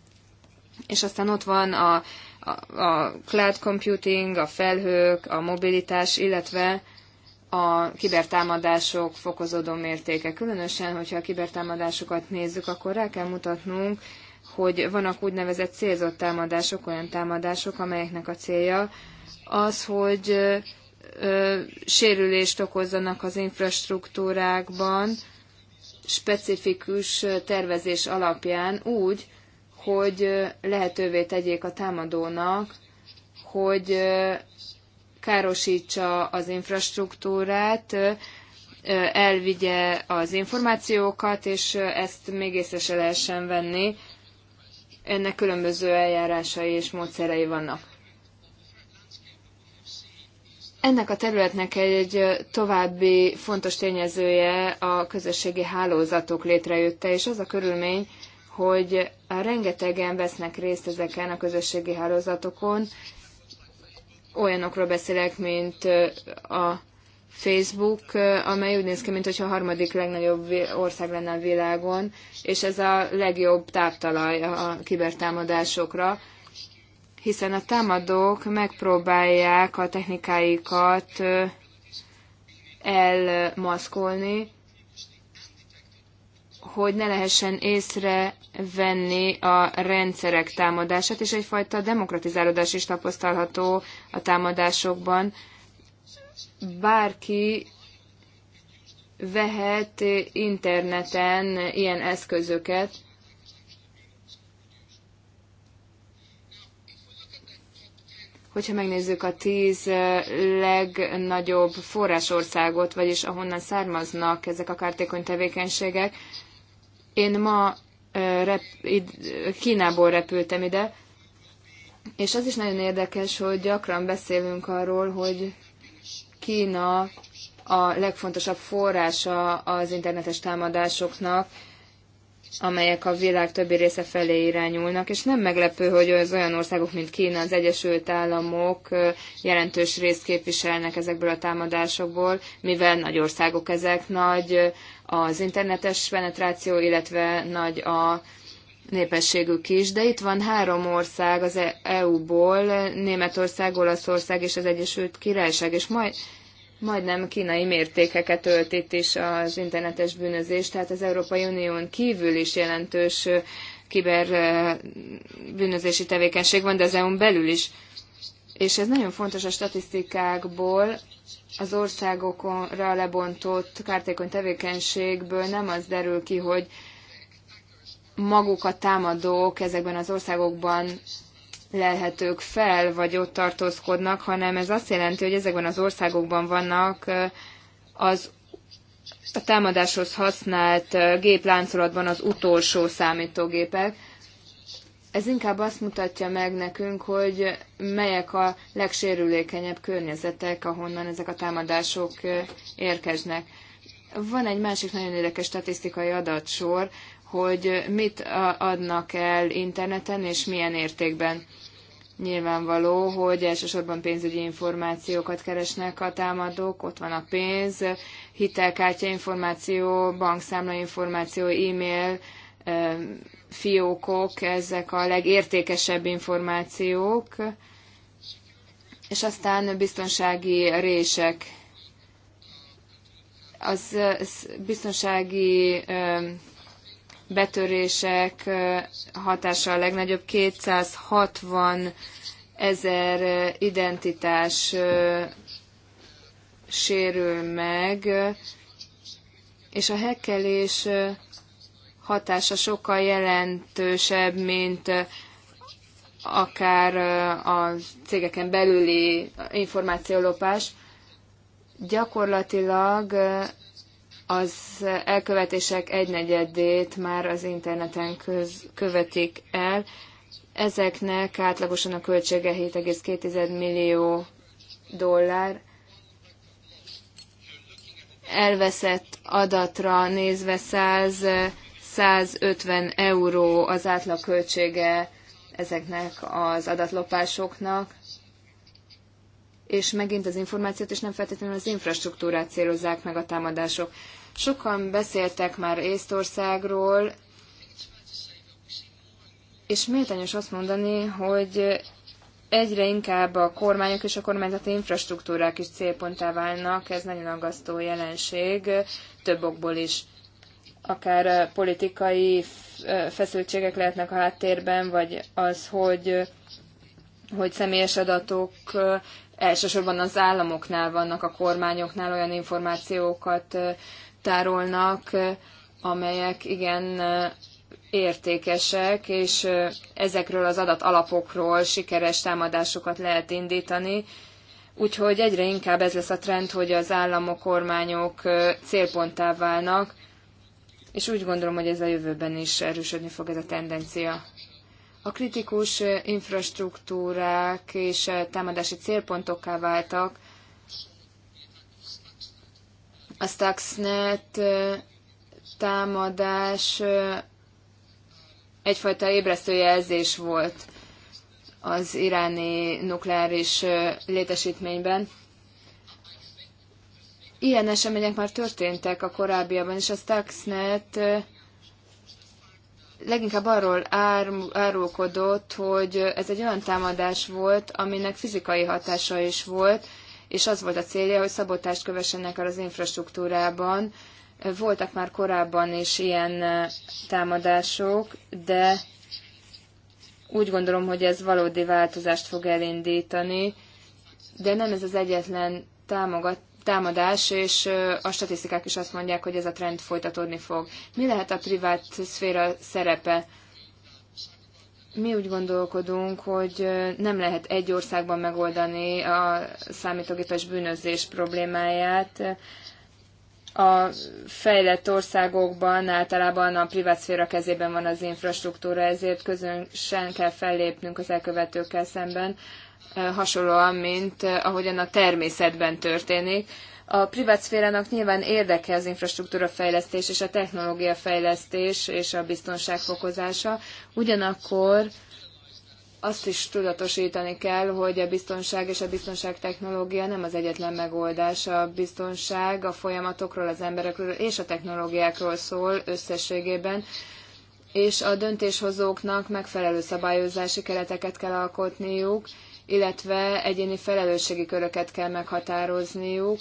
És aztán ott van a, a, a cloud computing, a felhők, a mobilitás, illetve a kibertámadások fokozódó mértéke. Különösen, hogyha a kibertámadásokat nézzük, akkor rá kell mutatnunk, hogy vannak úgynevezett célzott támadások, olyan támadások, amelyeknek a célja az, hogy ö, sérülést okozzanak az infrastruktúrákban, specifikus tervezés alapján úgy, hogy lehetővé tegyék a támadónak, hogy károsítsa az infrastruktúrát, elvigye az információkat, és ezt még észre se lehessen venni. Ennek különböző eljárásai és módszerei vannak. Ennek a területnek egy további fontos tényezője a közösségi hálózatok létrejötte, és az a körülmény, hogy rengetegen vesznek részt ezeken a közösségi hálózatokon. Olyanokról beszélek, mint a Facebook, amely úgy néz ki, mintha a harmadik legnagyobb ország lenne a világon, és ez a legjobb táptalaj a kibertámadásokra hiszen a támadók megpróbálják a technikáikat elmaszkolni, hogy ne lehessen észrevenni a rendszerek támadását, és egyfajta demokratizálódás is tapasztalható a támadásokban. Bárki vehet interneten ilyen eszközöket, Hogyha megnézzük a tíz eh, legnagyobb forrásországot, vagyis ahonnan származnak ezek a kártékony tevékenységek, én ma eh, rep, Kínából repültem ide, és az is nagyon érdekes, hogy gyakran beszélünk arról, hogy Kína a legfontosabb forrása az internetes támadásoknak, amelyek a világ többi része felé irányulnak, és nem meglepő, hogy az olyan országok, mint Kína, az Egyesült Államok jelentős részt képviselnek ezekből a támadásokból, mivel nagy országok ezek, nagy az internetes penetráció, illetve nagy a népességük is, de itt van három ország az e- EU-ból, Németország, Olaszország és az Egyesült Királyság, és majd majdnem kínai mértékeket öltít is az internetes bűnözés, tehát az Európai Unión kívül is jelentős kiber bűnözési tevékenység van, de az EU-n belül is. És ez nagyon fontos a statisztikákból, az országokra lebontott kártékony tevékenységből nem az derül ki, hogy maguk a támadók ezekben az országokban lelhetők fel, vagy ott tartózkodnak, hanem ez azt jelenti, hogy ezekben az országokban vannak az a támadáshoz használt gépláncolatban az utolsó számítógépek. Ez inkább azt mutatja meg nekünk, hogy melyek a legsérülékenyebb környezetek, ahonnan ezek a támadások érkeznek. Van egy másik nagyon érdekes statisztikai adatsor, hogy mit adnak el interneten és milyen értékben. Nyilvánvaló, hogy elsősorban pénzügyi információkat keresnek a támadók, ott van a pénz, hitelkártya információ, bankszámla információ, e-mail, fiókok, ezek a legértékesebb információk, és aztán biztonsági rések. Az biztonsági betörések hatása a legnagyobb, 260 ezer identitás sérül meg, és a hekkelés hatása sokkal jelentősebb, mint akár a cégeken belüli információlopás. Gyakorlatilag az elkövetések egynegyedét már az interneten köz, követik el. Ezeknek átlagosan a költsége 7,2 millió dollár. Elveszett adatra nézve 100, 150 euró az átlagköltsége ezeknek az adatlopásoknak és megint az információt, és nem feltétlenül az infrastruktúrát célozzák meg a támadások. Sokan beszéltek már Észtországról, és méltányos azt mondani, hogy egyre inkább a kormányok és a kormányzati infrastruktúrák is célponttá válnak, ez nagyon aggasztó jelenség, több okból is. Akár politikai feszültségek lehetnek a háttérben, vagy az, hogy hogy személyes adatok elsősorban az államoknál vannak, a kormányoknál olyan információkat tárolnak, amelyek igen értékesek, és ezekről az adat alapokról sikeres támadásokat lehet indítani. Úgyhogy egyre inkább ez lesz a trend, hogy az államok, kormányok célponttá válnak, és úgy gondolom, hogy ez a jövőben is erősödni fog ez a tendencia. A kritikus infrastruktúrák és támadási célpontokká váltak. A Stuxnet támadás egyfajta ébresztőjelzés volt az iráni nukleáris létesítményben. Ilyen események már történtek a korábbiakban, és a Stuxnet leginkább arról ár, árulkodott, hogy ez egy olyan támadás volt, aminek fizikai hatása is volt, és az volt a célja, hogy szabotást kövessenek el az infrastruktúrában. Voltak már korábban is ilyen támadások, de úgy gondolom, hogy ez valódi változást fog elindítani, de nem ez az egyetlen támogat, támadás, és a statisztikák is azt mondják, hogy ez a trend folytatódni fog. Mi lehet a privát szféra szerepe? Mi úgy gondolkodunk, hogy nem lehet egy országban megoldani a számítógépes bűnözés problémáját. A fejlett országokban általában a privát szféra kezében van az infrastruktúra, ezért közösen kell fellépnünk az elkövetőkkel szemben hasonlóan, mint ahogyan a természetben történik. A privát szférának nyilván érdeke az infrastruktúra fejlesztés és a technológia fejlesztés és a biztonság fokozása, ugyanakkor azt is tudatosítani kell, hogy a biztonság és a biztonság technológia nem az egyetlen megoldás. A biztonság a folyamatokról, az emberekről és a technológiákról szól összességében, és a döntéshozóknak megfelelő szabályozási kereteket kell alkotniuk, illetve egyéni felelősségi köröket kell meghatározniuk.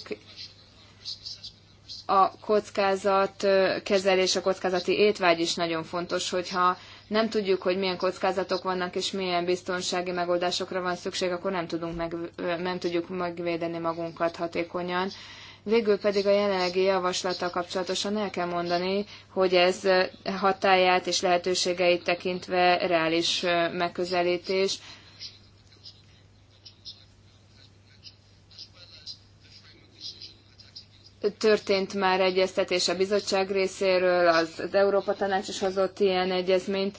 A kockázat kezelés, a kockázati étvágy is nagyon fontos, hogyha nem tudjuk, hogy milyen kockázatok vannak és milyen biztonsági megoldásokra van szükség, akkor nem, tudunk meg, nem tudjuk megvédeni magunkat hatékonyan. Végül pedig a jelenlegi javaslata kapcsolatosan el kell mondani, hogy ez hatáját és lehetőségeit tekintve reális megközelítés, Történt már egyeztetés a bizottság részéről, az, az Európa Tanács is hozott ilyen egyezményt,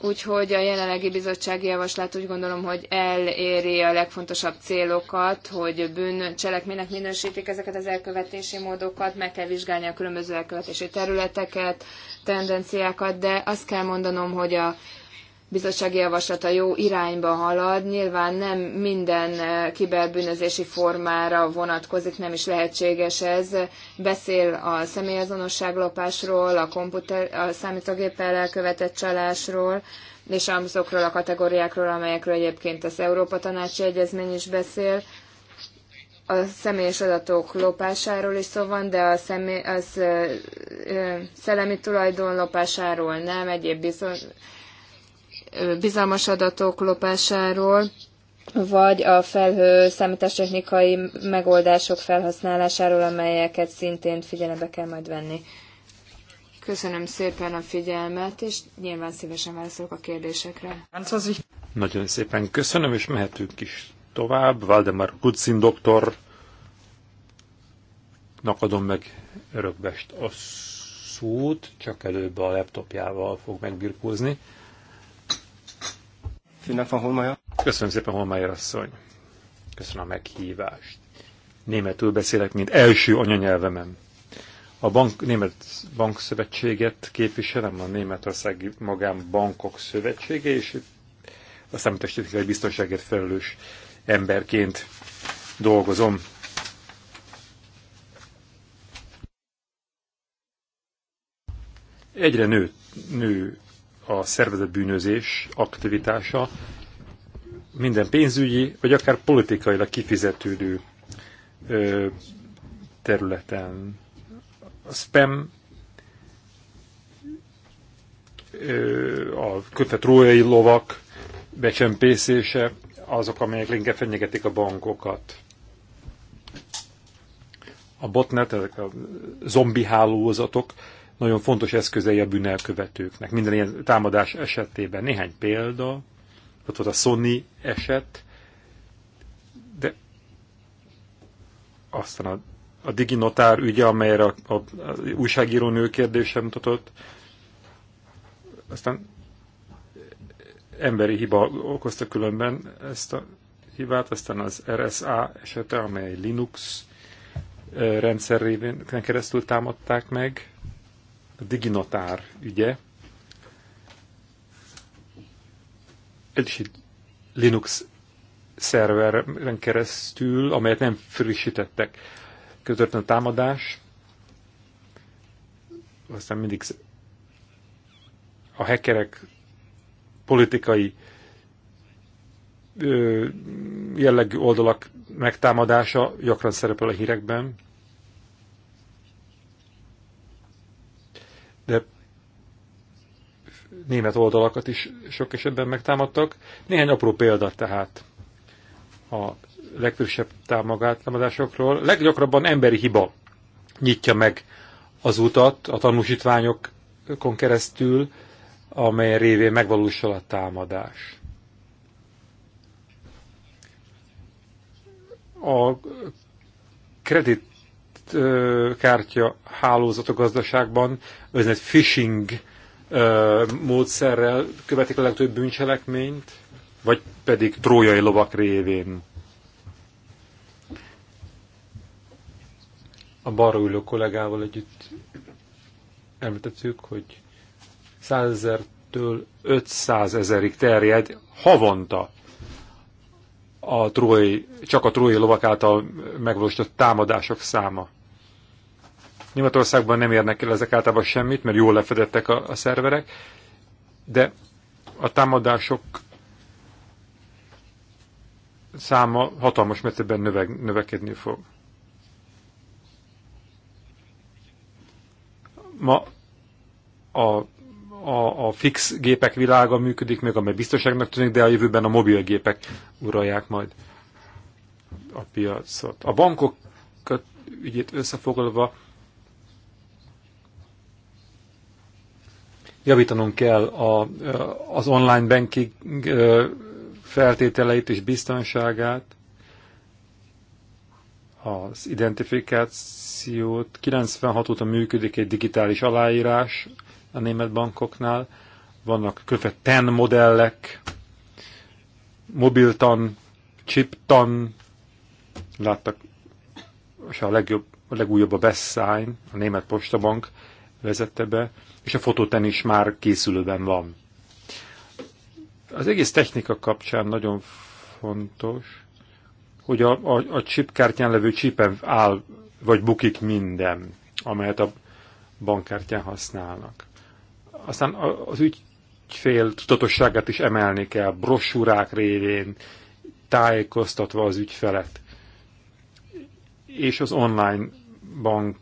úgyhogy a jelenlegi bizottsági javaslat úgy gondolom, hogy eléri a legfontosabb célokat, hogy bűncselekménynek minősítik ezeket az elkövetési módokat, meg kell vizsgálni a különböző elkövetési területeket, tendenciákat, de azt kell mondanom, hogy a bizottsági javaslata jó irányba halad. Nyilván nem minden eh, kiberbűnözési formára vonatkozik, nem is lehetséges ez. Beszél a személyazonosságlopásról, a, komputer, a számítógéppel elkövetett csalásról, és azokról a kategóriákról, amelyekről egyébként az Európa Tanácsi Egyezmény is beszél. A személyes adatok lopásáról is szó van, de a személy, az, ö, eh, ö, szellemi tulajdon lopásáról nem, egyéb bizony, bizalmas adatok lopásáról, vagy a felhő számítástechnikai megoldások felhasználásáról, amelyeket szintén figyelembe kell majd venni. Köszönöm szépen a figyelmet, és nyilván szívesen válaszolok a kérdésekre. Nagyon szépen köszönöm, és mehetünk is tovább. Valdemar Kutzin doktor, nakadom meg örökbest a szót, csak előbb a laptopjával fog megbirkózni. Köszönöm szépen, Holmeier asszony. Köszönöm a meghívást. Németül beszélek, mint első anyanyelvemen. A bank, Német Bankszövetséget képviselem, a Németországi Magánbankok Szövetsége, és a számítástechnikai biztonságért felelős emberként dolgozom. Egyre nő, nő a bűnözés aktivitása minden pénzügyi, vagy akár politikailag kifizetődő ö, területen. A spam ö, a rójai lovak becsempészése, azok, amelyek inkább fenyegetik a bankokat. A botnet, ezek a zombi hálózatok, nagyon fontos eszközei a bűnelkövetőknek. Minden ilyen támadás esetében néhány példa, ott volt a Sony eset, de aztán a, a diginotár ügye, amelyre a, a, a újságírónő kérdése mutatott, aztán emberi hiba okozta különben ezt a hibát, aztán az RSA esete, amely Linux eh, rendszerében, keresztül támadták meg, a diginatár ügye. Ez is egy Linux szerveren keresztül, amelyet nem frissítettek. Közvetlen a támadás, aztán mindig a hackerek politikai jellegű oldalak megtámadása gyakran szerepel a hírekben. de német oldalakat is sok esetben megtámadtak. Néhány apró példa tehát a legfősebb támadásokról. Leggyakrabban emberi hiba nyitja meg az utat a tanúsítványokon keresztül, amely révén megvalósul a támadás. A kredit kártya hálózatok gazdaságban egy phishing módszerrel követik a legtöbb bűncselekményt, vagy pedig trójai lovak révén. A balra ülő kollégával együtt említettük, hogy 100 ezer-től 500 ezerig terjed havonta a trói, csak a trói lovak által megvalósított támadások száma. Németországban nem érnek el ezek általában semmit, mert jól lefedettek a, a szerverek, de a támadások száma hatalmas mértékben növe, növekedni fog. Ma a, a, a fix gépek világa működik még, amely biztonságnak tűnik, de a jövőben a mobil gépek uralják majd a piacot. A bankokat ügyét összefoglalva Javítanunk kell a, az online banking feltételeit és biztonságát, az identifikációt. 96 óta működik egy digitális aláírás a német bankoknál. Vannak követ TEN modellek, mobiltan, chiptan, láttak, és a legjobb, a legújabb a Bessign, a német postabank vezette be, és a fotóten is már készülőben van. Az egész technika kapcsán nagyon fontos, hogy a, a, a chipkártyán levő csípen áll, vagy bukik minden, amelyet a bankkártyán használnak. Aztán az ügyfél tudatosságát is emelni kell, brosúrák révén, tájékoztatva az ügyfelet. És az online bank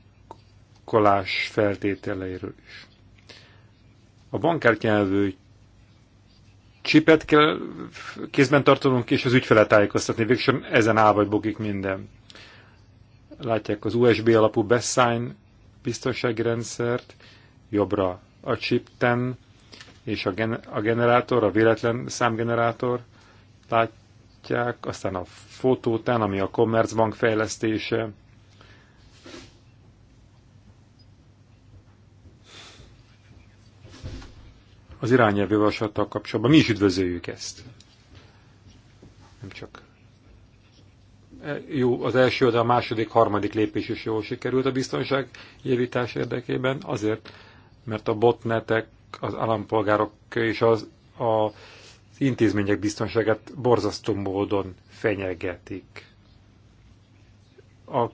blokkolás feltételeiről is. A bankkártyanyelvű csipet kell kézben tartanunk, és az ügyfelet tájékoztatni. Végsőm ezen áll vagy bogik minden. Látják az USB alapú Bessign biztonsági rendszert, jobbra a chipten, és a, gen a generátor, a véletlen számgenerátor látják, aztán a fotótán, ami a Commerzbank fejlesztése, az irányelvi javaslattal kapcsolatban. Mi is üdvözöljük ezt. Nem csak e, jó, az első, de a második, harmadik lépés is jól sikerült a biztonság javítás érdekében, azért, mert a botnetek, az állampolgárok és az, az intézmények biztonságát borzasztó módon fenyegetik. A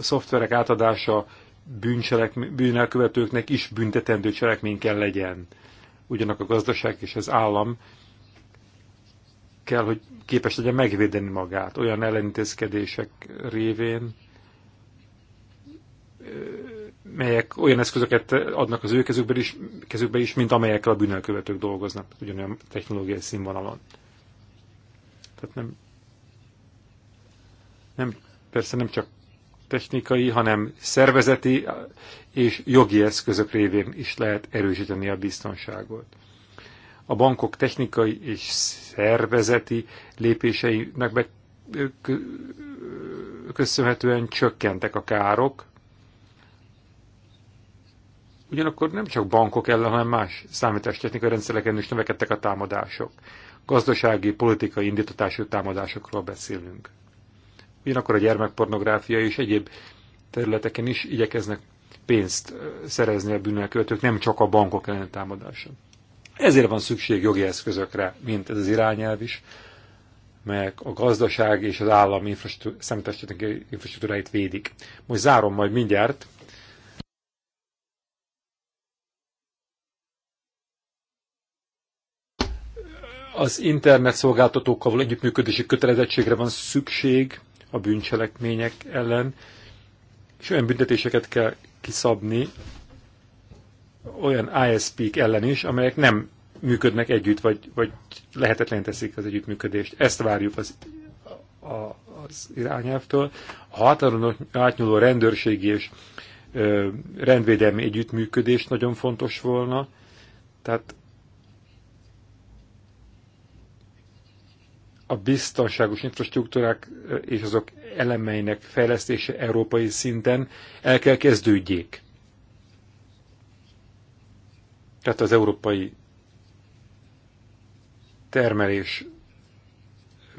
szoftverek átadása bűnelkövetőknek is büntetendő cselekmény kell legyen ugyanak a gazdaság és az állam kell, hogy képes legyen megvédeni magát olyan ellenintézkedések révén, melyek olyan eszközöket adnak az ő kezükbe is, kezükbe is mint amelyekkel a bűnelkövetők dolgoznak, ugyanolyan technológiai színvonalon. Tehát nem, nem, persze nem csak technikai, hanem szervezeti és jogi eszközök révén is lehet erősíteni a biztonságot. A bankok technikai és szervezeti lépéseinek be, köszönhetően csökkentek a károk. Ugyanakkor nem csak bankok ellen, hanem más számítástechnikai rendszereken is növekedtek a támadások. Gazdasági, politikai indítatású támadásokról beszélünk ugyanakkor a gyermekpornográfia és egyéb területeken is igyekeznek pénzt szerezni a bűnelkövetők, nem csak a bankok ellen támadása. Ezért van szükség jogi eszközökre, mint ez az irányelv is, melyek a gazdaság és az állam szemtestetek infrastruktúráit védik. Most zárom majd mindjárt. Az internet szolgáltatókkal való együttműködési kötelezettségre van szükség, a bűncselekmények ellen, és olyan büntetéseket kell kiszabni olyan ISP-k ellen is, amelyek nem működnek együtt, vagy, vagy lehetetlen teszik az együttműködést. Ezt várjuk az, a, az irányelvtől. A határon átnyúló rendőrségi és ö, rendvédelmi együttműködés nagyon fontos volna, tehát a biztonságos infrastruktúrák eh, és azok elemeinek fejlesztése európai szinten el kell kezdődjék. Tehát az európai termelés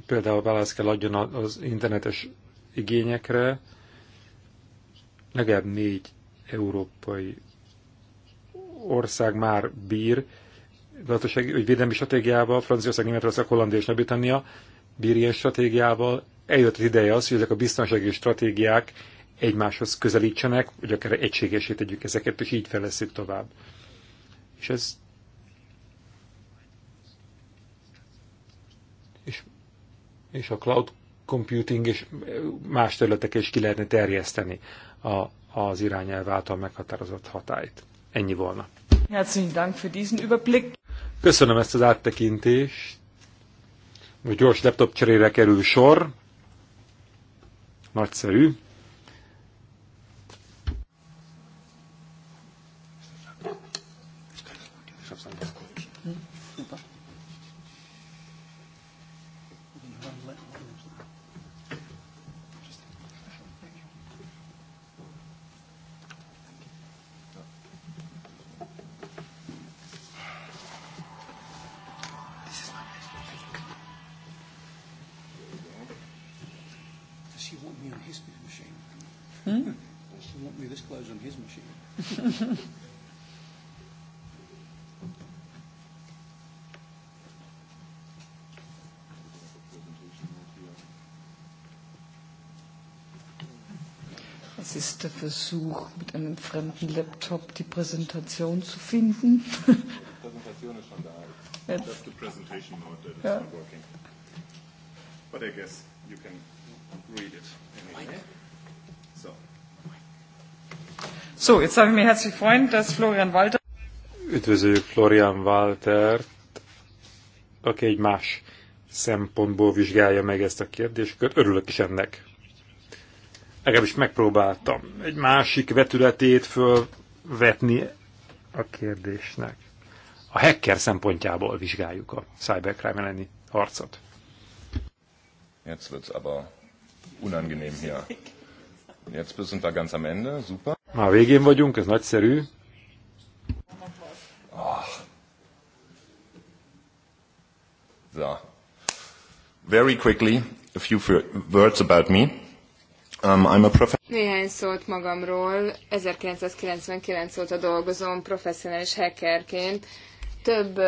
például választ kell adjon az internetes igényekre, legalább négy európai ország már bír gazdasági vagy védelmi stratégiával, Franciaország, Németország, Hollandia és Nagy-Britannia bír ilyen stratégiával. Eljött az ideje az, hogy ezek a biztonsági stratégiák egymáshoz közelítsenek, vagy akár egységesé tegyük ezeket, és így fejlesztjük tovább. És ez és, és a cloud computing és más területek is ki lehetne terjeszteni a, az irányelv által meghatározott hatályt. Ennyi volna. Herzlichen Dank für diesen Überblick. Köszönöm ezt az áttekintést, hogy gyors laptop cserére kerül sor. Nagyszerű. Versuch, mit einem fremden Laptop die Präsentation zu finden. Die Präsentation ist schon da. Jetzt. Just the presentation note that it's ja. not working. But I guess you can read it anyway. So. So, jetzt darf ich mich herzlich freuen, dass Florian Walter. Üdvözöljük Florian Walter, aki egy más szempontból vizsgálja meg ezt a kérdést. Örülök is ennek legalábbis megpróbáltam egy másik vetületét fölvetni a kérdésnek. A hacker szempontjából vizsgáljuk a cybercrime elleni harcot. Jetzt wird's aber unangenehm hier. Jetzt sind wir ganz am Ende, super. Már végén vagyunk, ez nagyszerű. Ah. So. Very quickly, a few words about me. Um, I'm a prof- Néhány szót magamról. 1999 óta dolgozom professzionális hackerként. Több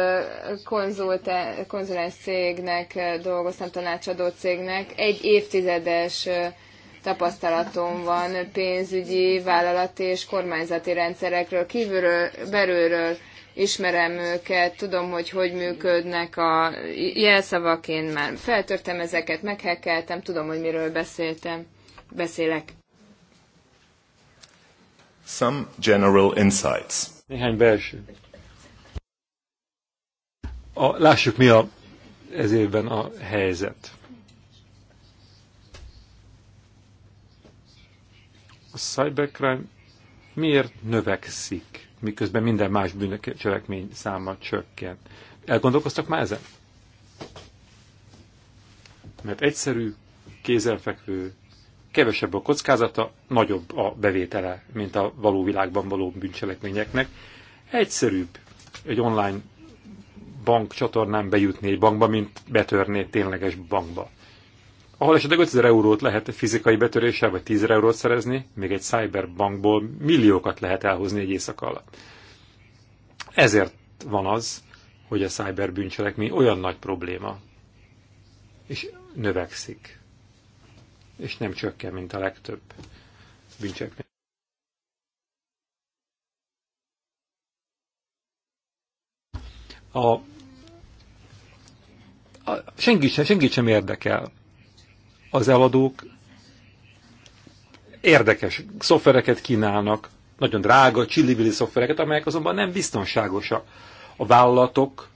konzulens cégnek dolgoztam, tanácsadó cégnek. Egy évtizedes tapasztalatom van pénzügyi, vállalati és kormányzati rendszerekről, kívülről, belülről ismerem őket, tudom, hogy hogy működnek a jelszavak, én már feltörtem ezeket, meghekeltem, tudom, hogy miről beszéltem beszélek. Some general insights. Néhány belső. A, lássuk, mi a, ez évben a helyzet. A cybercrime miért növekszik, miközben minden más bűncselekmény száma csökken? Elgondolkoztak már ezen? Mert egyszerű, kézzelfekvő kevesebb a kockázata, nagyobb a bevétele, mint a való világban való bűncselekményeknek. Egyszerűbb egy online bank csatornán bejutni egy bankba, mint betörni egy tényleges bankba. Ahol esetleg 5000 eurót lehet fizikai betöréssel, vagy 10 eurót szerezni, még egy cyberbankból milliókat lehet elhozni egy éjszaka alatt. Ezért van az, hogy a cyberbűncselekmény olyan nagy probléma, és növekszik és nem csökken, mint a legtöbb bűncsekmény. A, a, senki, sem, senki sem érdekel. Az eladók érdekes szoftvereket kínálnak, nagyon drága, csillivili szoftvereket, amelyek azonban nem biztonságosak. A vállalatok,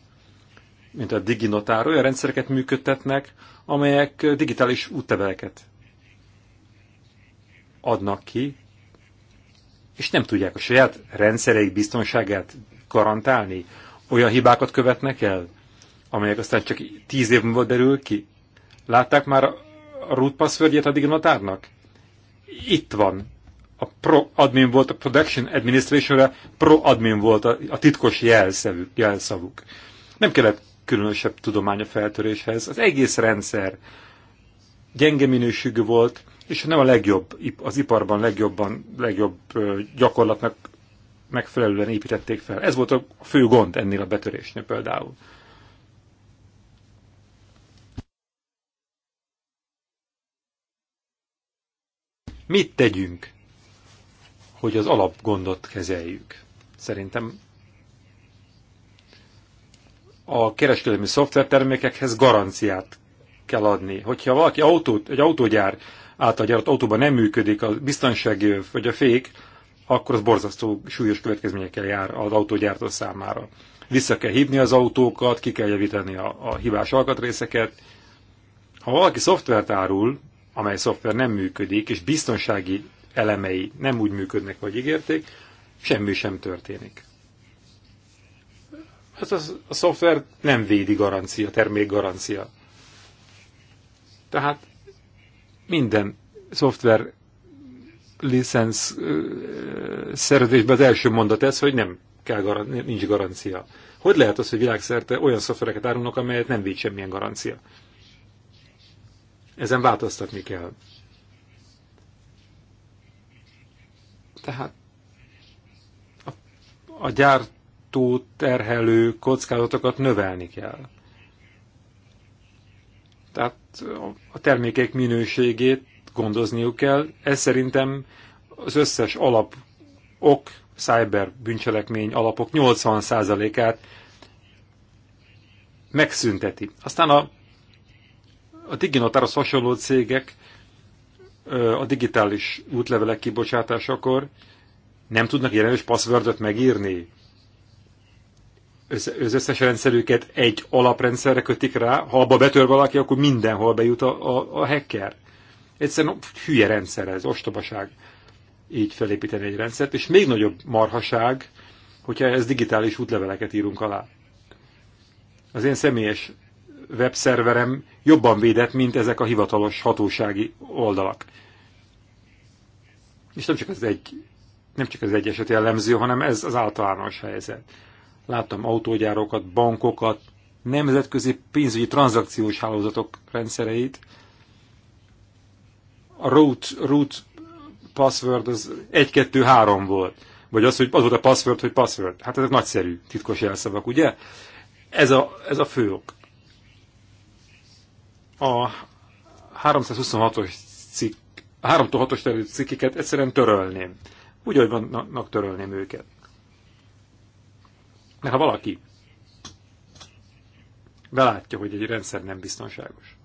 mint a DigiNotár, olyan rendszereket működtetnek, amelyek digitális útleveleket adnak ki, és nem tudják a saját rendszereik biztonságát garantálni. Olyan hibákat követnek el, amelyek aztán csak tíz év múlva derül ki. Látták már a root passwordjét a dignatárnak? Itt van. A pro-admin volt a production administrationre, pro-admin volt a, a titkos jelszavuk, jelszavuk. Nem kellett különösebb tudomány a feltöréshez. Az egész rendszer gyenge minőségű volt, és nem a legjobb, az iparban legjobban, legjobb gyakorlatnak megfelelően építették fel. Ez volt a fő gond ennél a betörésnél például. Mit tegyünk, hogy az alapgondot kezeljük? Szerintem a kereskedelmi szoftvertermékekhez garanciát kell adni. Hogyha valaki autót, egy autógyár által gyártott autóban nem működik a biztonsági vagy a fék, akkor az borzasztó súlyos következményekkel jár az autógyártó számára. Vissza kell hívni az autókat, ki kell javítani a, a hibás alkatrészeket. Ha valaki szoftvert árul, amely szoftver nem működik, és biztonsági elemei nem úgy működnek, vagy ígérték, semmi sem történik. Hát az, a szoftver nem védi garancia, termék garancia. Tehát minden szoftver licensz szerződésben az első mondat ez, hogy nem kell, garancia, nincs garancia. Hogy lehet az, hogy világszerte olyan szoftvereket árulnak, amelyet nem véd semmilyen garancia? Ezen változtatni kell. Tehát a, a gyártó terhelő kockázatokat növelni kell. Tehát a termékek minőségét gondozniuk kell. Ez szerintem az összes alap ok, cyber bűncselekmény alapok 80%-át megszünteti. Aztán a, a diginotáros hasonló cégek a digitális útlevelek kibocsátásakor nem tudnak jelenős passzvördöt megírni az összes rendszerüket egy alaprendszerre kötik rá, ha abba betör valaki, akkor mindenhol bejut a, a, a hacker. Egyszerűen hülye rendszer ez, ostobaság így felépíteni egy rendszert, és még nagyobb marhaság, hogyha ez digitális útleveleket írunk alá. Az én személyes webszerverem jobban védett, mint ezek a hivatalos hatósági oldalak. És nem csak ez egy, nem csak ez egy eset jellemző, hanem ez az általános helyzet láttam autógyárokat, bankokat, nemzetközi pénzügyi tranzakciós hálózatok rendszereit. A root, root password az 1-2-3 volt. Vagy az, hogy az volt a password, hogy password. Hát ezek nagyszerű titkos jelszavak, ugye? Ez a, ez a fő ok. A 326-os cikk, a 3-6-os cikkiket egyszerűen törölném. Úgy, ahogy vannak, törölném őket. De ha valaki belátja, hogy egy rendszer nem biztonságos,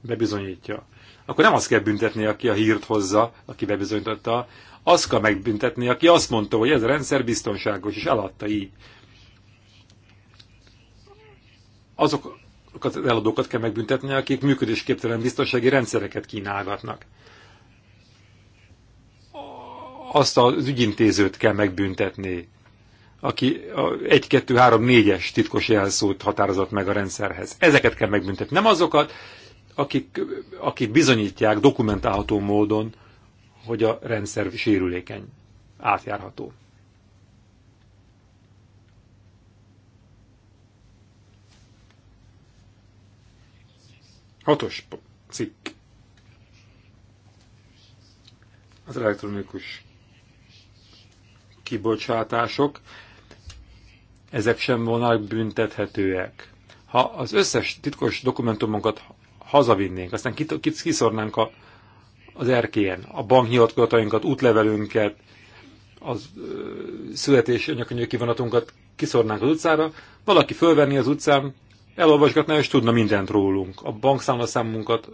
bebizonyítja, akkor nem azt kell büntetni, aki a hírt hozza, aki bebizonyította, azt kell megbüntetni, aki azt mondta, hogy ez a rendszer biztonságos, és eladta így. Azok, azokat az eladókat kell megbüntetni, akik működésképtelen biztonsági rendszereket kínálgatnak. Azt az ügyintézőt kell megbüntetni, aki egy, kettő, három, négyes titkos jelszót határozott meg a rendszerhez. Ezeket kell megbüntetni. Nem azokat, akik, akik bizonyítják dokumentálható módon, hogy a rendszer sérülékeny, átjárható. Hatos cikk. Az elektronikus kibocsátások ezek sem volnak büntethetőek. Ha az összes titkos dokumentumunkat hazavinnénk, aztán kiszornánk a, az erkélyen, a banknyilatkozatainkat, útlevelünket, az ö, születési kivonatunkat kiszornánk az utcára, valaki fölvenni az utcán, elolvasgatná és tudna mindent rólunk, a bankszámlaszámunkat,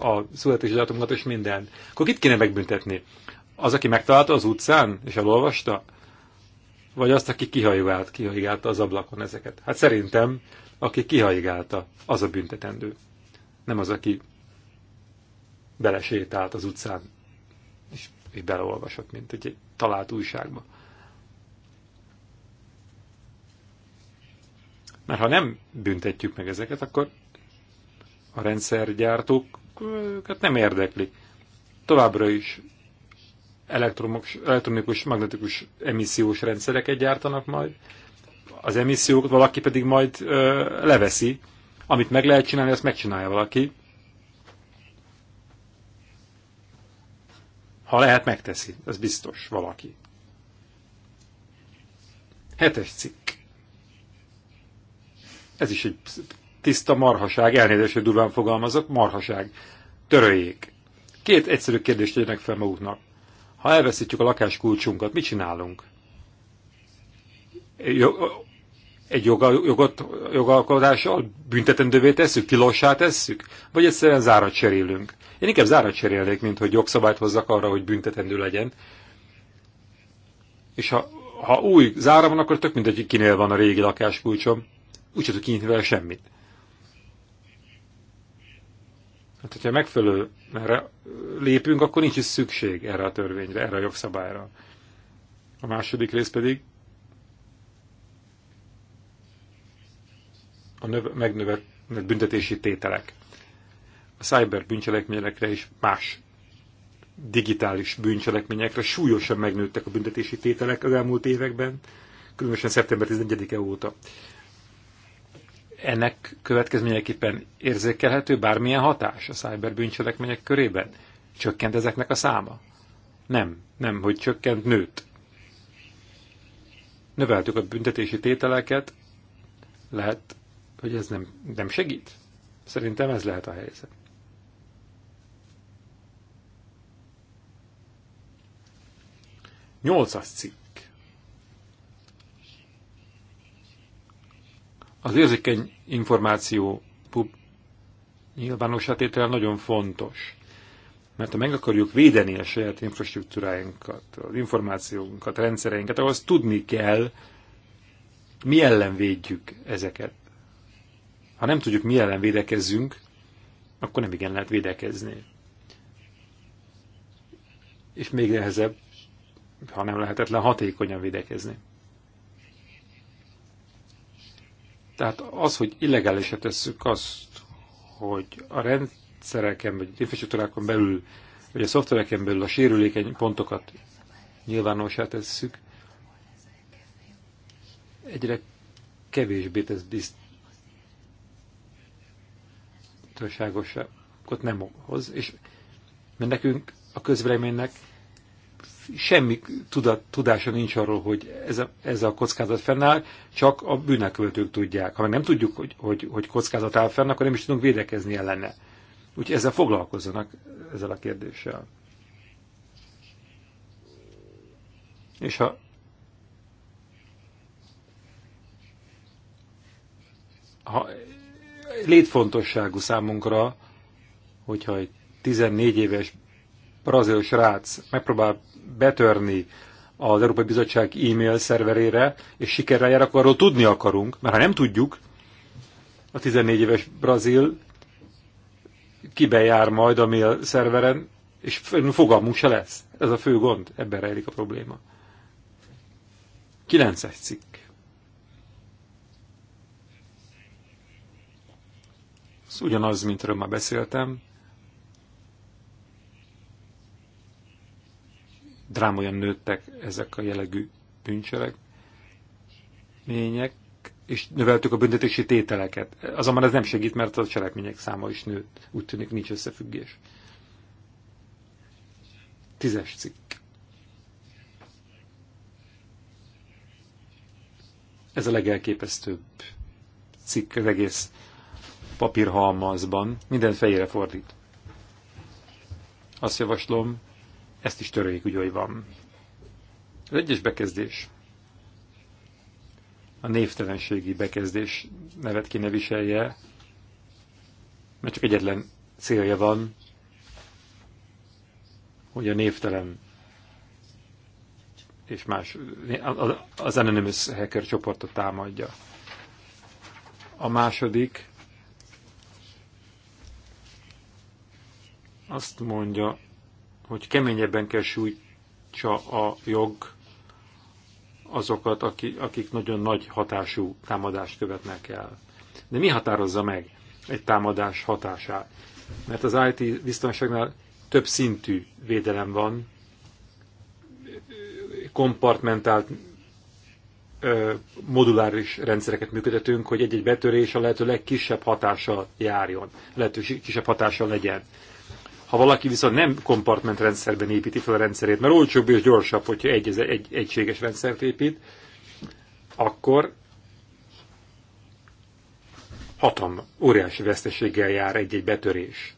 a, a születési dátumunkat és mindent. Akkor kit kéne megbüntetni? Az, aki megtalálta az utcán és elolvasta? vagy azt, aki kihajigált kihajigálta az ablakon ezeket. Hát szerintem, aki kihajigálta, az a büntetendő. Nem az, aki belesétált az utcán, és beleolvasott, mint egy talált újságba. Mert ha nem büntetjük meg ezeket, akkor a őket nem érdekli. Továbbra is elektromos, elektromikus, magnetikus emissziós rendszereket gyártanak majd, az emissziót valaki pedig majd ö, leveszi, amit meg lehet csinálni, azt megcsinálja valaki. Ha lehet, megteszi, ez biztos valaki. Hetes cikk. Ez is egy tiszta marhaság, elnézést, hogy durván fogalmazok, marhaság. Töröljék. Két egyszerű kérdést tegyenek fel maguknak. Ha elveszítjük a kulcsunkat, mit csinálunk? Egy joga, jogot, jogalkotással büntetendővé tesszük, tilossá tesszük? Vagy egyszerűen zárat cserélünk? Én inkább zárat cserélnék, mint hogy jogszabályt hozzak arra, hogy büntetendő legyen. És ha, ha új zára van, akkor tök mindegy, kinél van a régi lakáskulcsom. Úgyse tudok kinyitni vele semmit. Hát, hogyha erre lépünk, akkor nincs is szükség erre a törvényre, erre a jogszabályra. A második rész pedig a növ- megnövelt büntetési tételek. A cyber bűncselekményekre és más digitális bűncselekményekre súlyosan megnőttek a büntetési tételek az elmúlt években, különösen szeptember 11-e óta ennek következményeképpen érzékelhető bármilyen hatás a szájberbűncselekmények körében? Csökkent ezeknek a száma? Nem, nem, hogy csökkent, nőtt. Növeltük a büntetési tételeket, lehet, hogy ez nem, nem segít. Szerintem ez lehet a helyzet. Nyolcas cikk. Az érzékeny információ nyilvánosátétel nagyon fontos, mert ha meg akarjuk védeni a saját infrastruktúráinkat, az információnkat, a rendszereinket, ahhoz tudni kell, mi ellen védjük ezeket. Ha nem tudjuk, mi ellen védekezzünk, akkor nem igen lehet védekezni. És még nehezebb, ha nem lehetetlen hatékonyan védekezni. Tehát az, hogy illegálisra tesszük azt, hogy a rendszereken, vagy infrastruktúrákon belül, vagy a szoftvereken belül a sérülékeny pontokat nyilvánossá tesszük, egyre kevésbé tesz biztonságosabbot nem okoz, és mert nekünk a közvéleménynek semmi tudat, tudása nincs arról, hogy ez a, ez a kockázat fennáll, csak a bűnökövetők tudják. Ha meg nem tudjuk, hogy, hogy, hogy kockázat áll fenn, akkor nem is tudunk védekezni ellene. Úgyhogy ezzel foglalkozzanak, ezzel a kérdéssel. És ha ha létfontosságú számunkra, hogyha egy 14 éves brazil srác megpróbál betörni az Európai Bizottság e-mail szerverére, és sikerrel jár, akkor arról tudni akarunk, mert ha nem tudjuk, a 14 éves brazil kibejár majd a mail szerveren, és fogalmunk se lesz. Ez a fő gond, ebben rejlik a probléma. 9-es cikk. ugyanaz, mint erről már beszéltem. drámaian nőttek ezek a jellegű bűncselekmények, és növeltük a büntetési tételeket. Azonban ez nem segít, mert a cselekmények száma is nőtt. Úgy tűnik, nincs összefüggés. Tízes cikk. Ez a legelképesztőbb cikk az egész papírhalmazban. Minden fejére fordít. Azt javaslom, ezt is töröljük, úgy, hogy van. Az egyes bekezdés. A névtelenségi bekezdés nevet kéne viselje, mert csak egyetlen célja van, hogy a névtelen és más, az Anonymous hacker csoportot támadja. A második azt mondja, hogy keményebben kell sújtsa a jog azokat, akik nagyon nagy hatású támadást követnek el. De mi határozza meg egy támadás hatását? Mert az IT biztonságnál több szintű védelem van, kompartmentált moduláris rendszereket működtetünk, hogy egy-egy betörés a lehető legkisebb hatással járjon, a lehető kisebb hatással legyen. Ha valaki viszont nem kompartmentrendszerben építi fel a rendszerét, mert olcsóbb és gyorsabb, hogyha egy, egy egységes rendszert épít, akkor hatam, óriási veszteséggel jár egy-egy betörés.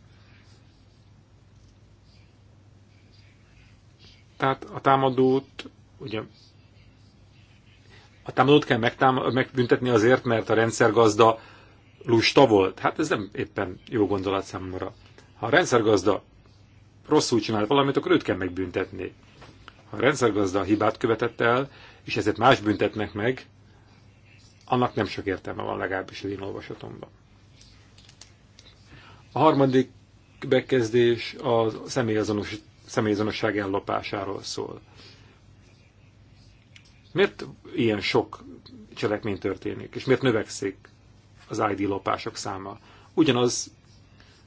Tehát a támadót, ugye, a támadót kell megtáma, megbüntetni azért, mert a rendszergazda lusta volt. Hát ez nem éppen jó gondolat számomra. Ha a rendszergazda rosszul csinált valamit, akkor őt kell megbüntetni. Ha a rendszergazda hibát követett el, és ezért más büntetnek meg, annak nem sok értelme van legalábbis az én olvasatomban. A harmadik bekezdés a személyazonos, személyazonosság ellopásáról szól. Miért ilyen sok cselekmény történik, és miért növekszik az ID lopások száma? Ugyanaz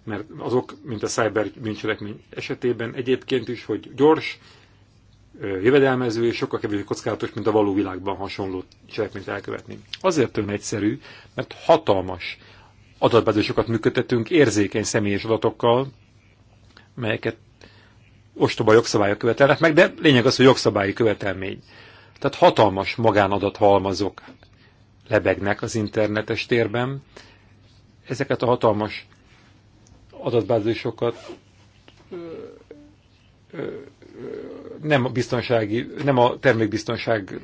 mert azok, mint a cyber bűncselekmény esetében egyébként is, hogy gyors, jövedelmező és sokkal kevésbé kockázatos, mint a való világban hasonló cselekményt elkövetni. Azért tőlem egyszerű, mert hatalmas adatbázisokat működtetünk érzékeny személyes adatokkal, melyeket ostoba jogszabályok követelnek meg, de lényeg az, hogy jogszabályi követelmény. Tehát hatalmas magánadathalmazok lebegnek az internetes térben. Ezeket a hatalmas adatbázisokat nem a biztonsági, nem a termékbiztonság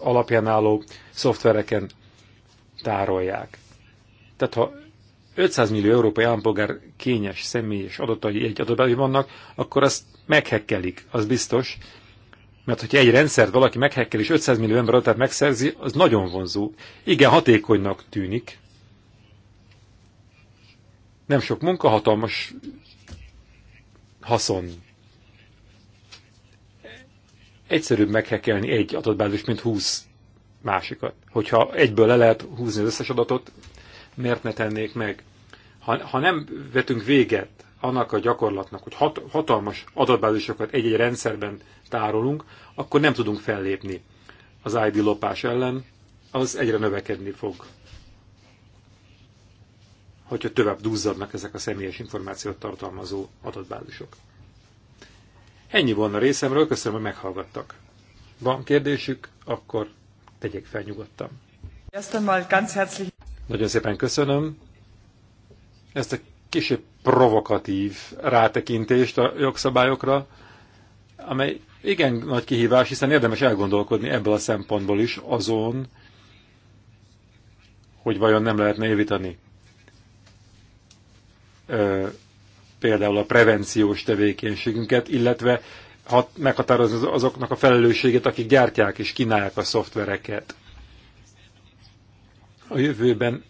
alapján álló szoftvereken tárolják. Tehát ha 500 millió európai állampolgár kényes személyes adatai egy adatbázis vannak, akkor azt meghekkelik, az biztos. Mert hogyha egy rendszert valaki meghekkel és 500 millió ember adatát megszerzi, az nagyon vonzó. Igen, hatékonynak tűnik, nem sok munka, hatalmas haszon. Egyszerűbb meghekelni egy adatbázis, mint húsz másikat. Hogyha egyből le lehet húzni az összes adatot, miért ne tennék meg? Ha, ha nem vetünk véget annak a gyakorlatnak, hogy hat, hatalmas adatbázisokat egy-egy rendszerben tárolunk, akkor nem tudunk fellépni az ID lopás ellen, az egyre növekedni fog hogyha tovább duzzadnak ezek a személyes információt tartalmazó adatbázisok. Ennyi volna részemről, köszönöm, hogy meghallgattak. Van kérdésük, akkor tegyek fel nyugodtan. Nagyon szépen köszönöm ezt a kisebb provokatív rátekintést a jogszabályokra, amely igen nagy kihívás, hiszen érdemes elgondolkodni ebből a szempontból is azon, hogy vajon nem lehetne javítani például a prevenciós tevékenységünket, illetve hat, meghatározni azoknak a felelősséget, akik gyártják és kínálják a szoftvereket. A jövőben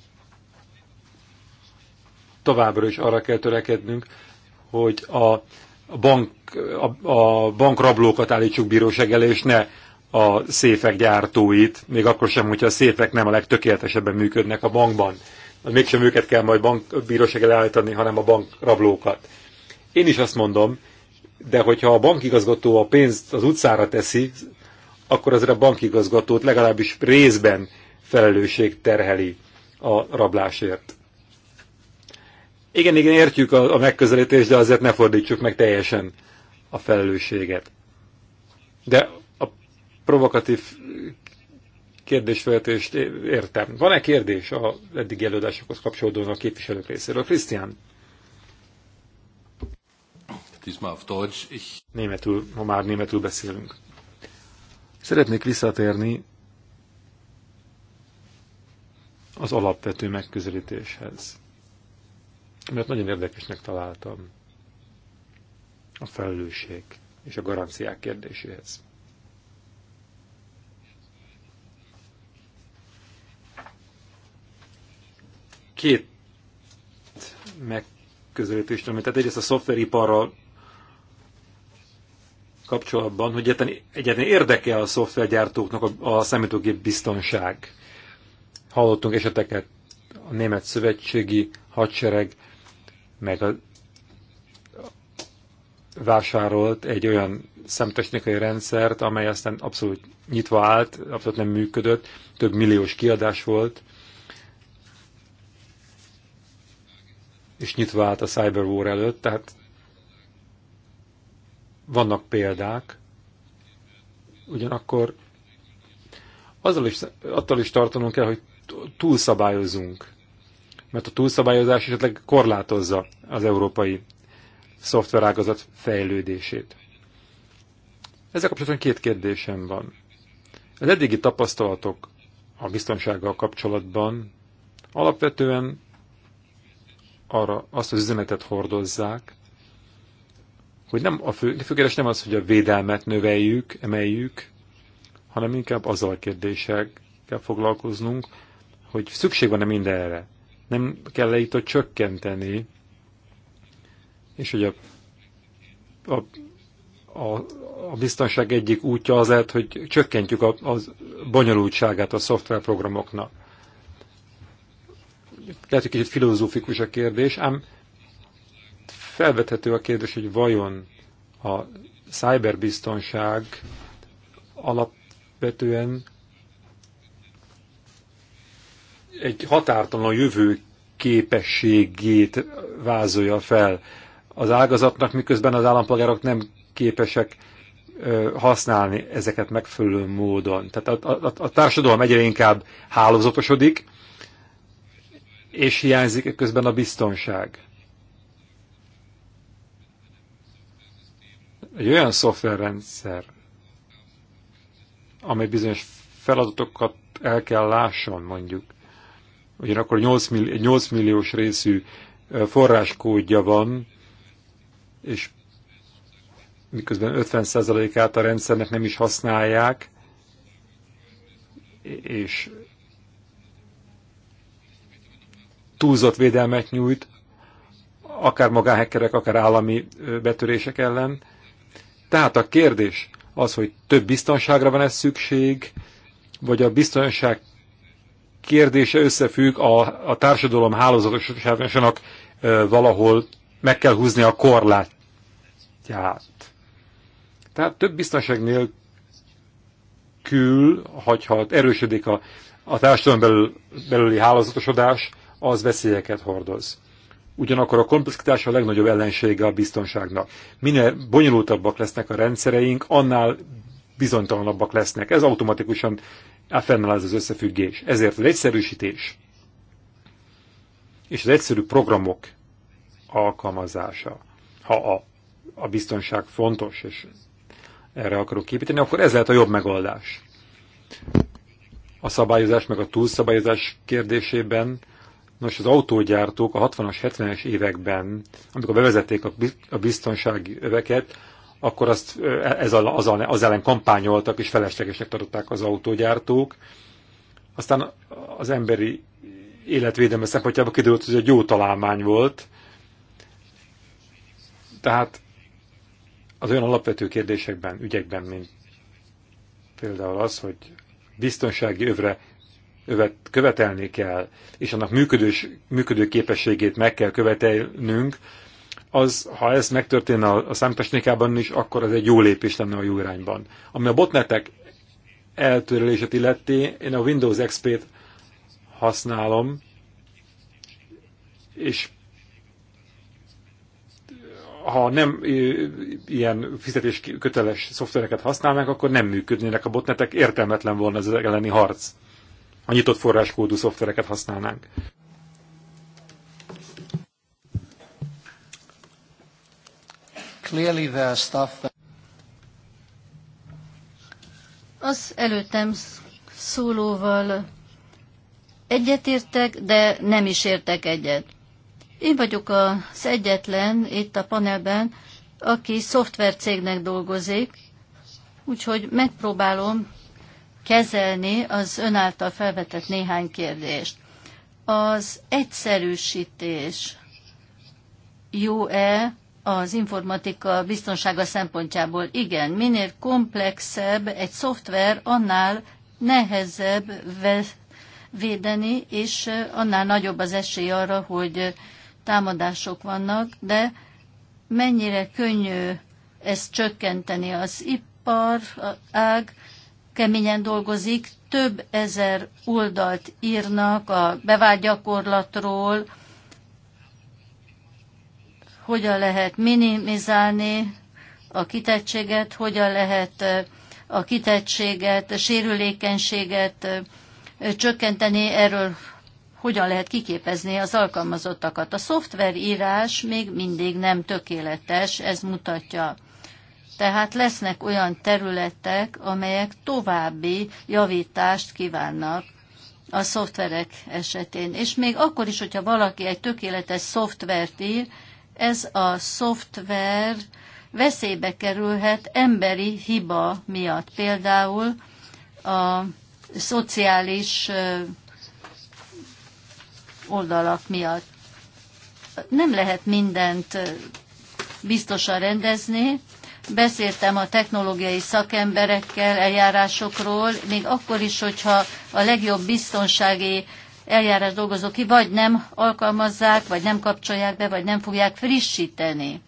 továbbra is arra kell törekednünk, hogy a bank, a, a bankrablókat állítsuk bíróság elé, és ne a széfek gyártóit, még akkor sem, hogyha a széfek nem a legtökéletesebben működnek a bankban az mégsem őket kell majd bankbíróság elállítani, hanem a bankrablókat. Én is azt mondom, de hogyha a bankigazgató a pénzt az utcára teszi, akkor azért a bankigazgatót legalábbis részben felelősség terheli a rablásért. Igen, igen, értjük a, a megközelítést, de azért ne fordítsuk meg teljesen a felelősséget. De a provokatív kérdésfeltést értem. Van-e kérdés a eddig előadásokhoz kapcsolódóan a képviselők részéről? Krisztián? Németül, ma már németül beszélünk. Szeretnék visszatérni az alapvető megközelítéshez, mert nagyon érdekesnek találtam a felelősség és a garanciák kérdéséhez. két megközelítést, amit tehát egyrészt a szoftveriparral kapcsolatban, hogy egyetlen, egyetlen érdeke a szoftvergyártóknak a, a számítógép biztonság. Hallottunk eseteket a német szövetségi hadsereg, meg a, vásárolt egy olyan számtechnikai rendszert, amely aztán abszolút nyitva állt, abszolút nem működött, több milliós kiadás volt, és nyitva állt a cyberwar előtt, tehát vannak példák, ugyanakkor azzal is, attól is tartanunk kell, hogy túlszabályozunk, mert a túlszabályozás esetleg korlátozza az európai szoftverágazat fejlődését. Ezzel kapcsolatban két kérdésem van. Az eddigi tapasztalatok a biztonsággal kapcsolatban alapvetően arra azt az üzenetet hordozzák, hogy nem a fő, főkérdés nem az, hogy a védelmet növeljük, emeljük, hanem inkább azzal a kérdéssel kell foglalkoznunk, hogy szükség van-e mindenre. Nem kell -e itt a csökkenteni, és hogy a, a, a, a biztonság egyik útja az lehet, hogy csökkentjük a, a bonyolultságát a szoftverprogramoknak lehet, hogy kicsit filozófikus a kérdés, ám felvethető a kérdés, hogy vajon a cyberbiztonság alapvetően egy határtalan jövő képességét vázolja fel az ágazatnak, miközben az állampolgárok nem képesek használni ezeket megfelelő módon. Tehát a, a, a társadalom egyre inkább hálózatosodik, és hiányzik közben a biztonság. Egy olyan szoftverrendszer, amely bizonyos feladatokat el kell lásson, mondjuk. Ugyanakkor 8, millió, 8 milliós részű forráskódja van, és miközben 50%-át a rendszernek nem is használják, és túlzott védelmet nyújt, akár magánhekkerek, akár állami betörések ellen. Tehát a kérdés az, hogy több biztonságra van ez szükség, vagy a biztonság kérdése összefügg a, a társadalom hálózatosának valahol meg kell húzni a korlátját. Tehát több biztonság nélkül, hogyha erősödik a, a társadalom belül, belüli hálózatosodás, az veszélyeket hordoz. Ugyanakkor a komplexitás a legnagyobb ellensége a biztonságnak. Minél bonyolultabbak lesznek a rendszereink, annál bizonytalanabbak lesznek. Ez automatikusan fennáll ez az összefüggés. Ezért az egyszerűsítés és az egyszerű programok alkalmazása, ha a, a biztonság fontos, és erre akarok építeni, akkor ez lehet a jobb megoldás. A szabályozás meg a túlszabályozás kérdésében Nos, az autógyártók a 60-as, 70-es években, amikor bevezették a biztonsági öveket, akkor azt, e-, ez a, az, az ellen kampányoltak és feleslegesnek tartották az autógyártók. Aztán az emberi életvédelme szempontjából kiderült, hogy egy jó találmány volt. Tehát az olyan alapvető kérdésekben, ügyekben, mint például az, hogy biztonsági övre követelni kell, és annak működős, működő képességét meg kell követelnünk, az, ha ez megtörténne a számtechnikában is, akkor az egy jó lépés lenne a jó irányban. Ami a botnetek eltörölését illeti, én a Windows XP-t használom, és ha nem ilyen fizetés köteles szoftvereket használnánk, akkor nem működnének a botnetek, értelmetlen volna ez elleni harc a nyitott forráskódú szoftvereket használnánk. Az előttem szólóval egyetértek, de nem is értek egyet. Én vagyok az egyetlen itt a panelben, aki szoftvercégnek dolgozik, úgyhogy megpróbálom kezelni az ön által felvetett néhány kérdést. Az egyszerűsítés jó-e az informatika biztonsága szempontjából? Igen, minél komplexebb egy szoftver, annál nehezebb védeni, és annál nagyobb az esély arra, hogy támadások vannak, de mennyire könnyű ezt csökkenteni az ipar ág keményen dolgozik, több ezer oldalt írnak a bevált gyakorlatról, hogyan lehet minimizálni a kitettséget, hogyan lehet a kitettséget, a sérülékenységet csökkenteni, erről hogyan lehet kiképezni az alkalmazottakat. A szoftverírás még mindig nem tökéletes, ez mutatja. Tehát lesznek olyan területek, amelyek további javítást kívánnak a szoftverek esetén. És még akkor is, hogyha valaki egy tökéletes szoftvert ír, ez a szoftver veszélybe kerülhet emberi hiba miatt. Például a szociális oldalak miatt. Nem lehet mindent biztosan rendezni, Beszéltem a technológiai szakemberekkel, eljárásokról, még akkor is, hogyha a legjobb biztonsági eljárás dolgozó ki, vagy nem alkalmazzák, vagy nem kapcsolják be, vagy nem fogják frissíteni.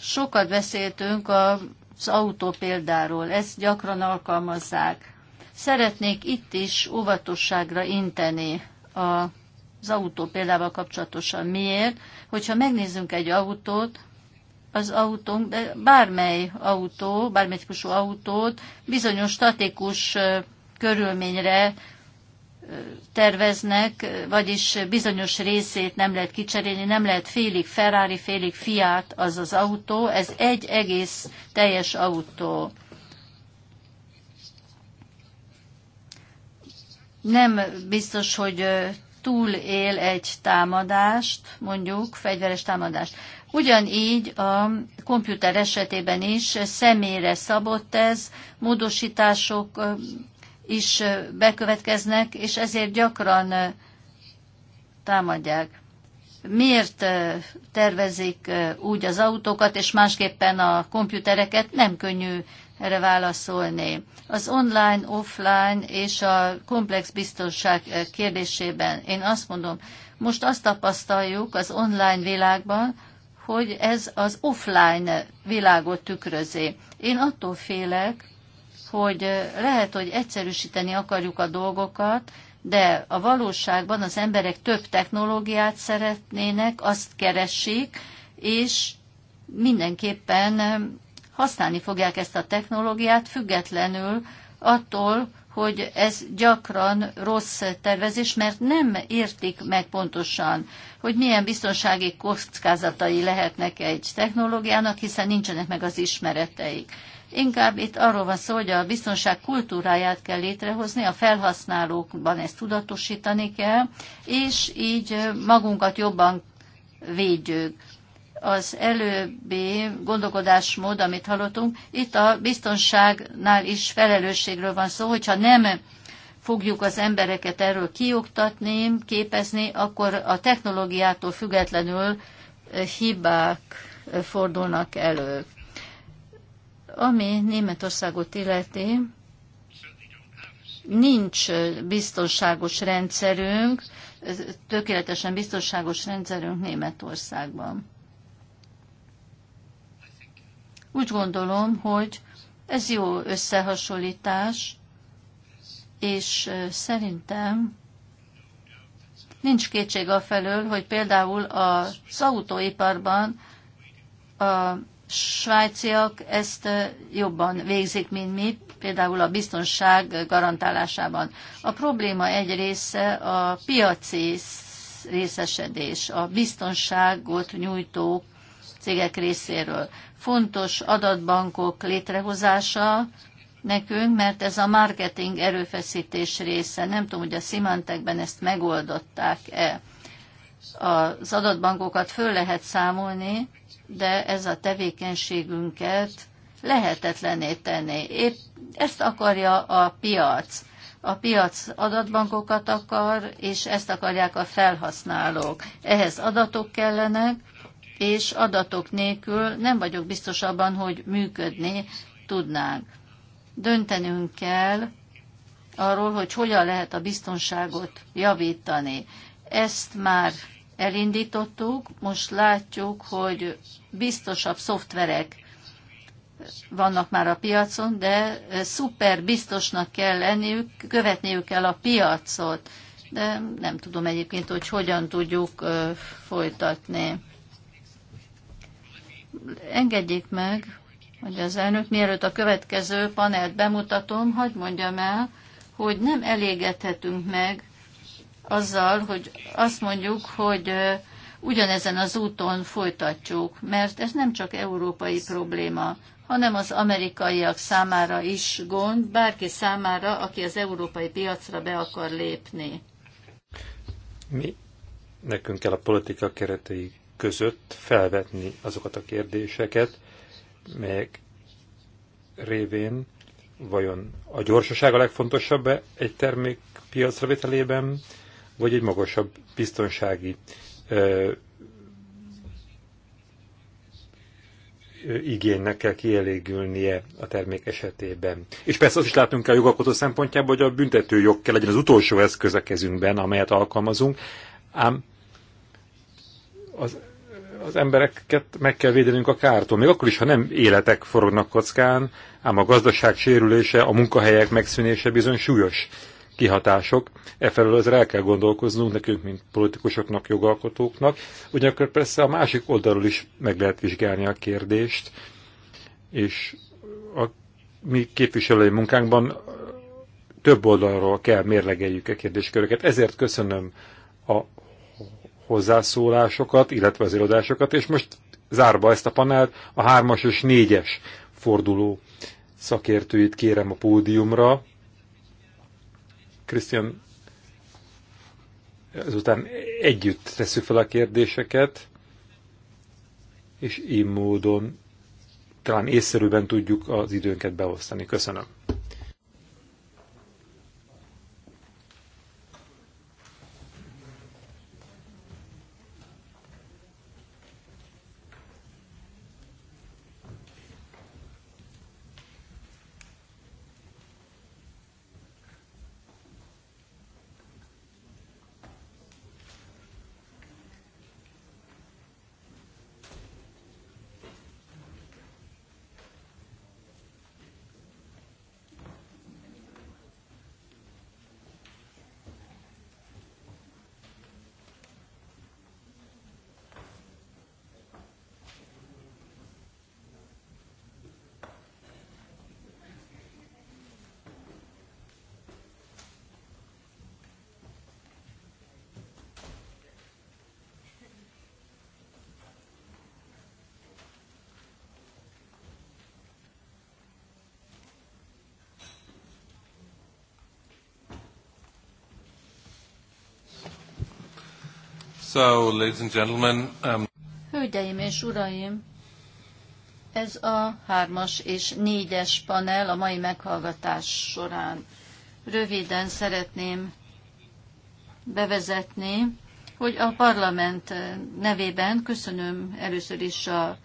Sokat beszéltünk az autó példáról, ezt gyakran alkalmazzák. Szeretnék itt is óvatosságra inteni az autó példával kapcsolatosan. Miért? Hogyha megnézzünk egy autót, az autónk, de bármely autó, bármely típusú autót bizonyos statikus körülményre terveznek, vagyis bizonyos részét nem lehet kicserélni, nem lehet félig Ferrari, félig Fiat az az autó, ez egy egész teljes autó. Nem biztos, hogy túlél egy támadást, mondjuk fegyveres támadást. Ugyanígy a komputer esetében is személyre szabott ez, módosítások is bekövetkeznek, és ezért gyakran támadják. Miért tervezik úgy az autókat, és másképpen a komputereket? Nem könnyű erre válaszolni. Az online, offline és a komplex biztonság kérdésében én azt mondom, most azt tapasztaljuk az online világban, hogy ez az offline világot tükrözi. Én attól félek, hogy lehet, hogy egyszerűsíteni akarjuk a dolgokat, de a valóságban az emberek több technológiát szeretnének, azt keresik, és mindenképpen használni fogják ezt a technológiát, függetlenül attól, hogy ez gyakran rossz tervezés, mert nem értik meg pontosan, hogy milyen biztonsági kockázatai lehetnek egy technológiának, hiszen nincsenek meg az ismereteik. Inkább itt arról van szó, hogy a biztonság kultúráját kell létrehozni, a felhasználókban ezt tudatosítani kell, és így magunkat jobban védjük az előbbi gondolkodásmód, amit hallottunk, itt a biztonságnál is felelősségről van szó, hogyha nem fogjuk az embereket erről kioktatni, képezni, akkor a technológiától függetlenül eh, hibák eh, fordulnak elő. Ami Németországot illeti, nincs eh, biztonságos rendszerünk, tökéletesen biztonságos rendszerünk Németországban. Úgy gondolom, hogy ez jó összehasonlítás, és szerintem nincs kétség a felől, hogy például az autóiparban a svájciak ezt jobban végzik, mint mi, például a biztonság garantálásában. A probléma egy része a piaci részesedés, a biztonságot nyújtók cégek részéről. Fontos adatbankok létrehozása nekünk, mert ez a marketing erőfeszítés része. Nem tudom, hogy a Szimantekben ezt megoldották-e. Az adatbankokat föl lehet számolni, de ez a tevékenységünket lehetetlené tenni. Épp ezt akarja a piac. A piac adatbankokat akar, és ezt akarják a felhasználók. Ehhez adatok kellenek, és adatok nélkül nem vagyok biztos abban, hogy működni tudnánk. Döntenünk kell arról, hogy hogyan lehet a biztonságot javítani. Ezt már elindítottuk, most látjuk, hogy biztosabb szoftverek vannak már a piacon, de szuper biztosnak kell lenniük, követniük kell a piacot, de nem tudom egyébként, hogy hogyan tudjuk folytatni engedjék meg, hogy az elnök, mielőtt a következő panelt bemutatom, hagyd mondjam el, hogy nem elégedhetünk meg azzal, hogy azt mondjuk, hogy ugyanezen az úton folytatjuk, mert ez nem csak európai probléma, hanem az amerikaiak számára is gond, bárki számára, aki az európai piacra be akar lépni. Mi nekünk kell a politika keretei között felvetni azokat a kérdéseket, melyek révén vajon a gyorsaság a legfontosabb -e egy termék piacra vételében, vagy egy magasabb biztonsági ö, igénynek kell kielégülnie a termék esetében. És persze azt is látunk a jogalkotó szempontjából, hogy a büntető jog kell legyen az utolsó eszköz a kezünkben, amelyet alkalmazunk, ám az az embereket meg kell védenünk a kártól, még akkor is, ha nem életek forognak kockán, ám a gazdaság sérülése, a munkahelyek megszűnése bizony súlyos kihatások. Efelől azért el kell gondolkoznunk nekünk, mint politikusoknak, jogalkotóknak. Ugyanakkor persze a másik oldalról is meg lehet vizsgálni a kérdést, és a mi képviselői munkánkban több oldalról kell mérlegeljük a kérdésköröket. Ezért köszönöm a hozzászólásokat, illetve az irodásokat, és most zárva ezt a panelt, a hármas és négyes forduló szakértőit kérem a pódiumra. Krisztián, ezután együtt tesszük fel a kérdéseket, és így módon talán észszerűben tudjuk az időnket beosztani. Köszönöm. So, ladies and gentlemen, um... Hölgyeim és uraim, ez a hármas és négyes panel a mai meghallgatás során. Röviden szeretném bevezetni, hogy a parlament nevében köszönöm először is a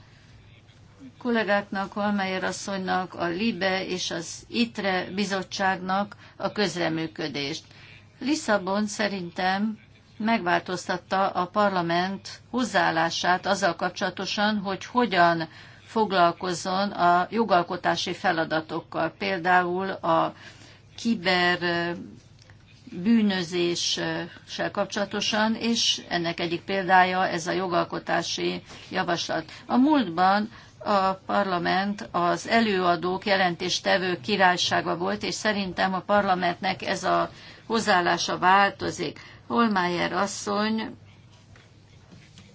kollégáknak, Holmeyer asszonynak, a LIBE és az ITRE bizottságnak a közreműködést. Lisszabon szerintem megváltoztatta a parlament hozzáállását azzal kapcsolatosan, hogy hogyan foglalkozzon a jogalkotási feladatokkal, például a kiber bűnözéssel kapcsolatosan, és ennek egyik példája ez a jogalkotási javaslat. A múltban a parlament az előadók jelentéstevő királysága volt, és szerintem a parlamentnek ez a hozzáállása változik. Holmájer asszony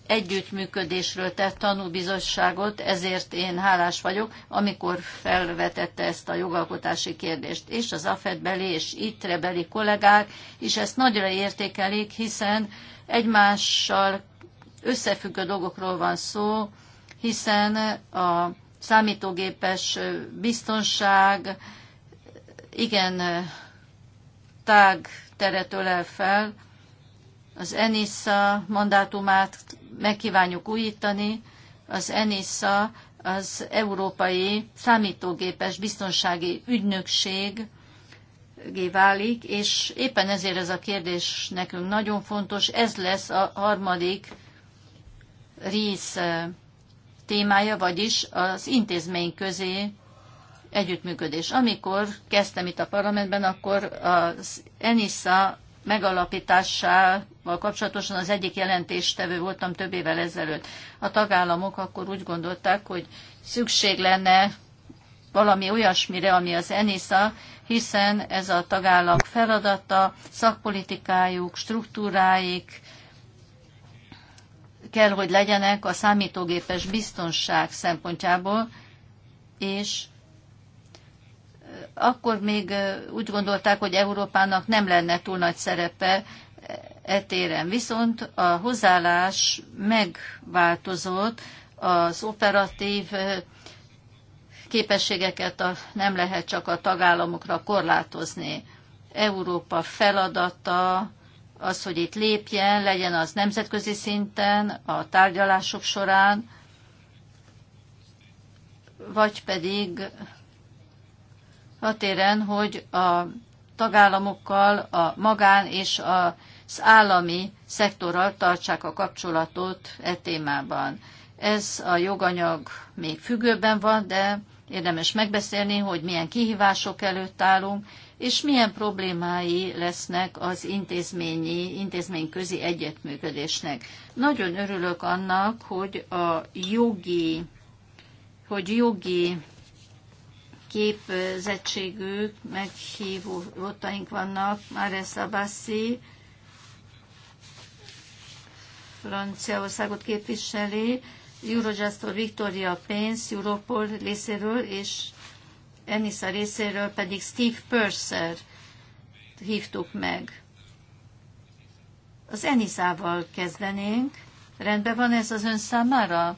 együttműködésről tett tanúbizottságot, ezért én hálás vagyok, amikor felvetette ezt a jogalkotási kérdést. És az AFED-beli és ITRE-beli kollégák is ezt nagyra értékelik, hiszen egymással összefüggő dolgokról van szó, hiszen a számítógépes biztonság igen tág teret ölel fel, az ENISZA mandátumát megkívánjuk újítani. Az ENISZA az Európai Számítógépes Biztonsági Ügynökség válik, és éppen ezért ez a kérdés nekünk nagyon fontos. Ez lesz a harmadik rész eh, témája, vagyis az intézmény közé együttműködés. Amikor kezdtem itt a parlamentben, akkor az ENISA megalapításával kapcsolatosan az egyik jelentéstevő voltam több évvel ezelőtt. A tagállamok akkor úgy gondolták, hogy szükség lenne valami olyasmire, ami az ENISA, hiszen ez a tagállam feladata, szakpolitikájuk, struktúráik kell, hogy legyenek a számítógépes biztonság szempontjából, és akkor még úgy gondolták, hogy Európának nem lenne túl nagy szerepe e téren. Viszont a hozzáállás megváltozott, az operatív képességeket nem lehet csak a tagállamokra korlátozni. Európa feladata az, hogy itt lépjen, legyen az nemzetközi szinten, a tárgyalások során, vagy pedig a téren, hogy a tagállamokkal, a magán és az állami szektorral tartsák a kapcsolatot e témában. Ez a joganyag még függőben van, de érdemes megbeszélni, hogy milyen kihívások előtt állunk, és milyen problémái lesznek az intézményi, intézményközi egyetműködésnek. Nagyon örülök annak, hogy a jogi, hogy jogi képzettségű meghívótaink vannak, Mares Abassi, Franciaországot képviseli, Eurojustor Victoria Pence, Europol részéről, és Enisa részéről pedig Steve Purser hívtuk meg. Az Enisával kezdenénk. Rendben van ez az ön számára?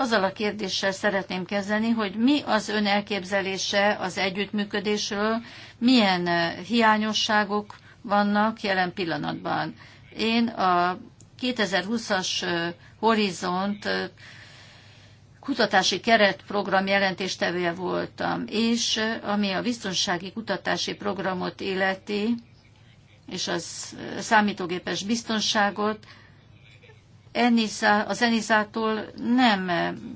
Azzal a kérdéssel szeretném kezdeni, hogy mi az ön elképzelése az együttműködésről, milyen eh, hiányosságok vannak jelen pillanatban. Én a 2020-as eh, horizont eh, kutatási keretprogram jelentéstevője voltam, és ami a biztonsági kutatási programot illeti, és az számítógépes biztonságot, Enisa, az Enizától nem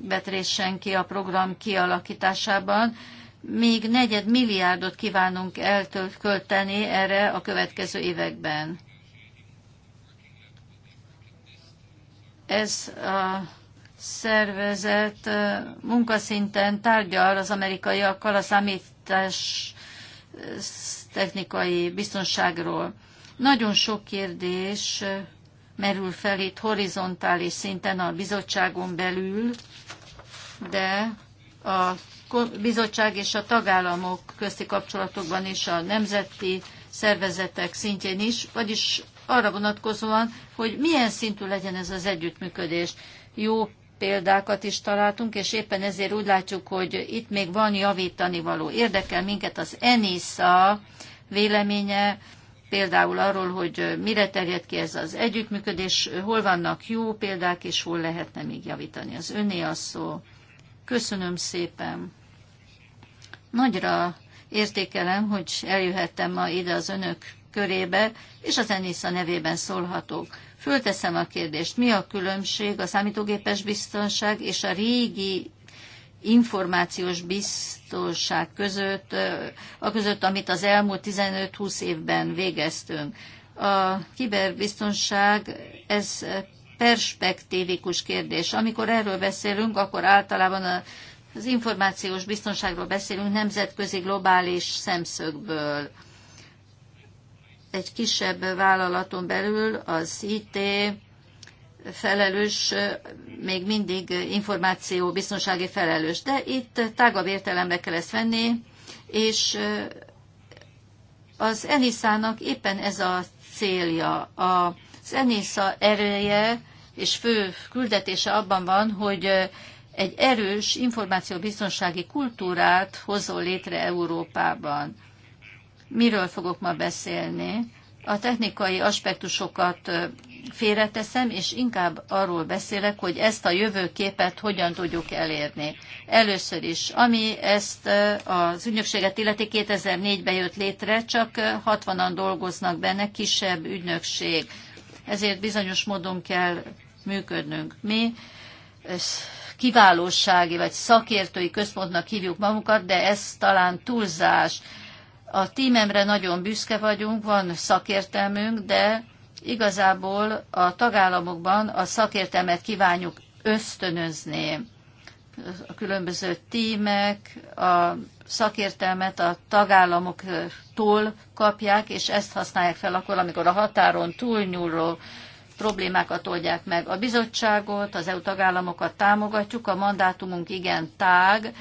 vett senki a program kialakításában, még negyed milliárdot kívánunk elkölteni erre a következő években. Ez a szervezet uh, munkaszinten tárgyal az amerikaiakkal a számítás uh, technikai biztonságról. Nagyon sok kérdés uh, merül fel itt horizontális szinten a bizottságon belül, de a bizottság és a tagállamok közti kapcsolatokban és a nemzeti szervezetek szintjén is, vagyis arra vonatkozóan, hogy milyen szintű legyen ez az együttműködés. Jó példákat is találtunk, és éppen ezért úgy látjuk, hogy itt még van javítani való. Érdekel minket az ENISA véleménye, például arról, hogy mire terjed ki ez az együttműködés, hol vannak jó példák, és hol lehetne még javítani. Az öné a szó. Köszönöm szépen. Nagyra értékelem, hogy eljöhettem ma ide az önök körébe, és az Enisza nevében szólhatok. Fölteszem a kérdést, mi a különbség a számítógépes biztonság és a régi információs biztonság között, a között, amit az elmúlt 15-20 évben végeztünk. A kiberbiztonság, ez perspektívikus kérdés. Amikor erről beszélünk, akkor általában az információs biztonságról beszélünk nemzetközi globális szemszögből. Egy kisebb vállalaton belül az IT, felelős még mindig információ biztonsági felelős. De itt tágabb értelembe kell ezt venni, és az Enisának éppen ez a célja. Az Enisza erője és fő küldetése abban van, hogy egy erős információbiztonsági kultúrát hozol létre Európában. Miről fogok ma beszélni? A technikai aspektusokat félreteszem, és inkább arról beszélek, hogy ezt a jövőképet hogyan tudjuk elérni. Először is, ami ezt az ügynökséget illeti 2004-ben jött létre, csak 60-an dolgoznak benne, kisebb ügynökség. Ezért bizonyos módon kell működnünk. Mi kiválósági vagy szakértői központnak hívjuk magunkat, de ez talán túlzás. A tímemre nagyon büszke vagyunk, van szakértelmünk, de igazából a tagállamokban a szakértelmet kívánjuk ösztönözni. A különböző tímek a szakértelmet a tagállamoktól kapják, és ezt használják fel akkor, amikor a határon túlnyúló problémákat oldják meg. A bizottságot, az EU tagállamokat támogatjuk, a mandátumunk igen tág,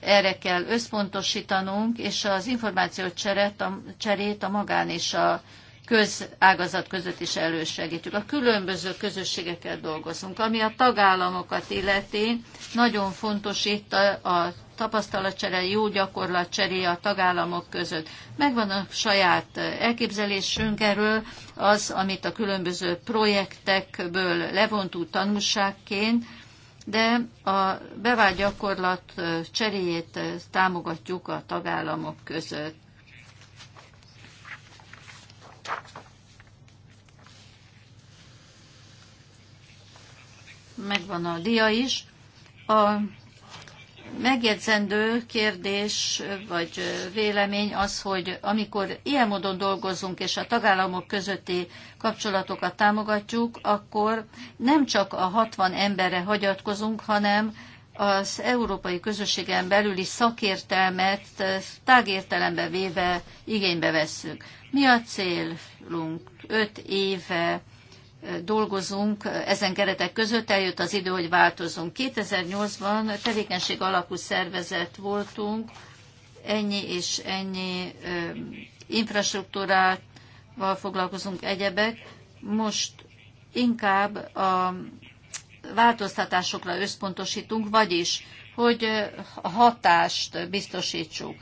erre kell összpontosítanunk, és az információ cserét a magán és a közágazat között is elősegítjük. A különböző közösségekkel dolgozunk. Ami a tagállamokat illeti, nagyon fontos itt a, a tapasztalatcsere, jó gyakorlatcseré a tagállamok között. Megvan a saját elképzelésünk erről, az, amit a különböző projektekből levontú tanulságként, de a bevált gyakorlat cseréjét támogatjuk a tagállamok között. Megvan a dia is. A megjegyzendő kérdés vagy vélemény az, hogy amikor ilyen módon dolgozunk és a tagállamok közötti kapcsolatokat támogatjuk, akkor nem csak a 60 emberre hagyatkozunk, hanem az európai közösségen belüli szakértelmet tágértelembe véve igénybe vesszük. Mi a célunk? Öt éve dolgozunk ezen keretek között, eljött az idő, hogy változunk. 2008-ban tevékenység alapú szervezet voltunk, ennyi és ennyi infrastruktúrával foglalkozunk egyebek. Most inkább a változtatásokra összpontosítunk, vagyis, hogy a hatást biztosítsuk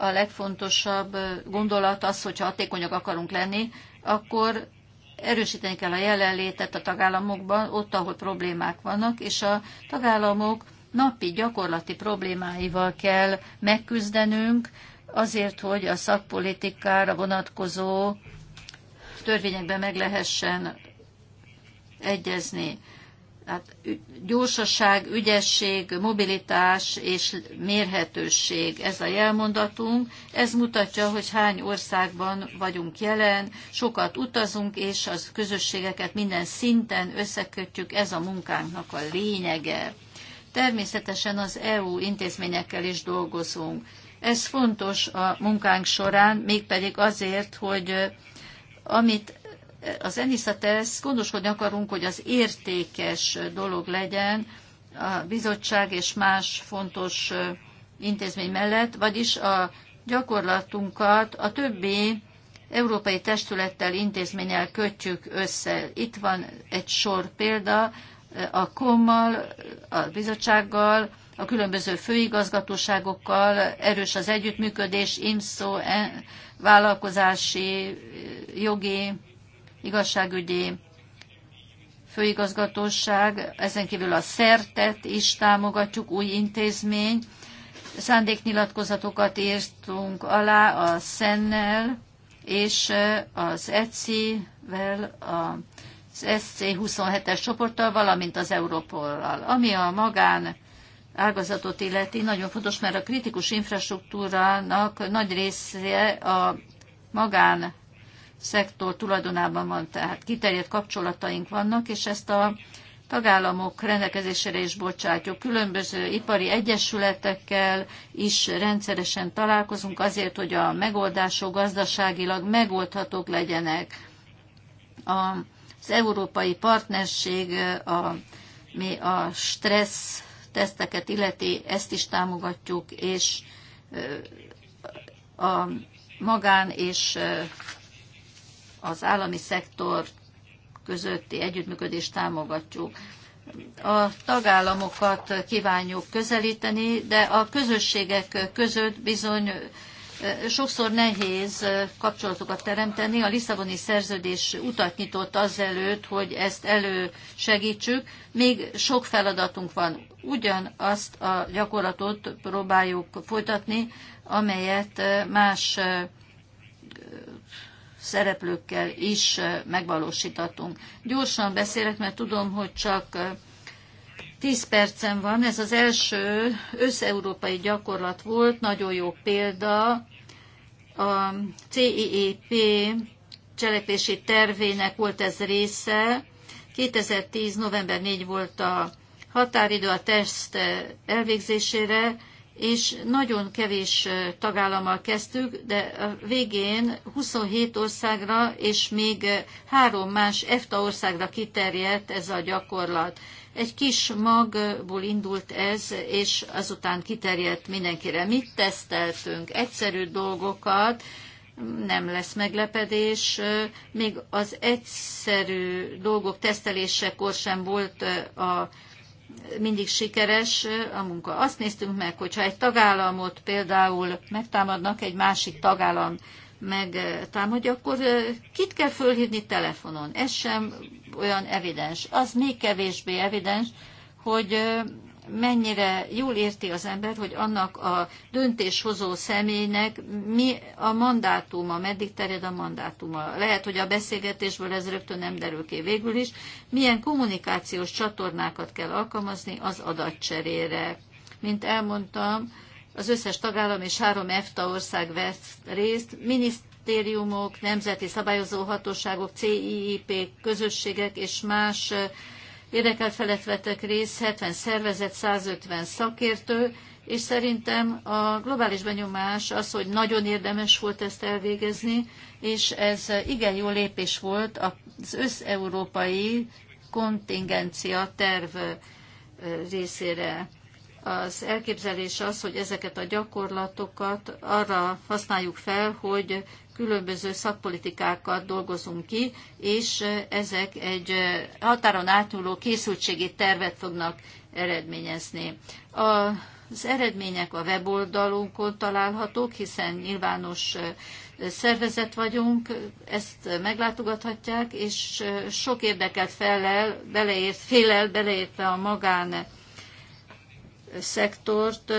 a legfontosabb gondolat az, hogyha hatékonyak akarunk lenni, akkor erősíteni kell a jelenlétet a tagállamokban, ott, ahol problémák vannak, és a tagállamok napi gyakorlati problémáival kell megküzdenünk, azért, hogy a szakpolitikára vonatkozó törvényekben meg lehessen egyezni. Tehát gyorsaság, ügyesség, mobilitás és mérhetőség, ez a jelmondatunk. Ez mutatja, hogy hány országban vagyunk jelen, sokat utazunk, és az közösségeket minden szinten összekötjük, ez a munkánknak a lényege. Természetesen az EU intézményekkel is dolgozunk. Ez fontos a munkánk során, mégpedig azért, hogy amit az Enisatesz gondoskodni akarunk, hogy az értékes dolog legyen a bizottság és más fontos intézmény mellett, vagyis a gyakorlatunkat a többi európai testülettel, intézménnyel kötjük össze. Itt van egy sor példa a kommal, a bizottsággal, a különböző főigazgatóságokkal, erős az együttműködés, IMSZO, e, vállalkozási, jogi, igazságügyi főigazgatóság, ezen kívül a szertet is támogatjuk, új intézmény. Szándéknyilatkozatokat írtunk alá a Szennel és eh, az ECI-vel, az SC27-es csoporttal, valamint az Europollal. Ami a magán ágazatot illeti, nagyon fontos, mert a kritikus infrastruktúrának nagy része a magán szektor tulajdonában van, tehát kiterjedt kapcsolataink vannak, és ezt a tagállamok rendelkezésére is bocsátjuk. Különböző ipari egyesületekkel is rendszeresen találkozunk azért, hogy a megoldások gazdaságilag megoldhatók legyenek. Az európai partnerség, a, mi a stressz teszteket illeti, ezt is támogatjuk, és a magán és az állami szektor közötti együttműködést támogatjuk. A tagállamokat kívánjuk közelíteni, de a közösségek között bizony sokszor nehéz kapcsolatokat teremteni. A Lisszaboni szerződés utat nyitott azelőtt, hogy ezt elősegítsük. Még sok feladatunk van. Ugyanazt a gyakorlatot próbáljuk folytatni, amelyet más szereplőkkel is megvalósítatunk. Gyorsan beszélek, mert tudom, hogy csak 10 percen van. Ez az első összeurópai gyakorlat volt, nagyon jó példa. A CEEP cselepési tervének volt ez része. 2010. november 4 volt a határidő a teszt elvégzésére, és nagyon kevés tagállammal kezdtük, de a végén 27 országra és még három más EFTA országra kiterjedt ez a gyakorlat. Egy kis magból indult ez, és azután kiterjedt mindenkire. Mit teszteltünk? Egyszerű dolgokat, nem lesz meglepedés. Még az egyszerű dolgok tesztelésekor sem volt a mindig sikeres a munka. Azt néztünk meg, hogyha egy tagállamot például megtámadnak, egy másik tagállam megtámadja, akkor kit kell fölhívni telefonon? Ez sem olyan evidens. Az még kevésbé evidens, hogy mennyire jól érti az ember, hogy annak a döntéshozó személynek mi a mandátuma, meddig terjed a mandátuma. Lehet, hogy a beszélgetésből ez rögtön nem derül ki végül is. Milyen kommunikációs csatornákat kell alkalmazni az adatcserére. Mint elmondtam, az összes tagállam és három EFTA ország vesz részt, minisztériumok, nemzeti szabályozó hatóságok, CIIP, közösségek és más Érdekel felett vettek részt, 70 szervezet, 150 szakértő, és szerintem a globális benyomás az, hogy nagyon érdemes volt ezt elvégezni, és ez igen jó lépés volt az összeurópai kontingencia terv részére az elképzelés az, hogy ezeket a gyakorlatokat arra használjuk fel, hogy különböző szakpolitikákat dolgozunk ki, és ezek egy határon átnyúló készültségi tervet fognak eredményezni. Az eredmények a weboldalunkon találhatók, hiszen nyilvános szervezet vagyunk, ezt meglátogathatják, és sok érdekelt felel, beleért, félel, beleértve a magán szektort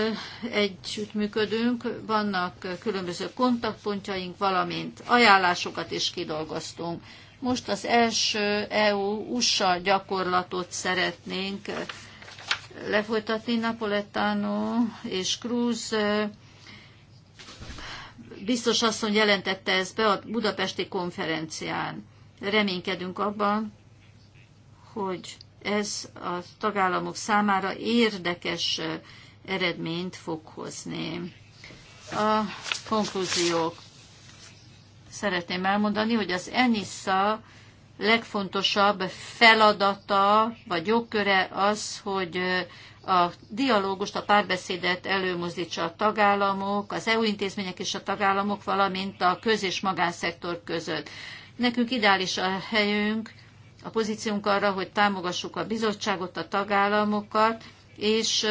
együttműködünk, vannak különböző kontaktpontjaink, valamint ajánlásokat is kidolgoztunk. Most az első EU-USA gyakorlatot szeretnénk lefolytatni Napoletano és Cruz biztos asszony jelentette ezt be a budapesti konferencián. Reménykedünk abban, hogy ez a tagállamok számára érdekes eredményt fog hozni. A konklúziók. Szeretném elmondani, hogy az ENISZA legfontosabb feladata vagy jogköre az, hogy a dialógust, a párbeszédet előmozdítsa a tagállamok, az EU intézmények és a tagállamok, valamint a köz- és magánszektor között. Nekünk ideális a helyünk, a pozíciónk arra, hogy támogassuk a bizottságot, a tagállamokat, és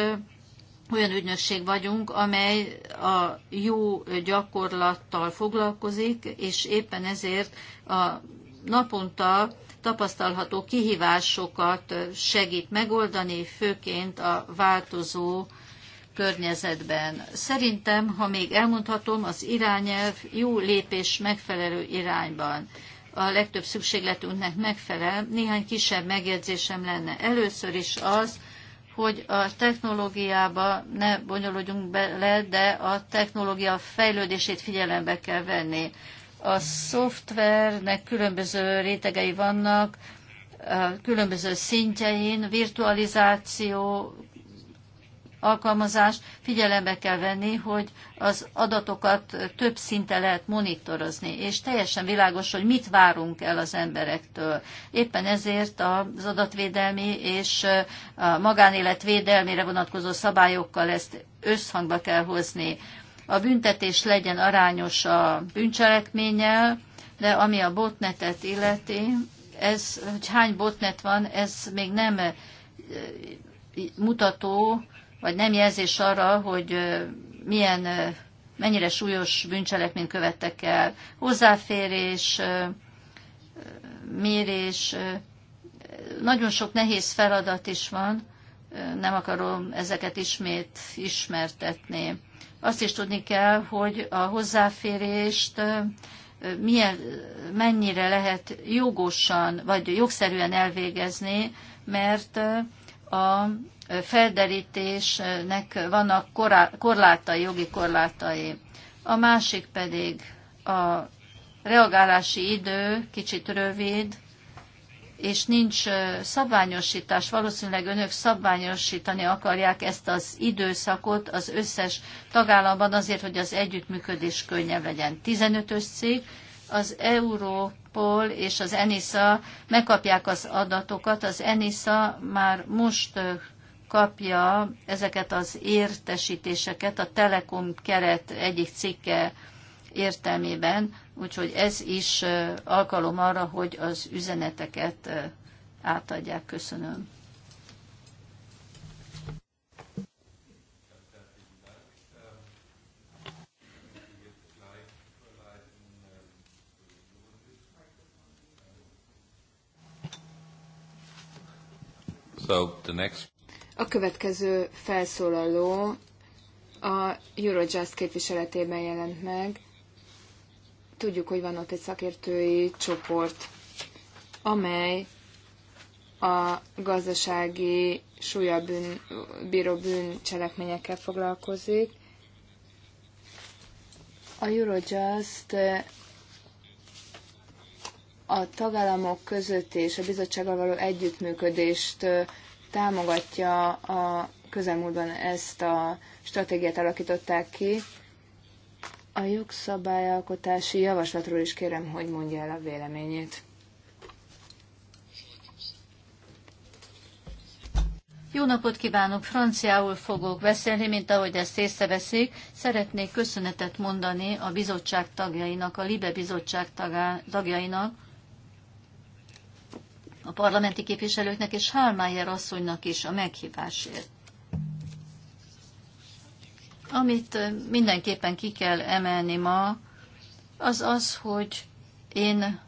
olyan ügynökség vagyunk, amely a jó gyakorlattal foglalkozik, és éppen ezért a naponta tapasztalható kihívásokat segít megoldani, főként a változó környezetben. Szerintem, ha még elmondhatom, az irányelv jó lépés megfelelő irányban a legtöbb szükségletünknek megfelel. Néhány kisebb megjegyzésem lenne. Először is az, hogy a technológiába ne bonyolodjunk bele, de a technológia fejlődését figyelembe kell venni. A szoftvernek különböző rétegei vannak, különböző szintjein, virtualizáció, alkalmazás. Figyelembe kell venni, hogy az adatokat több szinten lehet monitorozni, és teljesen világos, hogy mit várunk el az emberektől. Éppen ezért az adatvédelmi és a magánélet védelmére vonatkozó szabályokkal ezt összhangba kell hozni. A büntetés legyen arányos a bűncselekménnyel, de ami a botnetet illeti, ez, hogy hány botnet van, ez még nem eh, mutató vagy nem jelzés arra, hogy milyen, mennyire súlyos bűncselekményt követtek el. Hozzáférés, mérés, nagyon sok nehéz feladat is van, nem akarom ezeket ismét ismertetni. Azt is tudni kell, hogy a hozzáférést milyen, mennyire lehet jogosan vagy jogszerűen elvégezni, mert a felderítésnek vannak korlátai, jogi korlátai. A másik pedig a reagálási idő kicsit rövid, és nincs szabványosítás, valószínűleg önök szabványosítani akarják ezt az időszakot az összes tagállamban azért, hogy az együttműködés könnyebb legyen. 15-ös cikk, az Európol és az ENISA megkapják az adatokat, az ENISA már most kapja ezeket az értesítéseket a Telekom keret egyik cikke értelmében, úgyhogy ez is alkalom arra, hogy az üzeneteket átadják. Köszönöm. So the next a következő felszólaló a Eurojust képviseletében jelent meg. Tudjuk, hogy van ott egy szakértői csoport, amely a gazdasági súlyabűn, bűn, bíró foglalkozik. A Eurojust eh, a tagállamok között és a bizottsággal való együttműködést eh, támogatja a közelmúltban ezt a stratégiát alakították ki. A jogszabályalkotási javaslatról is kérem, hogy mondja el a véleményét. Jó napot kívánok! Franciául fogok beszélni, mint ahogy ezt észreveszik. Szeretnék köszönetet mondani a bizottság tagjainak, a LIBE bizottság tagjainak, a parlamenti képviselőknek és Hálmájer asszonynak is a meghívásért. Amit mindenképpen ki kell emelni ma, az az, hogy én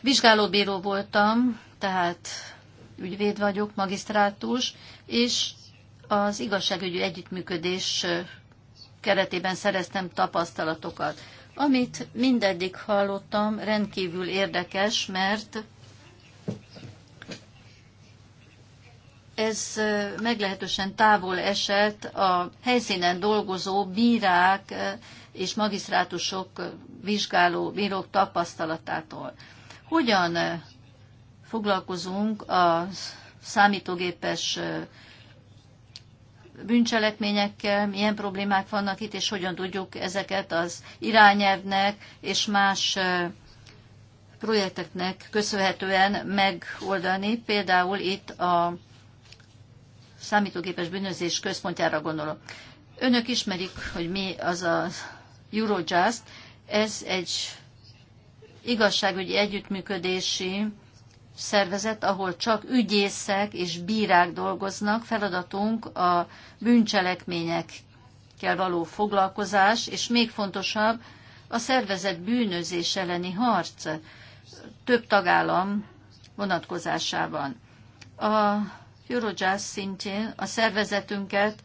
vizsgálóbíró voltam, tehát ügyvéd vagyok, magisztrátus, és az igazságügyi együttműködés keretében szereztem tapasztalatokat. Amit mindeddig hallottam, rendkívül érdekes, mert ez meglehetősen távol esett a helyszínen dolgozó bírák és magisztrátusok vizsgáló bírók tapasztalatától. Hogyan foglalkozunk a számítógépes bűncselekményekkel, milyen problémák vannak itt, és hogyan tudjuk ezeket az irányelvnek és más projekteknek köszönhetően megoldani. Például itt a számítógépes bűnözés központjára gondolok. Önök ismerik, hogy mi az a Eurojust. Ez egy igazságügyi együttműködési szervezet, ahol csak ügyészek és bírák dolgoznak. Feladatunk a bűncselekményekkel való foglalkozás, és még fontosabb, a szervezet bűnözés elleni harc több tagállam vonatkozásában. A Eurojazz szintjén a szervezetünket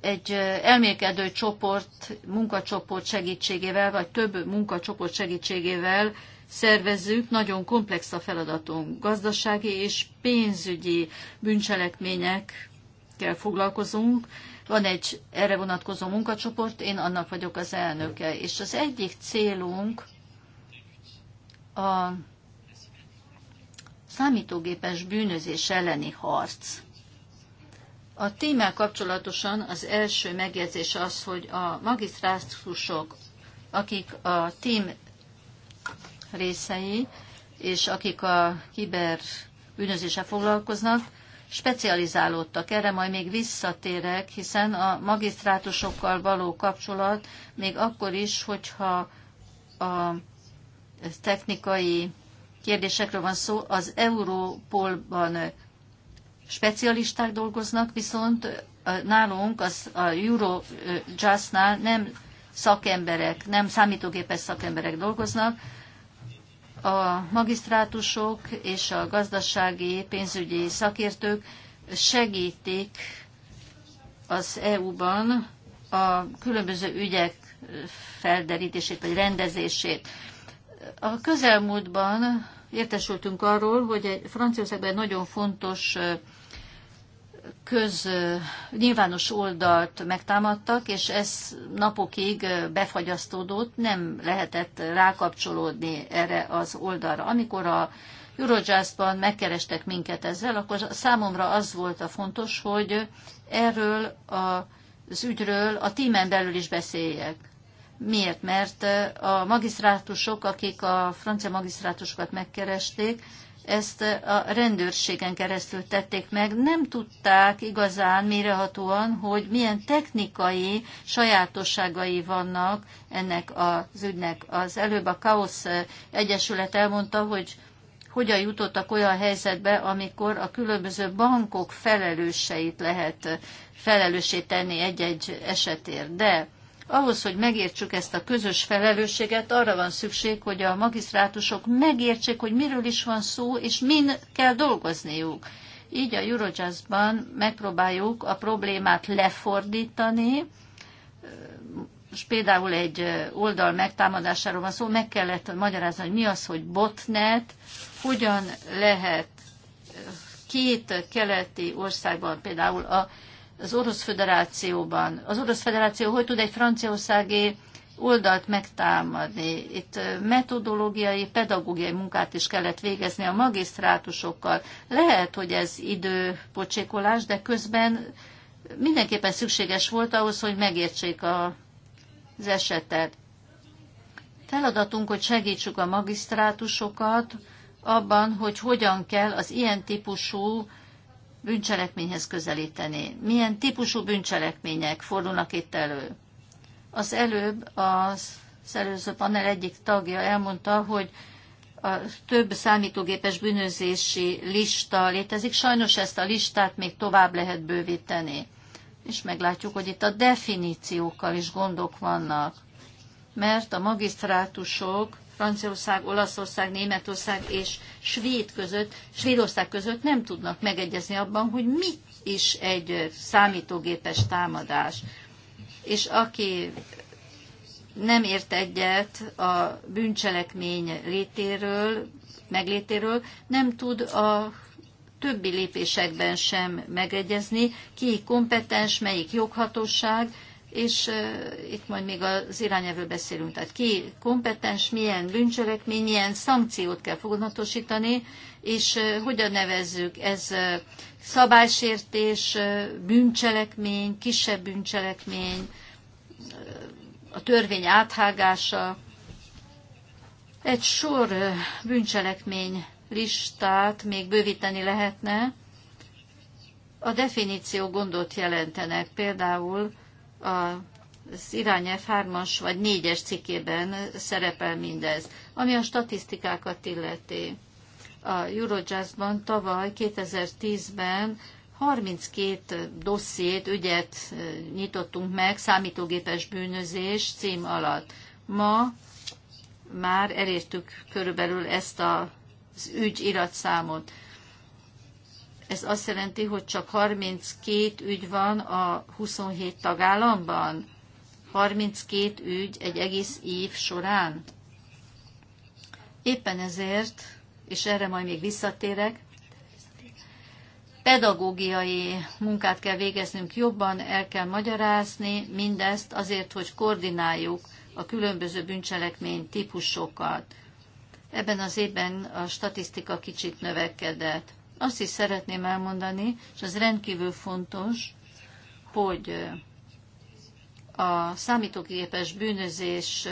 egy elmélkedő csoport, munkacsoport segítségével, vagy több munkacsoport segítségével szervezzük. Nagyon komplex a feladatunk. Gazdasági és pénzügyi bűncselekményekkel foglalkozunk. Van egy erre vonatkozó munkacsoport, én annak vagyok az elnöke. És az egyik célunk a számítógépes bűnözés elleni harc. A témával kapcsolatosan az első megjegyzés az, hogy a magisztrátusok, akik a tím részei, és akik a kiber bűnözéssel foglalkoznak, specializálódtak. Erre majd még visszatérek, hiszen a magisztrátusokkal való kapcsolat még akkor is, hogyha a technikai kérdésekről van szó. Az Európolban specialisták dolgoznak, viszont nálunk az a Eurojustnál nem szakemberek, nem számítógépes szakemberek dolgoznak, a magisztrátusok és a gazdasági pénzügyi szakértők segítik az EU-ban a különböző ügyek felderítését vagy rendezését. A közelmúltban értesültünk arról, hogy egy Franciaországban egy nagyon fontos köz nyilvános oldalt megtámadtak, és ez napokig befagyasztódott, nem lehetett rákapcsolódni erre az oldalra. Amikor a Eurojustban megkerestek minket ezzel, akkor számomra az volt a fontos, hogy erről az ügyről a tímen belül is beszéljek. Miért? Mert a magisztrátusok, akik a francia magisztrátusokat megkeresték, ezt a rendőrségen keresztül tették meg. Nem tudták igazán mérehatóan, hogy milyen technikai sajátosságai vannak ennek az ügynek. Az előbb a Kaosz Egyesület elmondta, hogy hogyan jutottak olyan helyzetbe, amikor a különböző bankok felelőseit lehet felelősé tenni egy-egy esetért. De ahhoz, hogy megértsük ezt a közös felelősséget, arra van szükség, hogy a magisztrátusok megértsék, hogy miről is van szó, és min kell dolgozniuk. Így a Eurojazzban megpróbáljuk a problémát lefordítani, és például egy oldal megtámadásáról van szó, meg kellett magyarázni, hogy mi az, hogy botnet, hogyan lehet két keleti országban például a az Orosz Föderációban. Az Orosz Föderáció hogy tud egy franciaországi oldalt megtámadni. Itt metodológiai, pedagógiai munkát is kellett végezni a magisztrátusokkal. Lehet, hogy ez időpocsékolás, de közben mindenképpen szükséges volt ahhoz, hogy megértsék a, az esetet. Feladatunk, hogy segítsük a magisztrátusokat abban, hogy hogyan kell az ilyen típusú bűncselekményhez közelíteni. Milyen típusú bűncselekmények fordulnak itt elő? Az előbb az, az előző panel egyik tagja elmondta, hogy a több számítógépes bűnözési lista létezik. Sajnos ezt a listát még tovább lehet bővíteni. És meglátjuk, hogy itt a definíciókkal is gondok vannak. Mert a magisztrátusok Franciaország, Olaszország, Németország és Svéd között, Svédország között nem tudnak megegyezni abban, hogy mi is egy számítógépes támadás. És aki nem ért egyet a bűncselekmény létéről, meglétéről, nem tud a többi lépésekben sem megegyezni, ki kompetens, melyik joghatóság, és itt majd még az irányelvről beszélünk, tehát ki kompetens, milyen bűncselekmény, milyen szankciót kell fognatosítani, és hogyan nevezzük, ez szabálysértés, bűncselekmény, kisebb bűncselekmény, a törvény áthágása, egy sor bűncselekmény listát még bővíteni lehetne. A definíció gondot jelentenek például az irányelv 3-as vagy 4-es cikkében szerepel mindez, ami a statisztikákat illeti. A Eurojazzban tavaly 2010-ben 32 dossziét, ügyet nyitottunk meg számítógépes bűnözés cím alatt. Ma már elértük körülbelül ezt az ügy iratszámot. Ez azt jelenti, hogy csak 32 ügy van a 27 tagállamban? 32 ügy egy egész év során? Éppen ezért, és erre majd még visszatérek, pedagógiai munkát kell végeznünk jobban, el kell magyarázni mindezt azért, hogy koordináljuk a különböző bűncselekmény típusokat. Ebben az évben a statisztika kicsit növekedett. Azt is szeretném elmondani, és ez rendkívül fontos, hogy a számítógépes bűnözés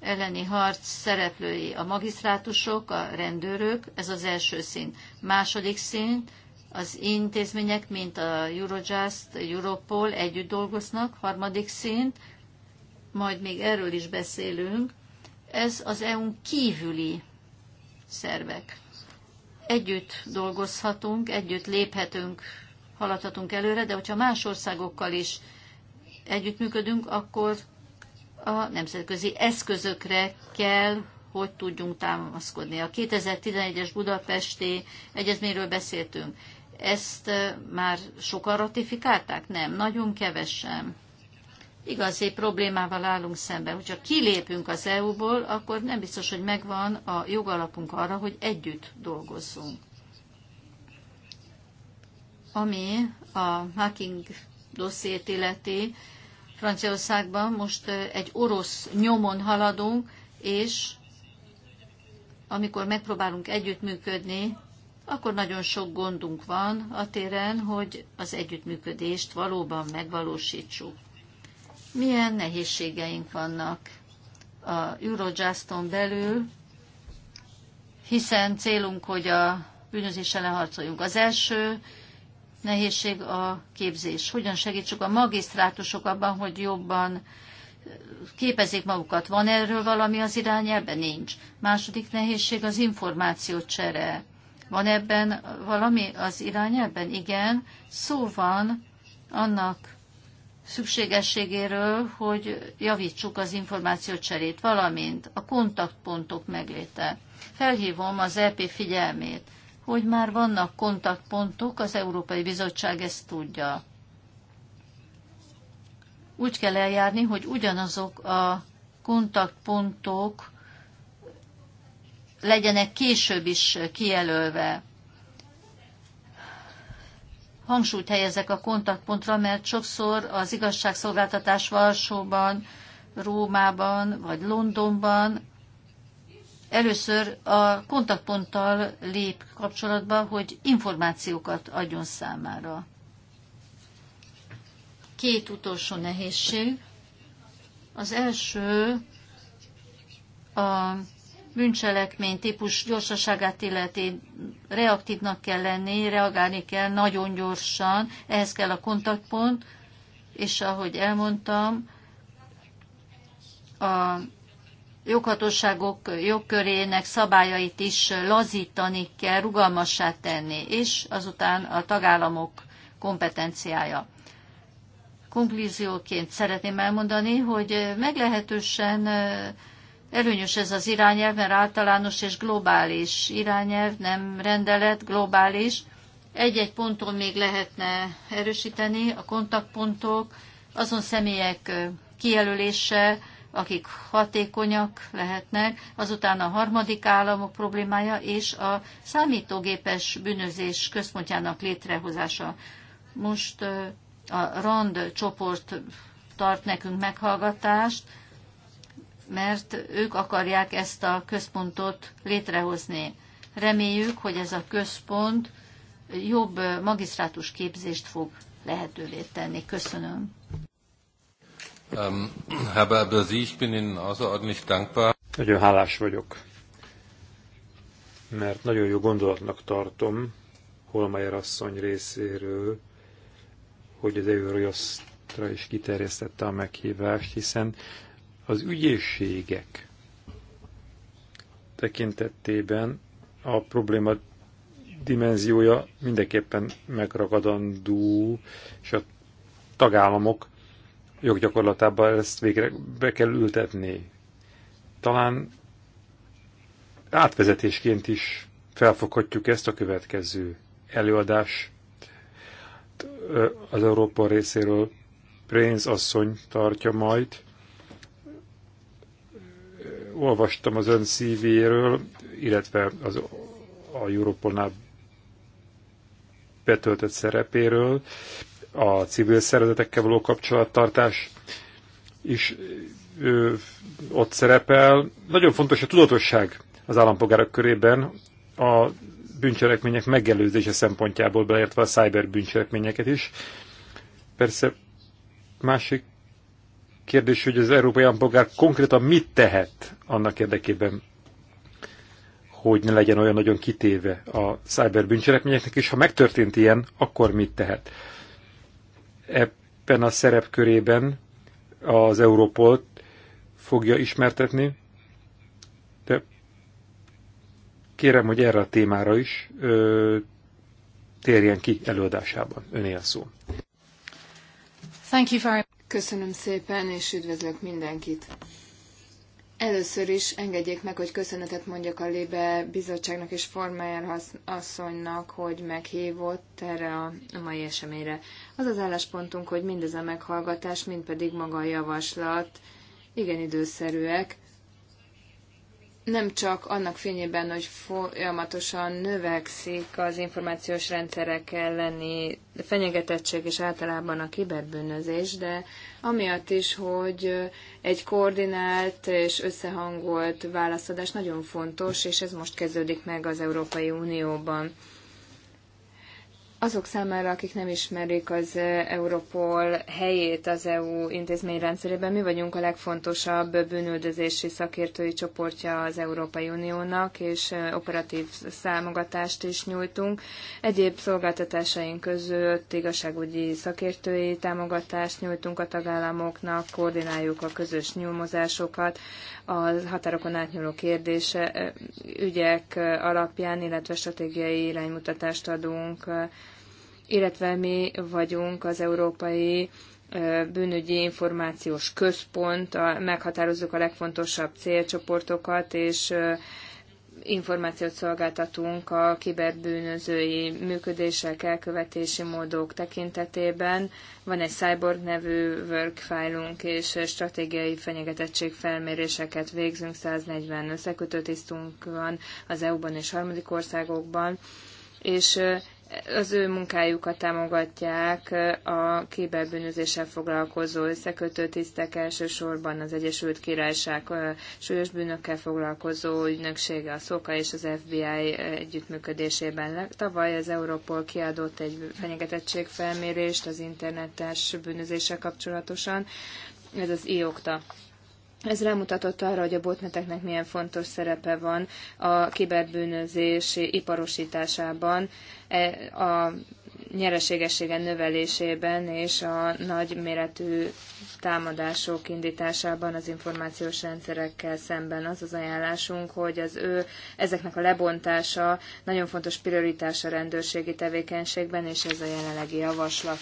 elleni harc szereplői a magisztrátusok, a rendőrök, ez az első szint. Második szint, az intézmények, mint a Eurojust, Europol együtt dolgoznak, harmadik szint, majd még erről is beszélünk, ez az EU-n kívüli szervek együtt dolgozhatunk, együtt léphetünk, haladhatunk előre, de hogyha más országokkal is együttműködünk, akkor a nemzetközi eszközökre kell, hogy tudjunk támaszkodni. A 2011-es budapesti egyezményről beszéltünk. Ezt eh, már sokan ratifikálták? Nem, nagyon kevesen igazi problémával állunk szemben. Hogyha kilépünk az EU-ból, akkor nem biztos, hogy megvan a jogalapunk arra, hogy együtt dolgozzunk. Ami a hacking dossziét illeti, Franciaországban most egy orosz nyomon haladunk, és amikor megpróbálunk együttműködni, akkor nagyon sok gondunk van a téren, hogy az együttműködést valóban megvalósítsuk milyen nehézségeink vannak a Eurojuston belül, hiszen célunk, hogy a bűnözés ellen harcoljunk. Az első nehézség a képzés. Hogyan segítsük a magisztrátusok abban, hogy jobban képezik magukat. Van erről valami az Ebben Nincs. Második nehézség az információ csere. Van ebben valami az Ebben Igen. Szó van annak szükségességéről, hogy javítsuk az információcserét, valamint a kontaktpontok megléte. Felhívom az EP figyelmét, hogy már vannak kontaktpontok, az Európai Bizottság ezt tudja. Úgy kell eljárni, hogy ugyanazok a kontaktpontok legyenek később is kijelölve hangsúlyt helyezek a kontaktpontra, mert sokszor az igazságszolgáltatás Varsóban, Rómában vagy Londonban először a kontaktponttal lép kapcsolatba, hogy információkat adjon számára. Két utolsó nehézség. Az első a bűncselekmény típus gyorsaságát illeti reaktívnak kell lenni, reagálni kell nagyon gyorsan, ehhez kell a kontaktpont, és ahogy elmondtam, a joghatóságok jogkörének szabályait is lazítani kell, rugalmassá tenni, és azután a tagállamok kompetenciája. Konklúzióként szeretném elmondani, hogy meglehetősen Előnyös ez az irányelv, mert általános és globális irányelv, nem rendelet, globális. Egy-egy ponton még lehetne erősíteni a kontaktpontok, azon személyek kijelölése, akik hatékonyak lehetnek, azután a harmadik államok problémája és a számítógépes bűnözés központjának létrehozása. Most a RAND csoport tart nekünk meghallgatást, mert ők akarják ezt a központot létrehozni. Reméljük, hogy ez a központ jobb magisztrátus képzést fog lehetővé tenni. Köszönöm. Um, Herr Babazi, ich bin Ihnen außerordentlich dankbar. Nagyon hálás vagyok, mert nagyon jó gondolatnak tartom Holmeier asszony részéről, hogy az eurojust is kiterjesztette a meghívást, hiszen az ügyészségek tekintetében a probléma dimenziója mindenképpen megragadandó, és a tagállamok joggyakorlatában ezt végre be kell ültetni. Talán átvezetésként is felfoghatjuk ezt a következő előadás az Európa részéről Prénz asszony tartja majd, olvastam az ön CV-ről, illetve az, a Europolnál betöltött szerepéről, a civil szervezetekkel való kapcsolattartás is ő, ott szerepel. Nagyon fontos a tudatosság az állampolgárok körében a bűncselekmények megelőzése szempontjából, beleértve a cyber bűncselekményeket is. Persze másik Kérdés, hogy az európai állampolgár konkrétan mit tehet annak érdekében, hogy ne legyen olyan nagyon kitéve a cyber bűncselekményeknek, és ha megtörtént ilyen, akkor mit tehet? Ebben a szerepkörében az Európolt fogja ismertetni, de kérem, hogy erre a témára is ö, térjen ki előadásában. Önél szó. Thank you very Köszönöm szépen, és üdvözlök mindenkit. Először is engedjék meg, hogy köszönetet mondjak a Lébe bizottságnak és Formájer asszonynak, hogy meghívott erre a mai eseményre. Az az álláspontunk, hogy mindez a meghallgatás, mind pedig maga a javaslat igen időszerűek, nem csak annak fényében, hogy folyamatosan növekszik az információs rendszerek elleni fenyegetettség és általában a kiberbűnözés, de amiatt is, hogy egy koordinált és összehangolt válaszadás nagyon fontos, és ez most kezdődik meg az Európai Unióban azok számára, akik nem ismerik az eh, Europol helyét az EU intézményrendszerében, mi vagyunk a legfontosabb bűnüldözési szakértői csoportja az Európai Uniónak, és eh, operatív számogatást is nyújtunk. Egyéb szolgáltatásaink között igazságügyi szakértői támogatást nyújtunk a tagállamoknak, koordináljuk a közös nyúlmozásokat, a határokon átnyúló kérdése, eh, ügyek alapján, illetve stratégiai iránymutatást adunk illetve mi vagyunk az Európai bűnügyi információs központ, a, meghatározzuk a legfontosabb célcsoportokat, és információt szolgáltatunk a kiberbűnözői működések elkövetési módok tekintetében. Van egy Cyborg nevű workfile-unk, és stratégiai fenyegetettség felméréseket végzünk, 140 összekötő tisztunk van az EU-ban és harmadik országokban, és az ő munkájukat támogatják a kiberbűnözéssel foglalkozó összekötő tisztek, elsősorban az Egyesült Királyság súlyos bűnökkel foglalkozó ügynöksége, a SZOKA és az FBI együttműködésében. Tavaly az Europol kiadott egy fenyegetettségfelmérést az internetes bűnözéssel kapcsolatosan, ez az IOKTA ez rámutatott arra, hogy a botneteknek milyen fontos szerepe van a kiberbűnözés iparosításában, e, a nyereségessége növelésében és a nagy méretű támadások indításában az információs rendszerekkel szemben az az ajánlásunk, hogy az ő ezeknek a lebontása nagyon fontos prioritás a rendőrségi tevékenységben, és ez a jelenlegi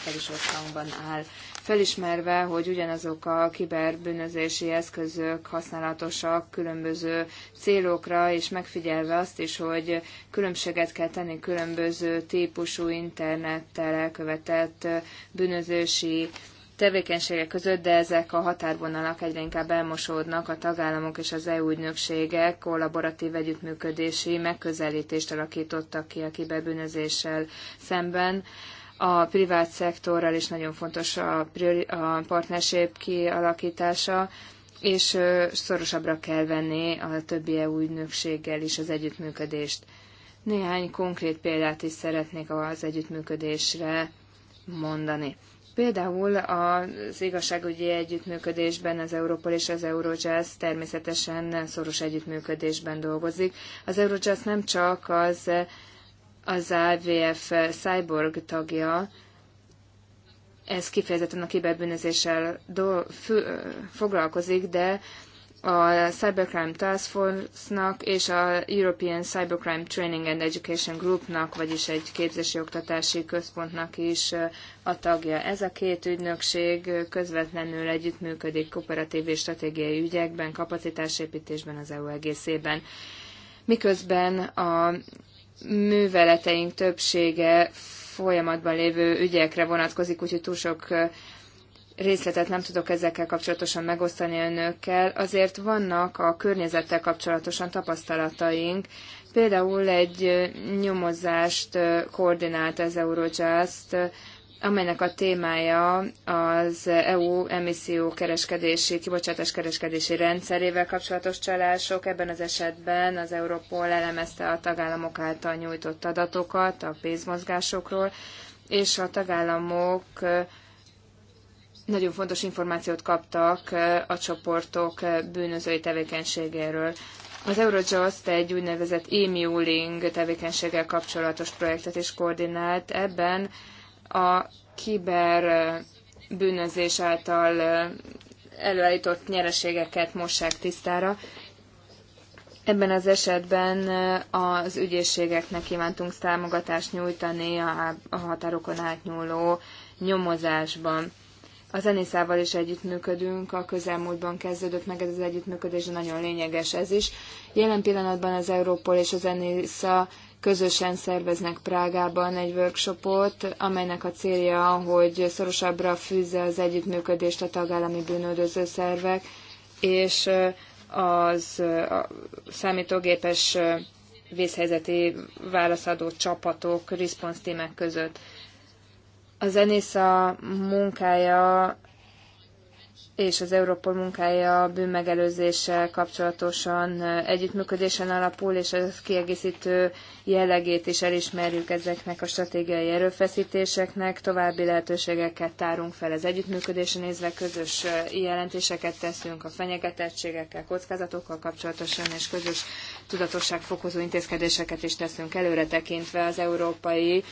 fel is hangban áll. Felismerve, hogy ugyanazok a kiberbűnözési eszközök használatosak különböző célokra, és megfigyelve azt is, hogy különbséget kell tenni különböző típusú internet internettel elkövetett bűnözősi tevékenységek között, de ezek a határvonalak egyre inkább elmosódnak, a tagállamok és az EU ügynökségek kollaboratív együttműködési megközelítést alakítottak ki a kiberbűnözéssel szemben. A privát szektorral is nagyon fontos a, a partnership kialakítása, és szorosabbra kell venni a többi EU ügynökséggel is az együttműködést. Néhány konkrét példát is szeretnék az együttműködésre mondani. Például az igazságügyi együttműködésben az Európol és az Eurojazz természetesen szoros együttműködésben dolgozik. Az Eurojazz nem csak az, az AVF Cyborg tagja, ez kifejezetten a kiberbűnözéssel do, fü, foglalkozik, de a Cybercrime Task Force-nak és a European Cybercrime Training and Education Group-nak, vagyis egy képzési oktatási központnak is a tagja. Ez a két ügynökség közvetlenül együttműködik kooperatív és stratégiai ügyekben, kapacitásépítésben az EU egészében. Miközben a műveleteink többsége folyamatban lévő ügyekre vonatkozik, úgyhogy túl sok részletet nem tudok ezekkel kapcsolatosan megosztani önökkel, azért vannak a környezettel kapcsolatosan tapasztalataink. Például egy nyomozást koordinált az Eurojust, amelynek a témája az EU emisszió kereskedési, kibocsátás kereskedési rendszerével kapcsolatos csalások. Ebben az esetben az Europol elemezte a tagállamok által nyújtott adatokat a pénzmozgásokról, és a tagállamok nagyon fontos információt kaptak a csoportok bűnözői tevékenységéről. Az Eurojust egy úgynevezett e-muling tevékenységgel kapcsolatos projektet is koordinált. Ebben a kiber bűnözés által előállított nyereségeket mossák tisztára. Ebben az esetben az ügyészségeknek kívántunk támogatást nyújtani a határokon átnyúló nyomozásban. Az Enészával is együttműködünk, a közelmúltban kezdődött meg ez az együttműködés, de nagyon lényeges ez is. Jelen pillanatban az Európol és az Enésza közösen szerveznek Prágában egy workshopot, amelynek a célja, hogy szorosabbra fűzze az együttműködést a tagállami bűnöldöző szervek, és az a számítógépes vészhelyzeti válaszadó csapatok, response között. Az a munkája és az Európol munkája bűnmegelőzéssel kapcsolatosan együttműködésen alapul, és ez kiegészítő jellegét is elismerjük ezeknek a stratégiai erőfeszítéseknek, további lehetőségeket tárunk fel az együttműködésre nézve, közös jelentéseket teszünk a fenyegetettségekkel, kockázatokkal kapcsolatosan, és közös tudatosságfokozó intézkedéseket is teszünk előre tekintve az Európai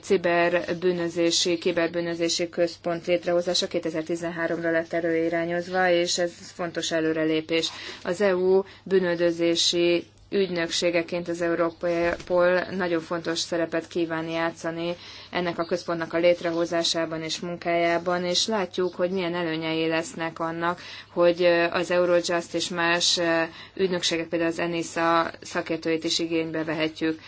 Ciberbűnözési, Kiberbűnözési Központ létrehozása 2013-ra lett előirányozva, és ez fontos előrelépés. Az EU bűnözési ügynökségeként az Európol nagyon fontos szerepet kíván játszani ennek a központnak a létrehozásában és munkájában, és látjuk, hogy milyen előnyei lesznek annak, hogy az Eurojust és más ügynökségek, például az ENISA szakértőit is igénybe vehetjük.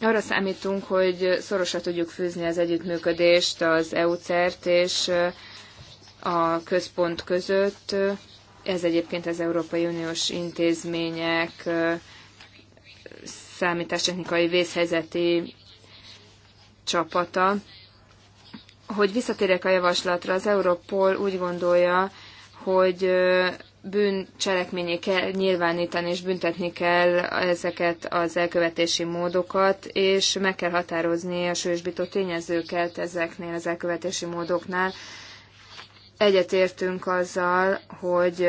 Arra számítunk, hogy szorosra tudjuk fűzni az együttműködést az EU-cert és a központ között. Ez egyébként az Európai Uniós intézmények számítástechnikai vészhelyzeti csapata. Hogy visszatérjek a javaslatra, az Europol úgy gondolja, hogy bűncselekményé kell nyilvánítani és büntetni kell ezeket az elkövetési módokat, és meg kell határozni a sősbító tényezőket ezeknél az elkövetési módoknál, egyetértünk azzal, hogy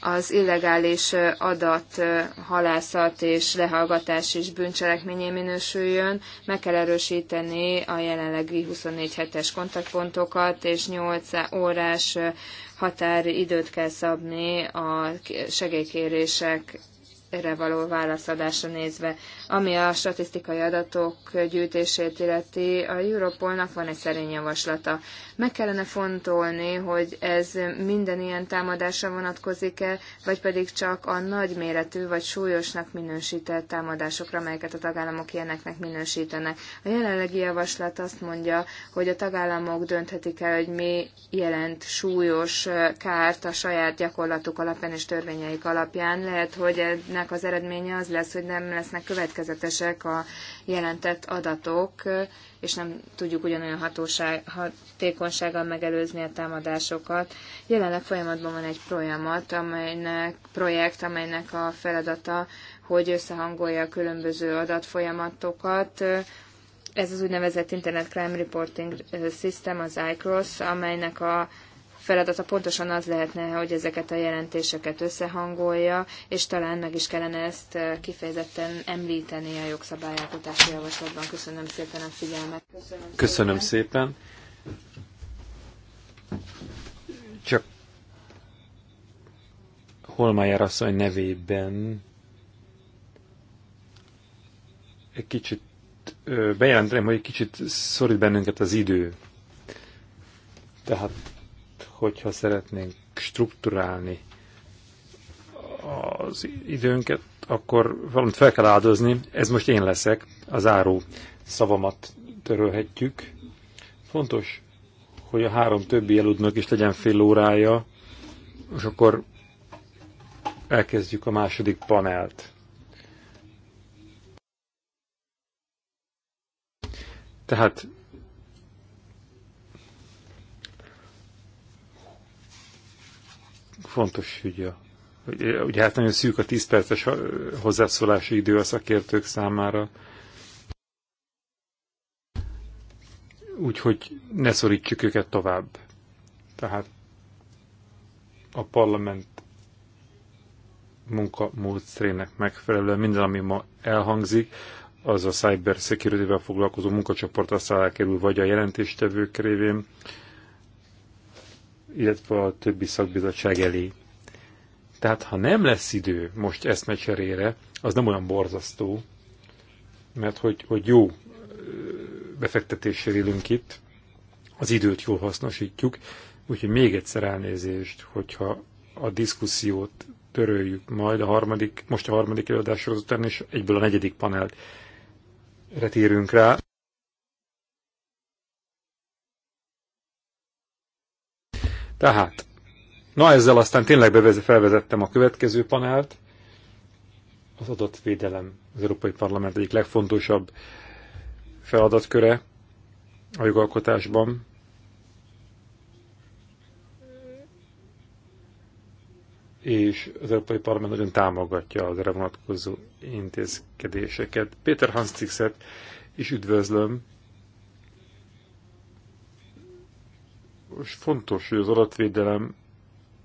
az illegális adat halászat és lehallgatás is bűncselekményé minősüljön. Meg kell erősíteni a jelenlegi 24 hetes kontaktpontokat, és 8 órás határidőt kell szabni a segélykérések erre való válaszadásra nézve. Ami a statisztikai adatok gyűjtését illeti, a Europolnak van egy szerény javaslata. Meg kellene fontolni, hogy ez minden ilyen támadásra vonatkozik-e, vagy pedig csak a nagyméretű vagy súlyosnak minősített támadásokra, melyeket a tagállamok ilyeneknek minősítenek. A jelenlegi javaslat azt mondja, hogy a tagállamok dönthetik el, hogy mi jelent súlyos kárt a saját gyakorlatuk alapján és törvényeik alapján. Lehet, hogy ne ennek az eredménye az lesz, hogy nem lesznek következetesek a jelentett adatok, és nem tudjuk ugyanolyan hatóság, hatékonysággal megelőzni a támadásokat. Jelenleg folyamatban van egy folyamat, amelynek, projekt, amelynek a feladata, hogy összehangolja a különböző adatfolyamatokat, ez az úgynevezett Internet Crime Reporting System, az ICROSS, amelynek a feladata pontosan az lehetne, hogy ezeket a jelentéseket összehangolja, és talán meg is kellene ezt eh, kifejezetten említeni a jogszabályalkotási javaslatban. Köszönöm szépen a figyelmet. Köszönöm, Köszönöm szépen. szépen. Csak Holmájár asszony nevében egy kicsit bejelentem, hogy egy kicsit szorít bennünket az idő. Tehát hogyha szeretnénk strukturálni az időnket, akkor valamit fel kell áldozni. Ez most én leszek, az áró szavamat törölhetjük. Fontos, hogy a három többi eludnak is legyen fél órája, és akkor elkezdjük a második panelt. Tehát fontos hogy a ugye hát nagyon szűk a 10 perces hozzászólási idő a szakértők számára. Úgyhogy ne szorítsuk őket tovább. Tehát a parlament munka módszerének megfelelően minden, ami ma elhangzik, az a cyber security foglalkozó munkacsoport aztán elkerül, vagy a jelentéstevők révén, illetve a többi szakbizottság elé. Tehát ha nem lesz idő most eszmecserére, az nem olyan borzasztó, mert hogy, hogy jó befektetéssel élünk itt, az időt jól hasznosítjuk, úgyhogy még egyszer elnézést, hogyha a diszkusziót töröljük majd a harmadik, most a harmadik előadásról után, és egyből a negyedik panelt retérünk rá. Tehát, na ezzel aztán tényleg bevezet, felvezettem a következő panelt, az adott védelem az Európai Parlament egyik legfontosabb feladatköre a jogalkotásban. és az Európai Parlament nagyon támogatja az erre vonatkozó intézkedéseket. Péter Cixet is üdvözlöm, és fontos, hogy az adatvédelem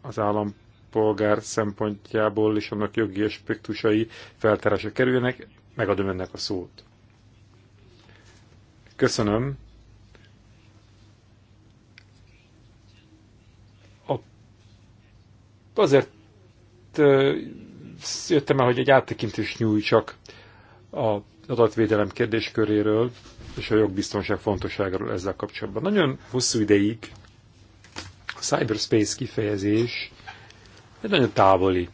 az állampolgár szempontjából és annak jogi aspektusai feltárásra kerüljenek. Megadom ennek a szót. Köszönöm. A... Azért jöttem el, hogy egy áttekintést nyújtsak a adatvédelem kérdésköréről és a jogbiztonság fontosságáról ezzel kapcsolatban. Nagyon hosszú ideig a cyberspace kifejezés egy nagyon távoli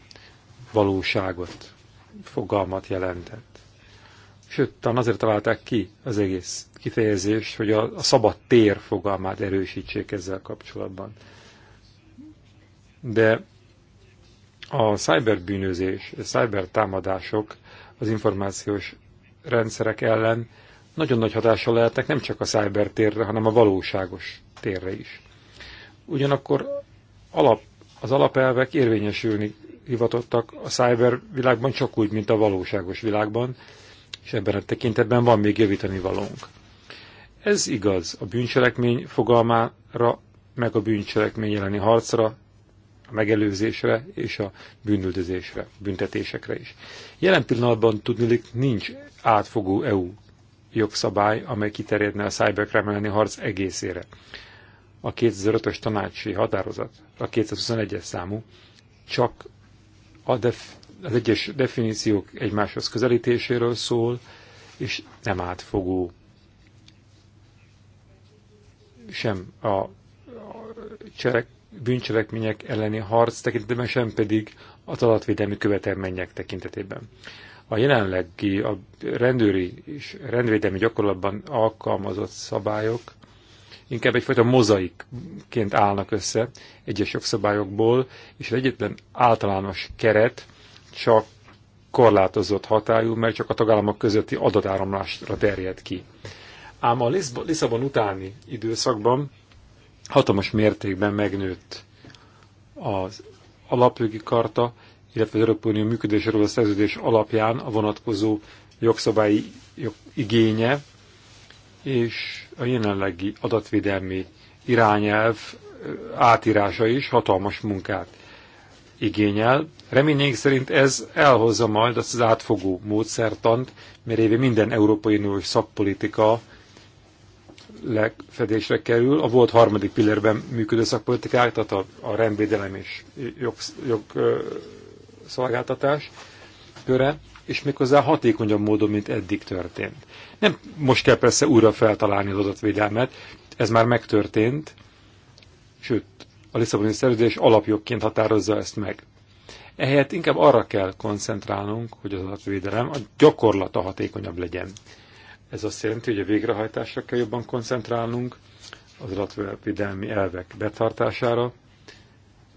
valóságot, fogalmat jelentett. Sőt, talán azért találták ki az egész kifejezést, hogy a, a szabad tér fogalmát erősítsék ezzel kapcsolatban. De a cyberbűnözés, a cybertámadások az információs rendszerek ellen nagyon nagy hatással lehetnek nem csak a cybertérre, hanem a valóságos térre is. Ugyanakkor alap, az alapelvek érvényesülni hivatottak a cyber világban csak úgy, mint a valóságos világban, és ebben a tekintetben van még javítani valónk. Ez igaz a bűncselekmény fogalmára, meg a bűncselekmény jeleni harcra, a megelőzésre és a bűnüldözésre, büntetésekre is. Jelen pillanatban tudnilik nincs átfogó EU jogszabály, amely kiterjedne a cybercrime elleni harc egészére a 2005-ös tanácsi határozat, a 221-es számú, csak a def, az egyes definíciók egymáshoz közelítéséről szól, és nem átfogó sem a, a cselek, bűncselekmények elleni harc tekintetében, sem pedig a talatvédelmi követelmények tekintetében. A jelenlegi a rendőri és rendvédelmi gyakorlatban alkalmazott szabályok inkább egyfajta mozaikként állnak össze egyes jogszabályokból, és az egyetlen általános keret csak korlátozott hatályú, mert csak a tagállamok közötti adatáramlásra terjed ki. Ám a Lisszabon utáni időszakban hatalmas mértékben megnőtt az alapjogi karta, illetve az Európai Unió működéséről a szerződés alapján a vonatkozó jogszabályi igénye, és a jelenlegi adatvédelmi irányelv átírása is hatalmas munkát igényel. Reményénk szerint ez elhozza majd azt az átfogó módszertant, mert éve minden Európai Uniós szakpolitika legfedésre kerül. A volt harmadik pillérben működő szakpolitikák, tehát a, a rendvédelem és jogszolgáltatás jog, köre, és méghozzá hatékonyabb módon, mint eddig történt. Nem most kell persze újra feltalálni az adatvédelmet, ez már megtörtént, sőt, a Lisszaboni szerződés alapjogként határozza ezt meg. Ehelyett inkább arra kell koncentrálnunk, hogy az adatvédelem a gyakorlata hatékonyabb legyen. Ez azt jelenti, hogy a végrehajtásra kell jobban koncentrálnunk, az adatvédelmi elvek betartására,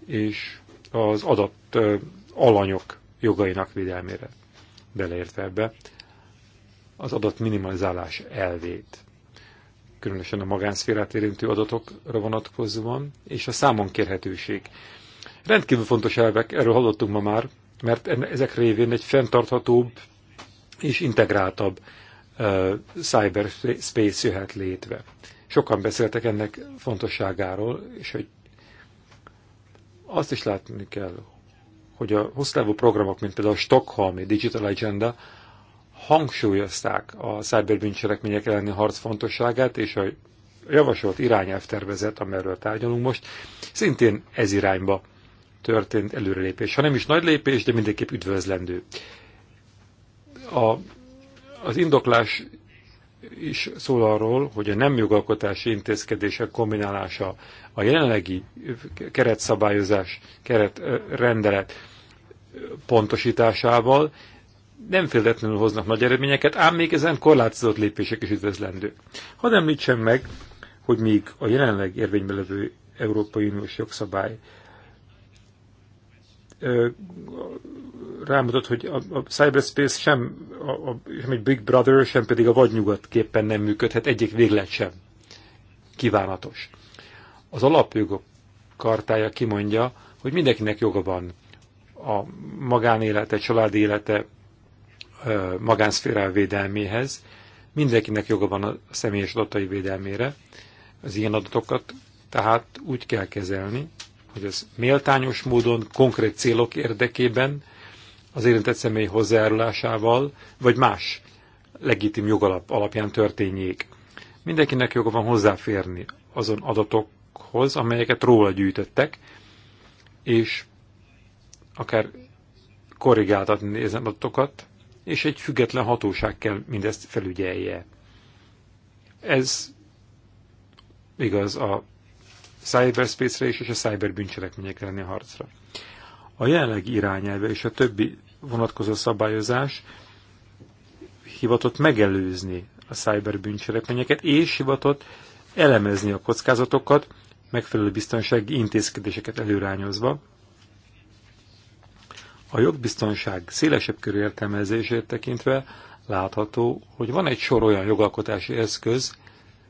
és az adat alanyok jogainak védelmére beleértve ebbe az adat minimalizálás elvét, különösen a magánszférát érintő adatokra vonatkozóan, és a számon kérhetőség. Rendkívül fontos elvek, erről hallottunk ma már, mert ezek révén egy fenntarthatóbb és integráltabb uh, cyberspace jöhet létre. Sokan beszéltek ennek fontosságáról, és hogy azt is látni kell, hogy a hosszú programok, mint például a Stockholmi Digital Agenda, hangsúlyozták a cyberbűncselekmények elleni harc fontosságát, és a javasolt irányelvtervezet, amelyről tárgyalunk most, szintén ez irányba történt előrelépés. Ha nem is nagy lépés, de mindenképp üdvözlendő. A, az indoklás is szól arról, hogy a nem jogalkotási intézkedések kombinálása a jelenlegi keretszabályozás, keretrendelet pontosításával nem féletlenül hoznak nagy eredményeket, ám még ezen korlátozott lépések is üdvözlendő. Hadd említsem meg, hogy míg a jelenleg érvényben levő Európai Uniós jogszabály rámutat, hogy a, a cyberspace sem, a, a, sem egy Big Brother, sem pedig a vadnyugat képpen nem működhet, egyik véglet sem kívánatos. Az alapjogok kartája kimondja, hogy mindenkinek joga van a magánélete, családélete, élete, magánszférá védelméhez. Mindenkinek joga van a személyes adatai védelmére. Az ilyen adatokat tehát úgy kell kezelni, hogy az méltányos módon, konkrét célok érdekében, az érintett személy hozzájárulásával, vagy más legitim jogalap alapján történjék. Mindenkinek joga van hozzáférni azon adatokhoz, amelyeket róla gyűjtöttek, és akár korrigáltatni ezen adatokat, és egy független hatóság kell mindezt felügyelje. Ez igaz a cyberspace-re is, és a cyberbűncselekmények elleni harcra. A jelenleg irányelve és a többi vonatkozó szabályozás hivatott megelőzni a cyberbűncselekményeket, és hivatott elemezni a kockázatokat, megfelelő biztonsági intézkedéseket előrányozva, a jogbiztonság szélesebb körű értelmezését tekintve látható, hogy van egy sor olyan jogalkotási eszköz,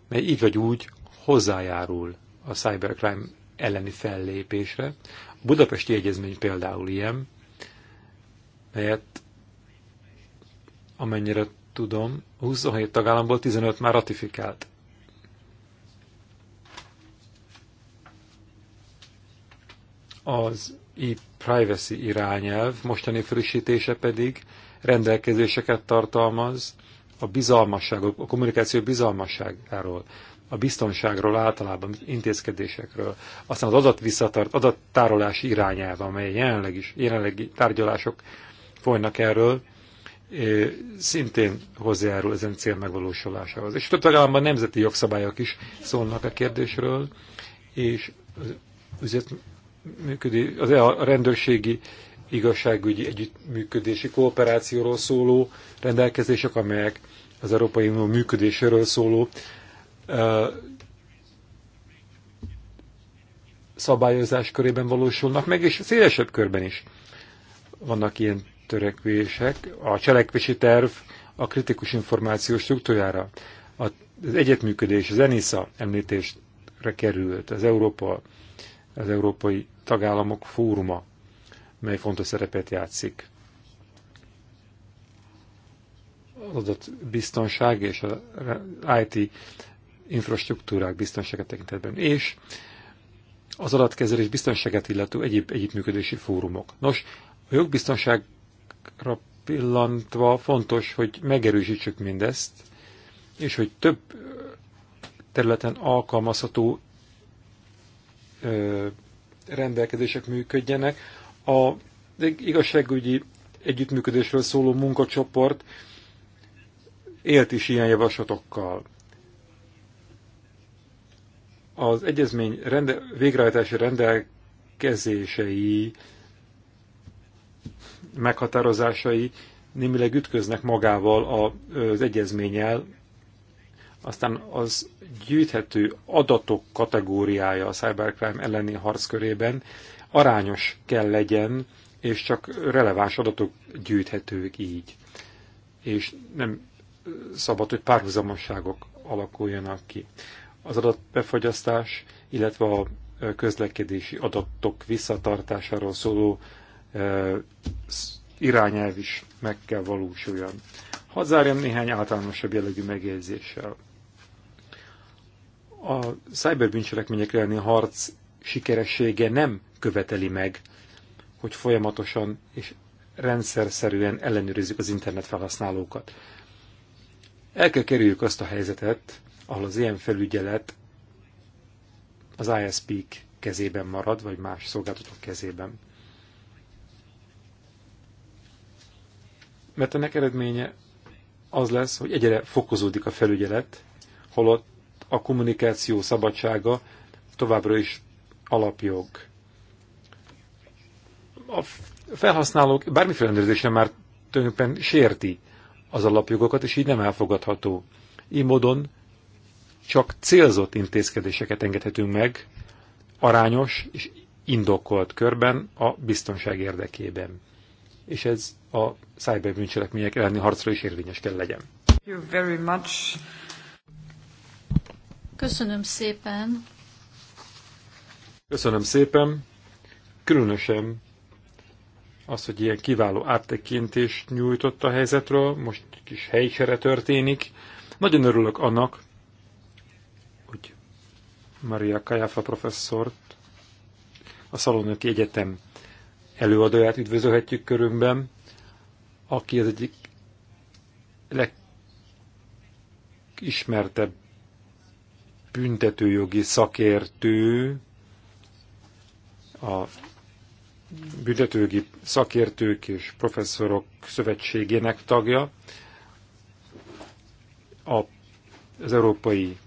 mely így vagy úgy hozzájárul a cybercrime elleni fellépésre. A budapesti egyezmény például ilyen, melyet amennyire tudom, 27 tagállamból 15 már ratifikált. Az e-privacy irányelv mostani frissítése pedig rendelkezéseket tartalmaz a bizalmasság, a kommunikáció bizalmasságáról, a biztonságról általában, intézkedésekről, aztán az visszatart, adattárolás irányelv, amely jelenleg is, jelenlegi tárgyalások folynak erről, szintén hozzájárul ezen cél megvalósulásához. És több tagállamban nemzeti jogszabályok is szólnak a kérdésről, és az üzlet működé, az e a rendőrségi igazságügyi együttműködési kooperációról szóló rendelkezések, amelyek az Európai Unió működéséről szóló uh, szabályozás körében valósulnak meg, és szélesebb körben is vannak ilyen törekvések. A cselekvési terv a kritikus információ struktúrára, az egyetműködés, az ENISA említésre került, az Európa az Európai Tagállamok Fóruma, mely fontos szerepet játszik. Az adatbiztonság és az IT infrastruktúrák biztonsága tekintetben, és az adatkezelés biztonságát illető egyéb együttműködési fórumok. Nos, a jogbiztonságra pillantva fontos, hogy megerősítsük mindezt, és hogy több területen alkalmazható rendelkezések működjenek. A igazságügyi együttműködésről szóló munkacsoport élt is ilyen javaslatokkal. Az egyezmény rende, végrehajtási rendelkezései, meghatározásai némileg ütköznek magával az egyezménnyel, aztán az gyűjthető adatok kategóriája a cybercrime elleni harc körében arányos kell legyen, és csak releváns adatok gyűjthetők így. És nem szabad, hogy párhuzamosságok alakuljanak ki. Az adatbefagyasztás, illetve a közlekedési adatok visszatartásáról szóló irányelv is meg kell valósuljon. Hadd zárjam néhány általánosabb jellegű megjegyzéssel a cyberbűncselekmények elleni harc sikeressége nem követeli meg, hogy folyamatosan és rendszerszerűen ellenőrizzük az internet felhasználókat. El kell kerüljük azt a helyzetet, ahol az ilyen felügyelet az ISP-k kezében marad, vagy más szolgáltatók kezében. Mert ennek eredménye az lesz, hogy egyre fokozódik a felügyelet, holott a kommunikáció szabadsága továbbra is alapjog. A felhasználók bármiféle rendőrzése már tulajdonképpen sérti az alapjogokat, és így nem elfogadható. Így módon csak célzott intézkedéseket engedhetünk meg, arányos és indokolt körben a biztonság érdekében. És ez a szájbebűncselekmények elleni harcra is érvényes kell legyen. Köszönöm szépen. Köszönöm szépen. Különösen az, hogy ilyen kiváló áttekintést nyújtott a helyzetről, most kis helyisere történik. Nagyon örülök annak, hogy Maria Kajáfa professzort, a Szalonöki Egyetem előadóját üdvözölhetjük körünkben, aki az egyik legismertebb büntetőjogi szakértő, a büntetőjogi szakértők és professzorok szövetségének tagja, a, az Európai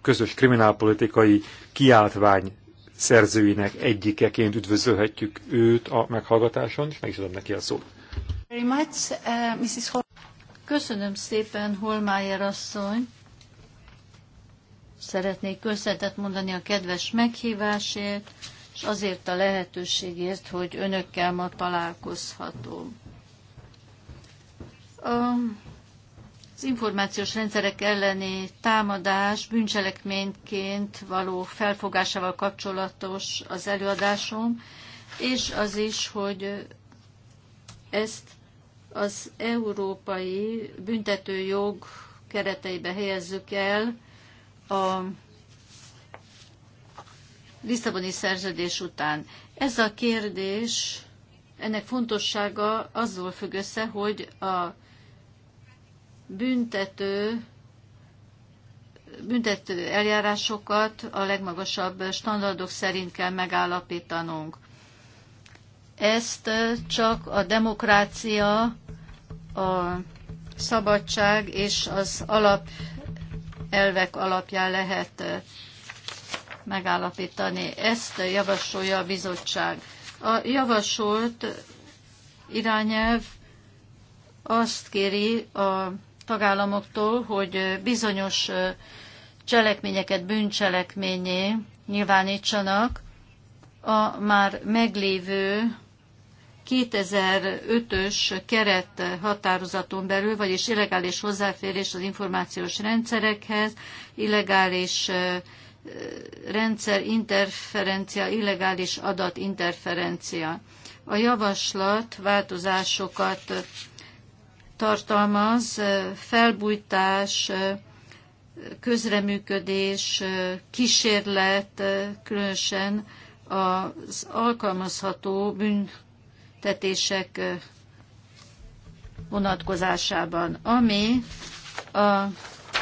Közös Kriminálpolitikai Kiáltvány szerzőinek egyikeként üdvözölhetjük őt a meghallgatáson, és meg is adom neki a szót. Uh, Köszönöm szépen, Holmájer asszony. Szeretnék köszönetet mondani a kedves meghívásért, és azért a lehetőségért, hogy önökkel ma találkozhatom. Az információs rendszerek elleni támadás bűncselekményként való felfogásával kapcsolatos az előadásom, és az is, hogy ezt az európai büntetőjog kereteibe helyezzük el, a Lisszaboni szerződés után. Ez a kérdés, ennek fontossága azzal függ össze, hogy a büntető büntető eljárásokat a legmagasabb standardok szerint kell megállapítanunk. Ezt csak a demokrácia, a szabadság és az alap elvek alapján lehet megállapítani. Ezt javasolja a bizottság. A javasolt irányelv azt kéri a tagállamoktól, hogy bizonyos cselekményeket bűncselekményé nyilvánítsanak a már meglévő 2005-ös keret határozaton belül, vagyis illegális hozzáférés az információs rendszerekhez, illegális rendszer interferencia, illegális adat interferencia. A javaslat változásokat tartalmaz, felbújtás, közreműködés, kísérlet, különösen az alkalmazható bűn befektetések vonatkozásában, ami a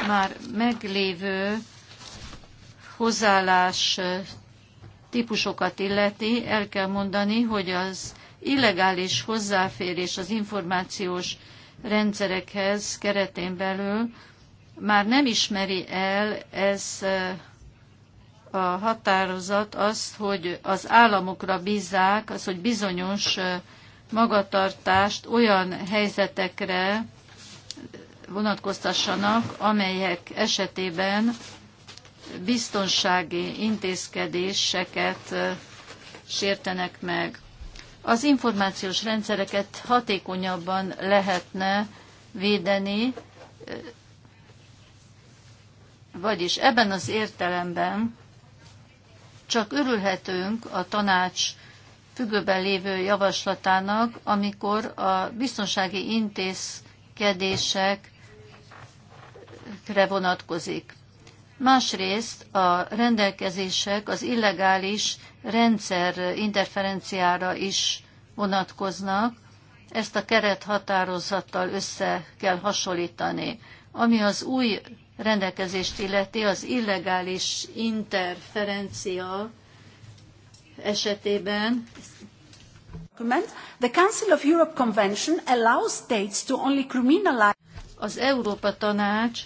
már meglévő hozzáállás típusokat illeti, el kell mondani, hogy az illegális hozzáférés az információs rendszerekhez keretén belül már nem ismeri el ez a határozat azt, hogy az államokra bízzák, az, hogy bizonyos magatartást olyan helyzetekre vonatkoztassanak, amelyek esetében biztonsági intézkedéseket sértenek meg. Az információs rendszereket hatékonyabban lehetne védeni, vagyis ebben az értelemben csak örülhetünk a tanács függőben lévő javaslatának, amikor a biztonsági intézkedésekre vonatkozik. Másrészt a rendelkezések az illegális rendszer interferenciára is vonatkoznak, ezt a kerethatározattal össze kell hasonlítani. Ami az új rendelkezést illeti az illegális interferencia esetében. The Council of Europe Convention allows states to only criminalize az Európa Tanács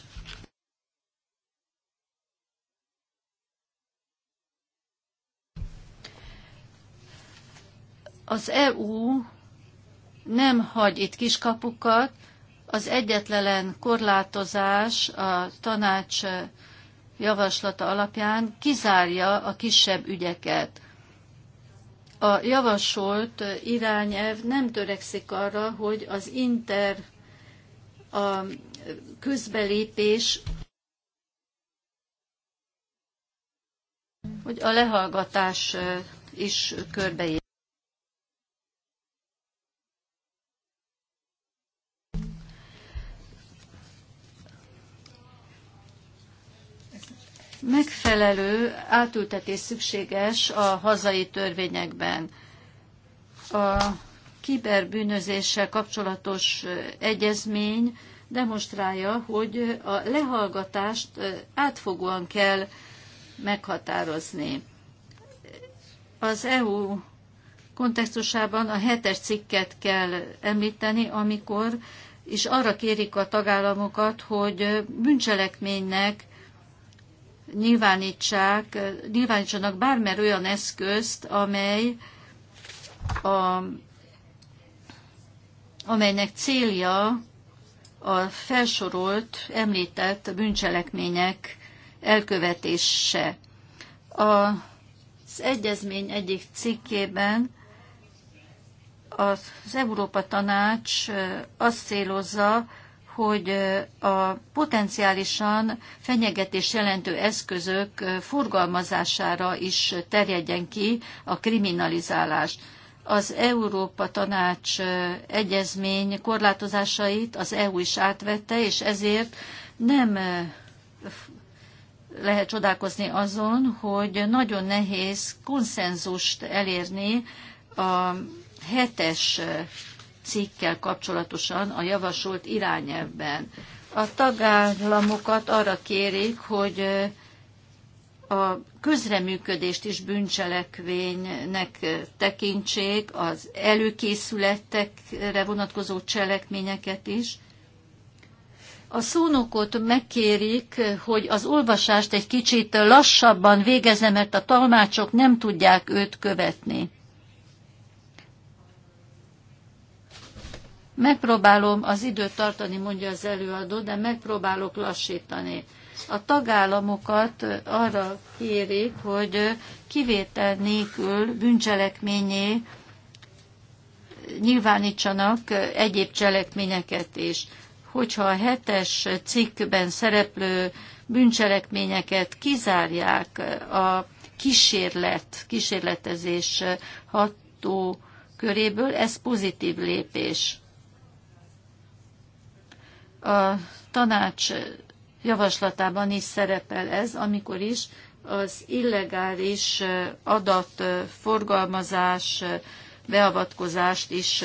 az EU nem hagy itt kiskapukat, az egyetlen korlátozás a tanács javaslata alapján kizárja a kisebb ügyeket. A javasolt irányelv nem törekszik arra, hogy az inter a közbelépés hogy a lehallgatás is körbeér. megfelelő átültetés szükséges a hazai törvényekben. A kiberbűnözéssel kapcsolatos egyezmény demonstrálja, hogy a lehallgatást átfogóan kell meghatározni. Az EU kontextusában a hetes cikket kell említeni, amikor is arra kérik a tagállamokat, hogy bűncselekménynek nyilvánítsák, nyilvánítsanak bármer olyan eszközt, amely a, amelynek célja a felsorolt, említett bűncselekmények elkövetése. Az egyezmény egyik cikkében az Európa Tanács azt célozza, hogy a potenciálisan fenyegetés jelentő eszközök forgalmazására is terjedjen ki a kriminalizálás. Az Európa Tanács egyezmény korlátozásait az EU is átvette, és ezért nem lehet csodálkozni azon, hogy nagyon nehéz konszenzust elérni a hetes cikkel kapcsolatosan a javasolt irányelvben. A tagállamokat arra kérik, hogy a közreműködést is bűncselekvénynek tekintsék, az előkészületekre vonatkozó cselekményeket is. A szónokot megkérik, hogy az olvasást egy kicsit lassabban végezze, mert a talmácsok nem tudják őt követni. Megpróbálom az időt tartani, mondja az előadó, de megpróbálok lassítani. A tagállamokat arra kérik, hogy kivétel nélkül bűncselekményé nyilvánítsanak egyéb cselekményeket is. Hogyha a hetes cikkben szereplő bűncselekményeket kizárják a kísérlet, kísérletezés ható köréből, ez pozitív lépés. A tanács javaslatában is szerepel ez, amikor is az illegális adatforgalmazás, beavatkozást is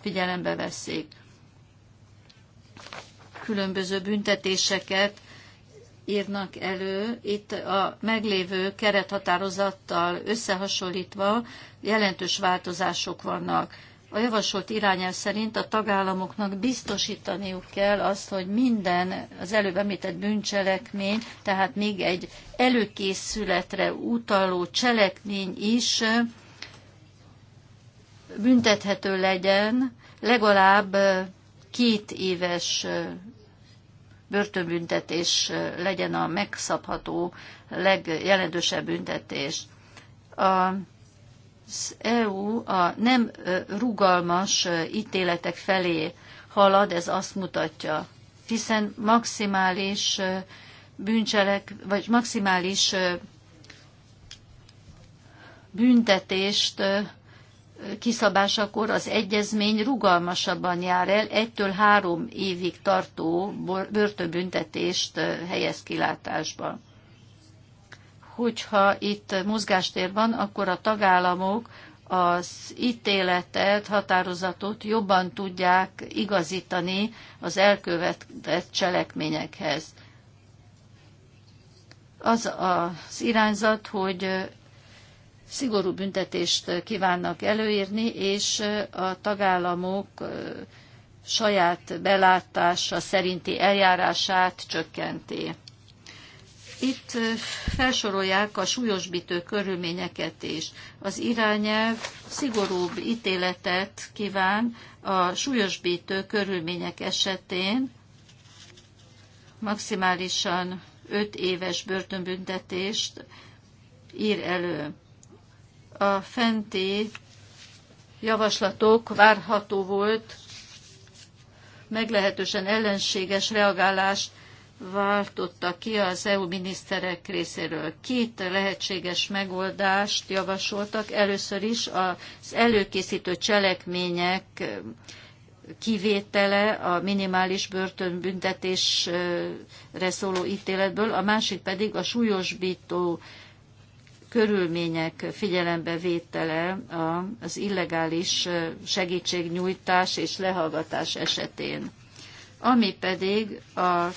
figyelembe veszik. Különböző büntetéseket írnak elő, itt a meglévő kerethatározattal összehasonlítva jelentős változások vannak. A javasolt irányelv szerint a tagállamoknak biztosítaniuk kell azt, hogy minden az előbb említett bűncselekmény, tehát még egy előkészületre utaló cselekmény is büntethető legyen legalább két éves börtönbüntetés legyen a megszabható legjelentősebb büntetés. A az EU a nem rugalmas ítéletek felé halad, ez azt mutatja, hiszen maximális bűncselek, vagy maximális büntetést kiszabásakor az egyezmény rugalmasabban jár el, egytől három évig tartó börtönbüntetést helyez kilátásba hogyha itt mozgástér van, akkor a tagállamok az ítéletet, határozatot jobban tudják igazítani az elkövetett cselekményekhez. Az az irányzat, hogy szigorú büntetést kívánnak előírni, és a tagállamok saját belátása szerinti eljárását csökkenti. Itt felsorolják a súlyosbítő körülményeket is. Az irányelv szigorúbb ítéletet kíván a súlyosbítő körülmények esetén, maximálisan 5 éves börtönbüntetést ír elő. A fenti javaslatok várható volt meglehetősen ellenséges reagálást váltotta ki az EU miniszterek részéről. Két lehetséges megoldást javasoltak. Először is az előkészítő cselekmények kivétele a minimális börtönbüntetésre szóló ítéletből, a másik pedig a súlyosbító körülmények figyelembe vétele az illegális segítségnyújtás és lehallgatás esetén. Ami pedig a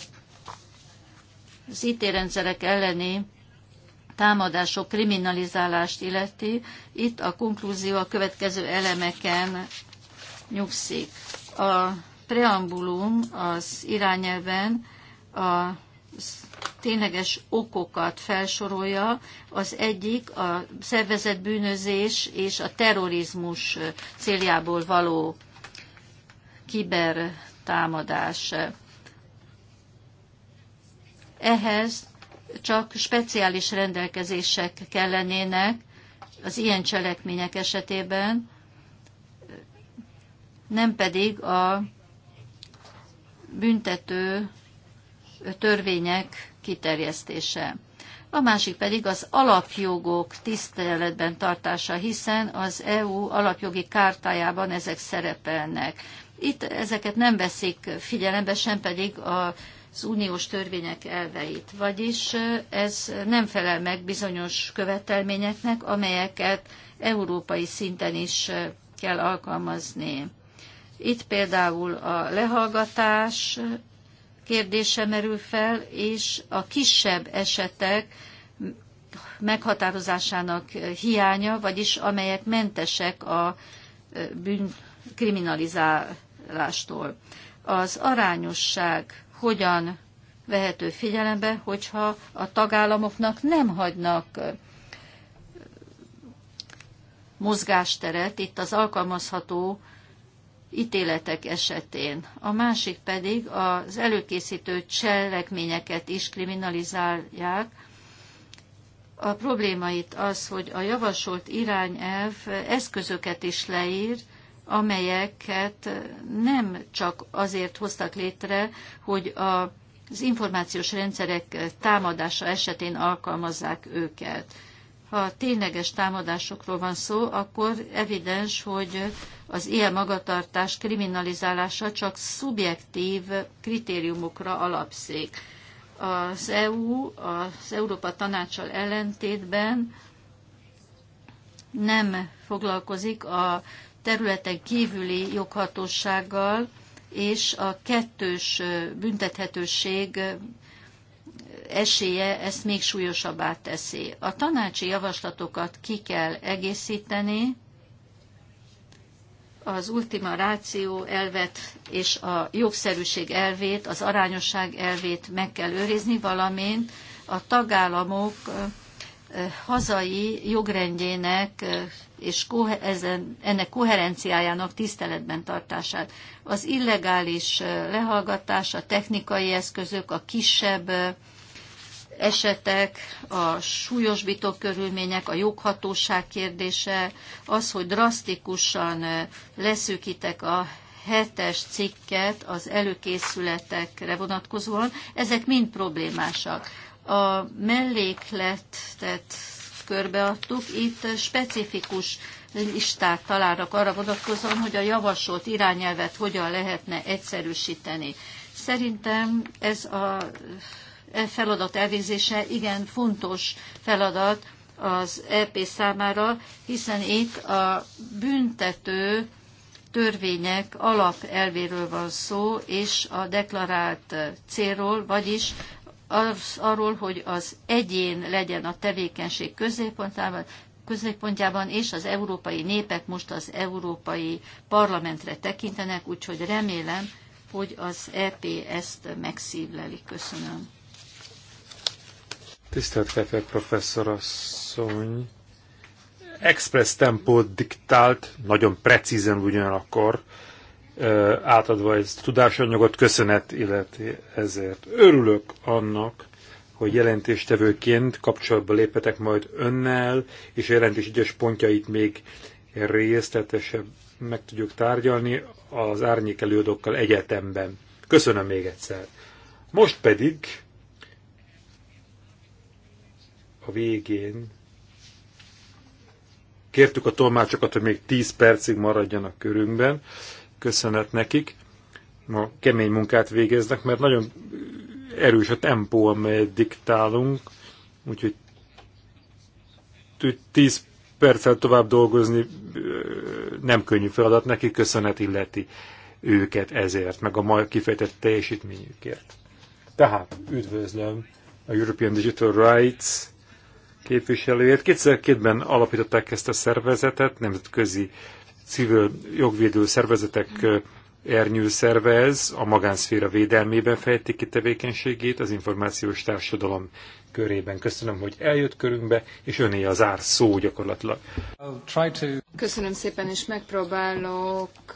az IT-rendszerek elleni támadások kriminalizálást illeti, itt a konklúzió a következő elemeken nyugszik. A preambulum az irányelven a tényleges okokat felsorolja. Az egyik a szervezetbűnözés és a terrorizmus céljából való kibertámadás. Ehhez csak speciális rendelkezések kellenének az ilyen cselekmények esetében, nem pedig a büntető törvények kiterjesztése. A másik pedig az alapjogok tiszteletben tartása, hiszen az EU alapjogi kártájában ezek szerepelnek. Itt ezeket nem veszik figyelembe, sem pedig a az uniós törvények elveit. Vagyis ez nem felel meg bizonyos követelményeknek, amelyeket európai szinten is kell alkalmazni. Itt például a lehallgatás kérdése merül fel, és a kisebb esetek meghatározásának hiánya, vagyis amelyek mentesek a bűnkriminalizálástól. Az arányosság hogyan vehető figyelembe, hogyha a tagállamoknak nem hagynak mozgásteret itt az alkalmazható ítéletek esetén. A másik pedig az előkészítő cselekményeket is kriminalizálják. A probléma itt az, hogy a javasolt irányelv eszközöket is leír, amelyeket nem csak azért hoztak létre, hogy a az információs rendszerek támadása esetén alkalmazzák őket. Ha tényleges támadásokról van szó, akkor evidens, hogy az ilyen magatartás kriminalizálása csak szubjektív kritériumokra alapszik. Az EU, az Európa Tanácsal ellentétben nem foglalkozik a területen kívüli joghatósággal és a kettős büntethetőség esélye ezt még súlyosabbá teszi. A tanácsi javaslatokat ki kell egészíteni, az ultima ráció elvet és a jogszerűség elvét, az arányosság elvét meg kell őrizni, valamint a tagállamok Eh, hazai jogrendjének eh, és ennek koherenciájának tiszteletben tartását. Az illegális eh, lehallgatás, a technikai eszközök, a kisebb esetek, a súlyos körülmények, a joghatóság kérdése, az, hogy drasztikusan leszűkítek a hetes cikket az előkészületekre vonatkozóan, ezek mind problémásak a mellékletet körbeadtuk, itt specifikus listát találnak arra vonatkozóan, hogy a javasolt irányelvet hogyan lehetne egyszerűsíteni. Szerintem ez a e feladat elvégzése igen fontos feladat az EP számára, hiszen itt a büntető törvények alapelvéről van szó, és a deklarált célról, vagyis az, arról, hogy az egyén legyen a tevékenység középpontában, középpontjában, és az európai népek most az európai parlamentre tekintenek, úgyhogy remélem, hogy az EP ezt megszívleli. Köszönöm. Tisztelt Kefe professzor asszony! Express tempót diktált, nagyon precízen ugyanakkor, átadva egy tudásanyagot, köszönet illeti ezért. Örülök annak, hogy jelentéstevőként kapcsolatba léphetek majd önnel, és a jelentés egyes pontjait még részletesebb meg tudjuk tárgyalni az árnyék előadókkal egyetemben. Köszönöm még egyszer. Most pedig a végén kértük a tolmácsokat, hogy még 10 percig maradjanak körünkben köszönet nekik. Ma kemény munkát végeznek, mert nagyon erős a tempó, amelyet diktálunk, úgyhogy 10 perccel tovább dolgozni nem könnyű feladat, neki köszönet illeti őket ezért, meg a ma kifejtett teljesítményükért. Tehát üdvözlöm a European Digital Rights képviselőjét. 2002-ben alapították ezt a szervezetet, nemzetközi civil jogvédő szervezetek ernyő szervez, a magánszféra védelmében fejtik ki tevékenységét az információs társadalom körében. Köszönöm, hogy eljött körünkbe, és öné az ár szó gyakorlatilag. To... Köszönöm szépen, és megpróbálok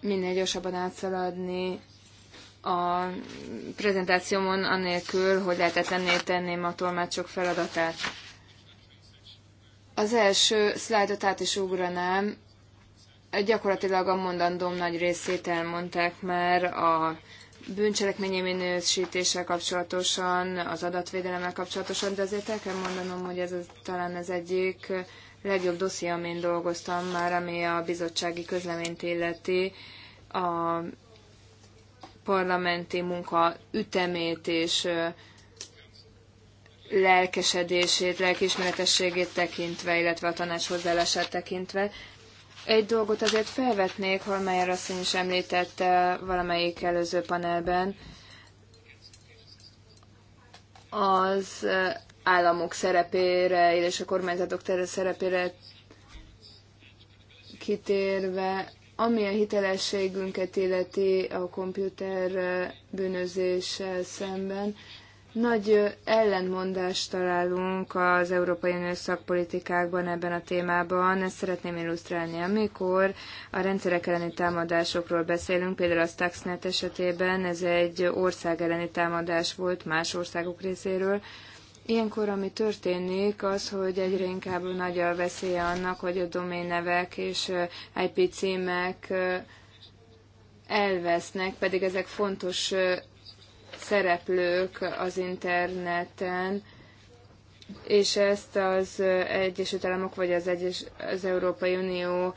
minél gyorsabban átszaladni a prezentációmon, anélkül, hogy lehetetlenné tenném a tolmácsok feladatát. Az első szlájdot át is ugranám. Gyakorlatilag a mondandóm nagy részét elmondták már a bűncselekményi minősítéssel kapcsolatosan, az adatvédelemmel kapcsolatosan, de azért el kell mondanom, hogy ez talán az egyik legjobb dosszi, amin dolgoztam már, ami a bizottsági közleményt illeti, a parlamenti munka ütemét és lelkesedését, lelkismeretességét tekintve, illetve a tanács hozzáállását tekintve. Egy dolgot azért felvetnék, Holmeyer asszony is említette valamelyik előző panelben, az államok szerepére, és a kormányzatok szerepére kitérve, ami a hitelességünket illeti a komputer bűnözéssel szemben, nagy ellenmondást találunk az Európai Unió szakpolitikákban ebben a témában. Ezt szeretném illusztrálni, amikor a rendszerek elleni támadásokról beszélünk, például a Stuxnet esetében ez egy ország elleni támadás volt más országok részéről. Ilyenkor, ami történik, az, hogy egyre inkább nagy a veszélye annak, hogy a doménnevek és IP címek elvesznek, pedig ezek fontos szereplők az interneten, és ezt az Egyesült Államok vagy az, Egyes, az Európai Unió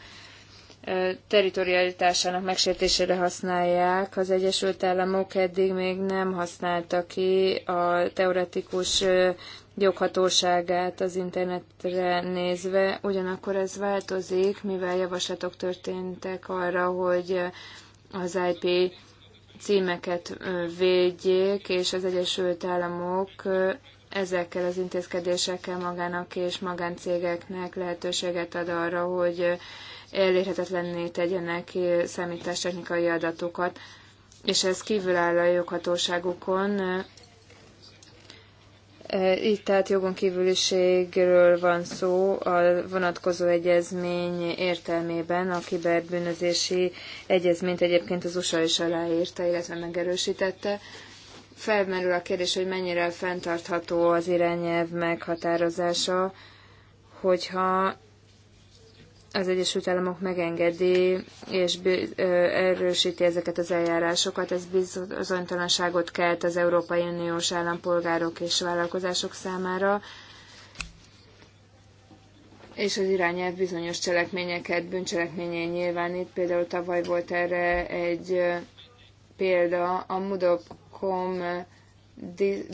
teritorialitásának megsértésére használják. Az Egyesült Államok eddig még nem használta ki a teoretikus joghatóságát az internetre nézve, ugyanakkor ez változik, mivel javaslatok történtek arra, hogy az IP címeket védjék, és az Egyesült Államok ezekkel az intézkedésekkel magának és magáncégeknek lehetőséget ad arra, hogy elérhetetlenné tegyenek számítástechnikai adatokat, és ez kívül áll a joghatóságukon, E, így tehát jogon kívüliségről van szó a vonatkozó egyezmény értelmében, a kiberbűnözési egyezményt egyébként az USA is aláírta, illetve megerősítette. Felmerül a kérdés, hogy mennyire fenntartható az irányelv meghatározása, hogyha az Egyesült Államok megengedi és erősíti ezeket az eljárásokat. Ez bizonytalanságot kelt az Európai Uniós állampolgárok és vállalkozások számára, és az irányelv bizonyos cselekményeket bűncselekményé nyilvánít. Például tavaly volt erre egy példa, a Mudokom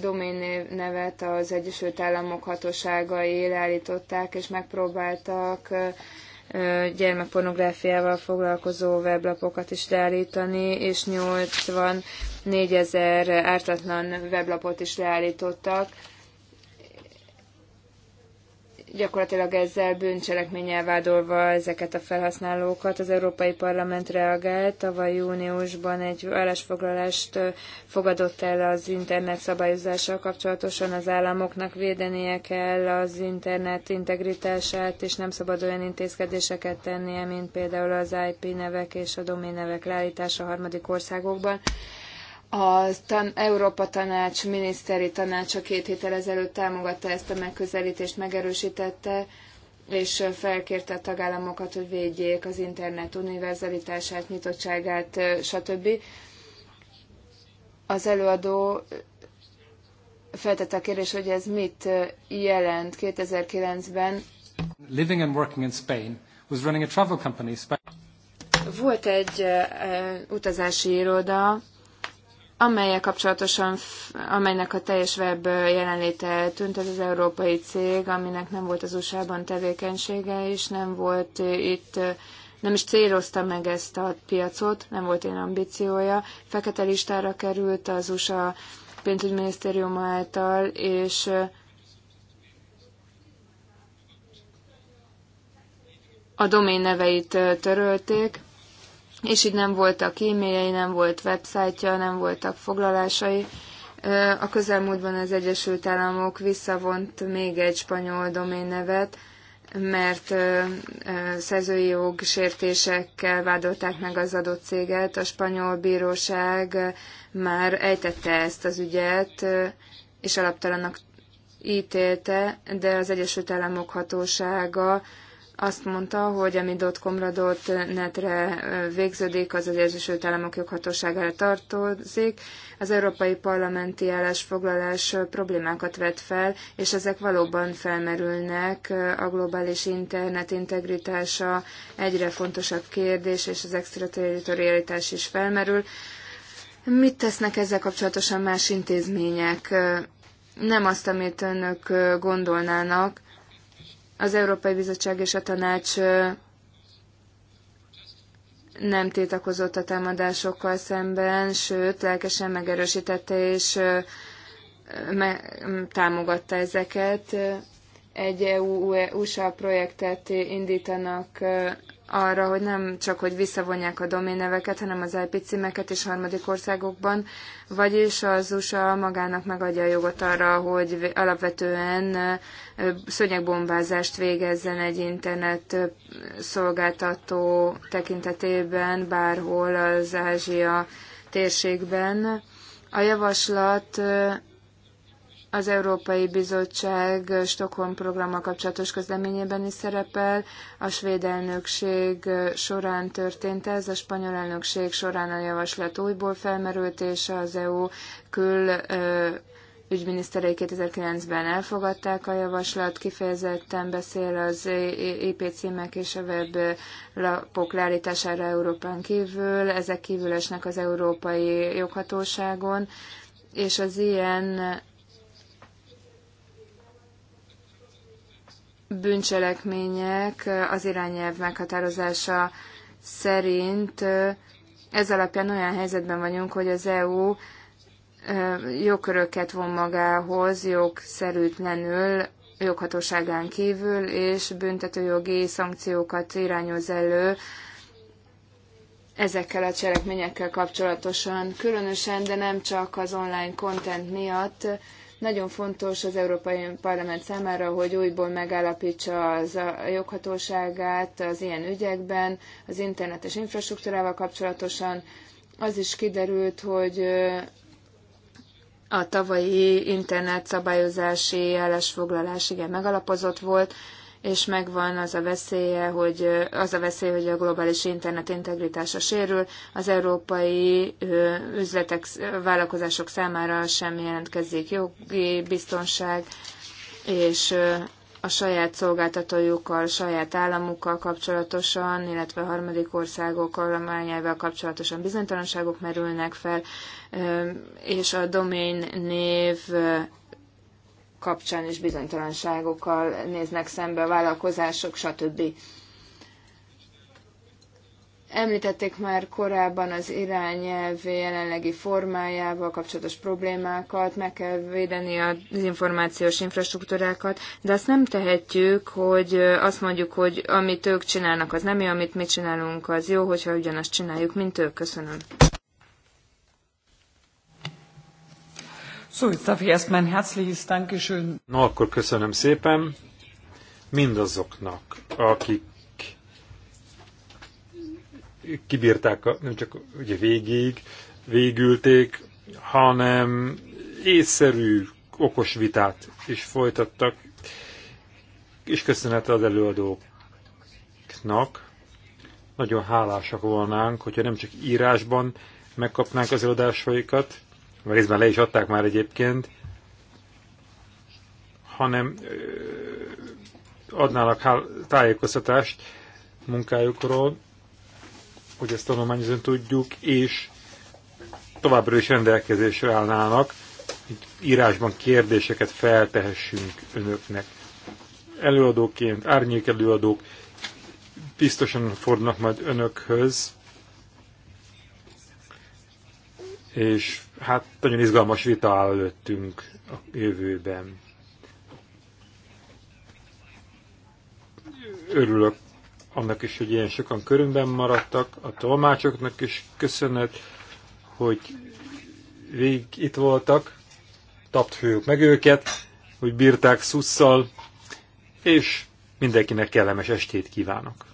domain nevet az Egyesült Államok hatóságai leállították, és megpróbáltak gyermekpornográfiával foglalkozó weblapokat is leállítani, és 84 ezer ártatlan weblapot is leállítottak gyakorlatilag ezzel bűncselekménnyel vádolva ezeket a felhasználókat. Az Európai Parlament reagált, tavaly júniusban egy állásfoglalást fogadott el az internet szabályozással kapcsolatosan. Az államoknak védenie kell az internet integritását, és nem szabad olyan intézkedéseket tennie, mint például az IP nevek és a nevek leállítása harmadik országokban. A tan- Európa Tanács miniszteri tanácsa két héttel ezelőtt támogatta ezt a megközelítést, megerősítette, és felkérte a tagállamokat, hogy védjék az internet univerzalitását, nyitottságát, stb. Az előadó feltette a kérdést, hogy ez mit jelent 2009-ben. Living and working in Spain was running a travel company. Volt egy uh, utazási iroda, amelyek kapcsolatosan, amelynek a teljes web jelenléte tűnt, ez az európai cég, aminek nem volt az USA-ban tevékenysége, és nem volt eh, itt, eh, nem is célozta meg ezt a piacot, nem volt én ambíciója. Fekete listára került az USA pénzügyminisztérium által, és eh, a domén neveit törölték, és így nem voltak e-mailjei, nem volt websájtja, nem voltak foglalásai. A közelmúltban az Egyesült Államok visszavont még egy spanyol doménnevet, mert szerzői jogsértésekkel vádolták meg az adott céget. A spanyol bíróság már ejtette ezt az ügyet, és alaptalannak ítélte, de az Egyesült Államok hatósága azt mondta, hogy ami .com-ra .netre végződik, az az Egyesült Államok joghatóságára tartozik. Az Európai Parlamenti állásfoglalás problémákat vet fel, és ezek valóban felmerülnek. A globális internet integritása egyre fontosabb kérdés, és az extraterritorialitás is felmerül. Mit tesznek ezzel kapcsolatosan más intézmények? Nem azt, amit önök gondolnának, az Európai Bizottság és a Tanács nem tiltakozott a támadásokkal szemben, sőt, lelkesen megerősítette és támogatta ezeket. Egy EU-USA e projektet indítanak arra, hogy nem csak, hogy visszavonják a neveket, hanem az IP címeket is harmadik országokban, vagyis az USA magának megadja a jogot arra, hogy alapvetően szönyegbombázást végezzen egy internet szolgáltató tekintetében bárhol az Ázsia térségben. A javaslat az Európai Bizottság Stockholm programma kapcsolatos közleményében is szerepel. A svéd elnökség során történt ez, a spanyol elnökség során a javaslat újból felmerült, és az EU kül ügyminiszterei 2009-ben elfogadták a javaslat, kifejezetten beszél az IP e, e, e címek és a lapok leállítására Európán kívül, ezek kívül esnek az európai joghatóságon, és az ilyen bűncselekmények az irányelv meghatározása szerint ez alapján olyan helyzetben vagyunk, hogy az EU jogköröket von magához jogszerűtlenül, joghatóságán kívül, és büntetőjogi szankciókat irányoz elő ezekkel a cselekményekkel kapcsolatosan. Különösen, de nem csak az online content miatt, nagyon fontos az Európai Parlament számára, hogy újból megállapítsa az a joghatóságát az ilyen ügyekben, az internetes infrastruktúrával kapcsolatosan. Az is kiderült, hogy a tavalyi internet szabályozási állásfoglalás igen megalapozott volt, és megvan az a veszélye, hogy az a veszély, hogy a globális internet integritása sérül, az európai üzletek, vállalkozások számára sem jelentkezik jogi biztonság, és a saját szolgáltatójukkal, saját államukkal kapcsolatosan, illetve harmadik országok kormányával kapcsolatosan bizonytalanságok merülnek fel, és a domain név kapcsán is bizonytalanságokkal néznek szembe a vállalkozások, stb. Említették már korábban az irányelv jelenlegi formájával kapcsolatos problémákat, meg kell védeni az információs infrastruktúrákat, de azt nem tehetjük, hogy azt mondjuk, hogy amit ők csinálnak, az nem jó, amit mi csinálunk, az jó, hogyha ugyanazt csináljuk, mint ők. Köszönöm. So, jetzt darf ich erstmal ein herzliches Dankeschön. Na, akkor köszönöm szépen mindazoknak, akik kibírták, a, nem csak ugye végig, végülték, hanem észszerű, okos vitát is folytattak, és köszönet az előadóknak. Nagyon hálásak volnánk, hogyha nem csak írásban megkapnánk az előadásaikat, részben le is adták már egyébként, hanem adnának tájékoztatást munkájukról, hogy ezt tanulmányozni tudjuk, és továbbra is rendelkezésre állnának, hogy írásban kérdéseket feltehessünk önöknek. Előadóként, árnyék előadók biztosan fordulnak majd önökhöz, és hát nagyon izgalmas vita áll előttünk a jövőben. Örülök annak is, hogy ilyen sokan körünkben maradtak, a tolmácsoknak is köszönet, hogy végig itt voltak, fők meg őket, hogy bírták szusszal, és mindenkinek kellemes estét kívánok.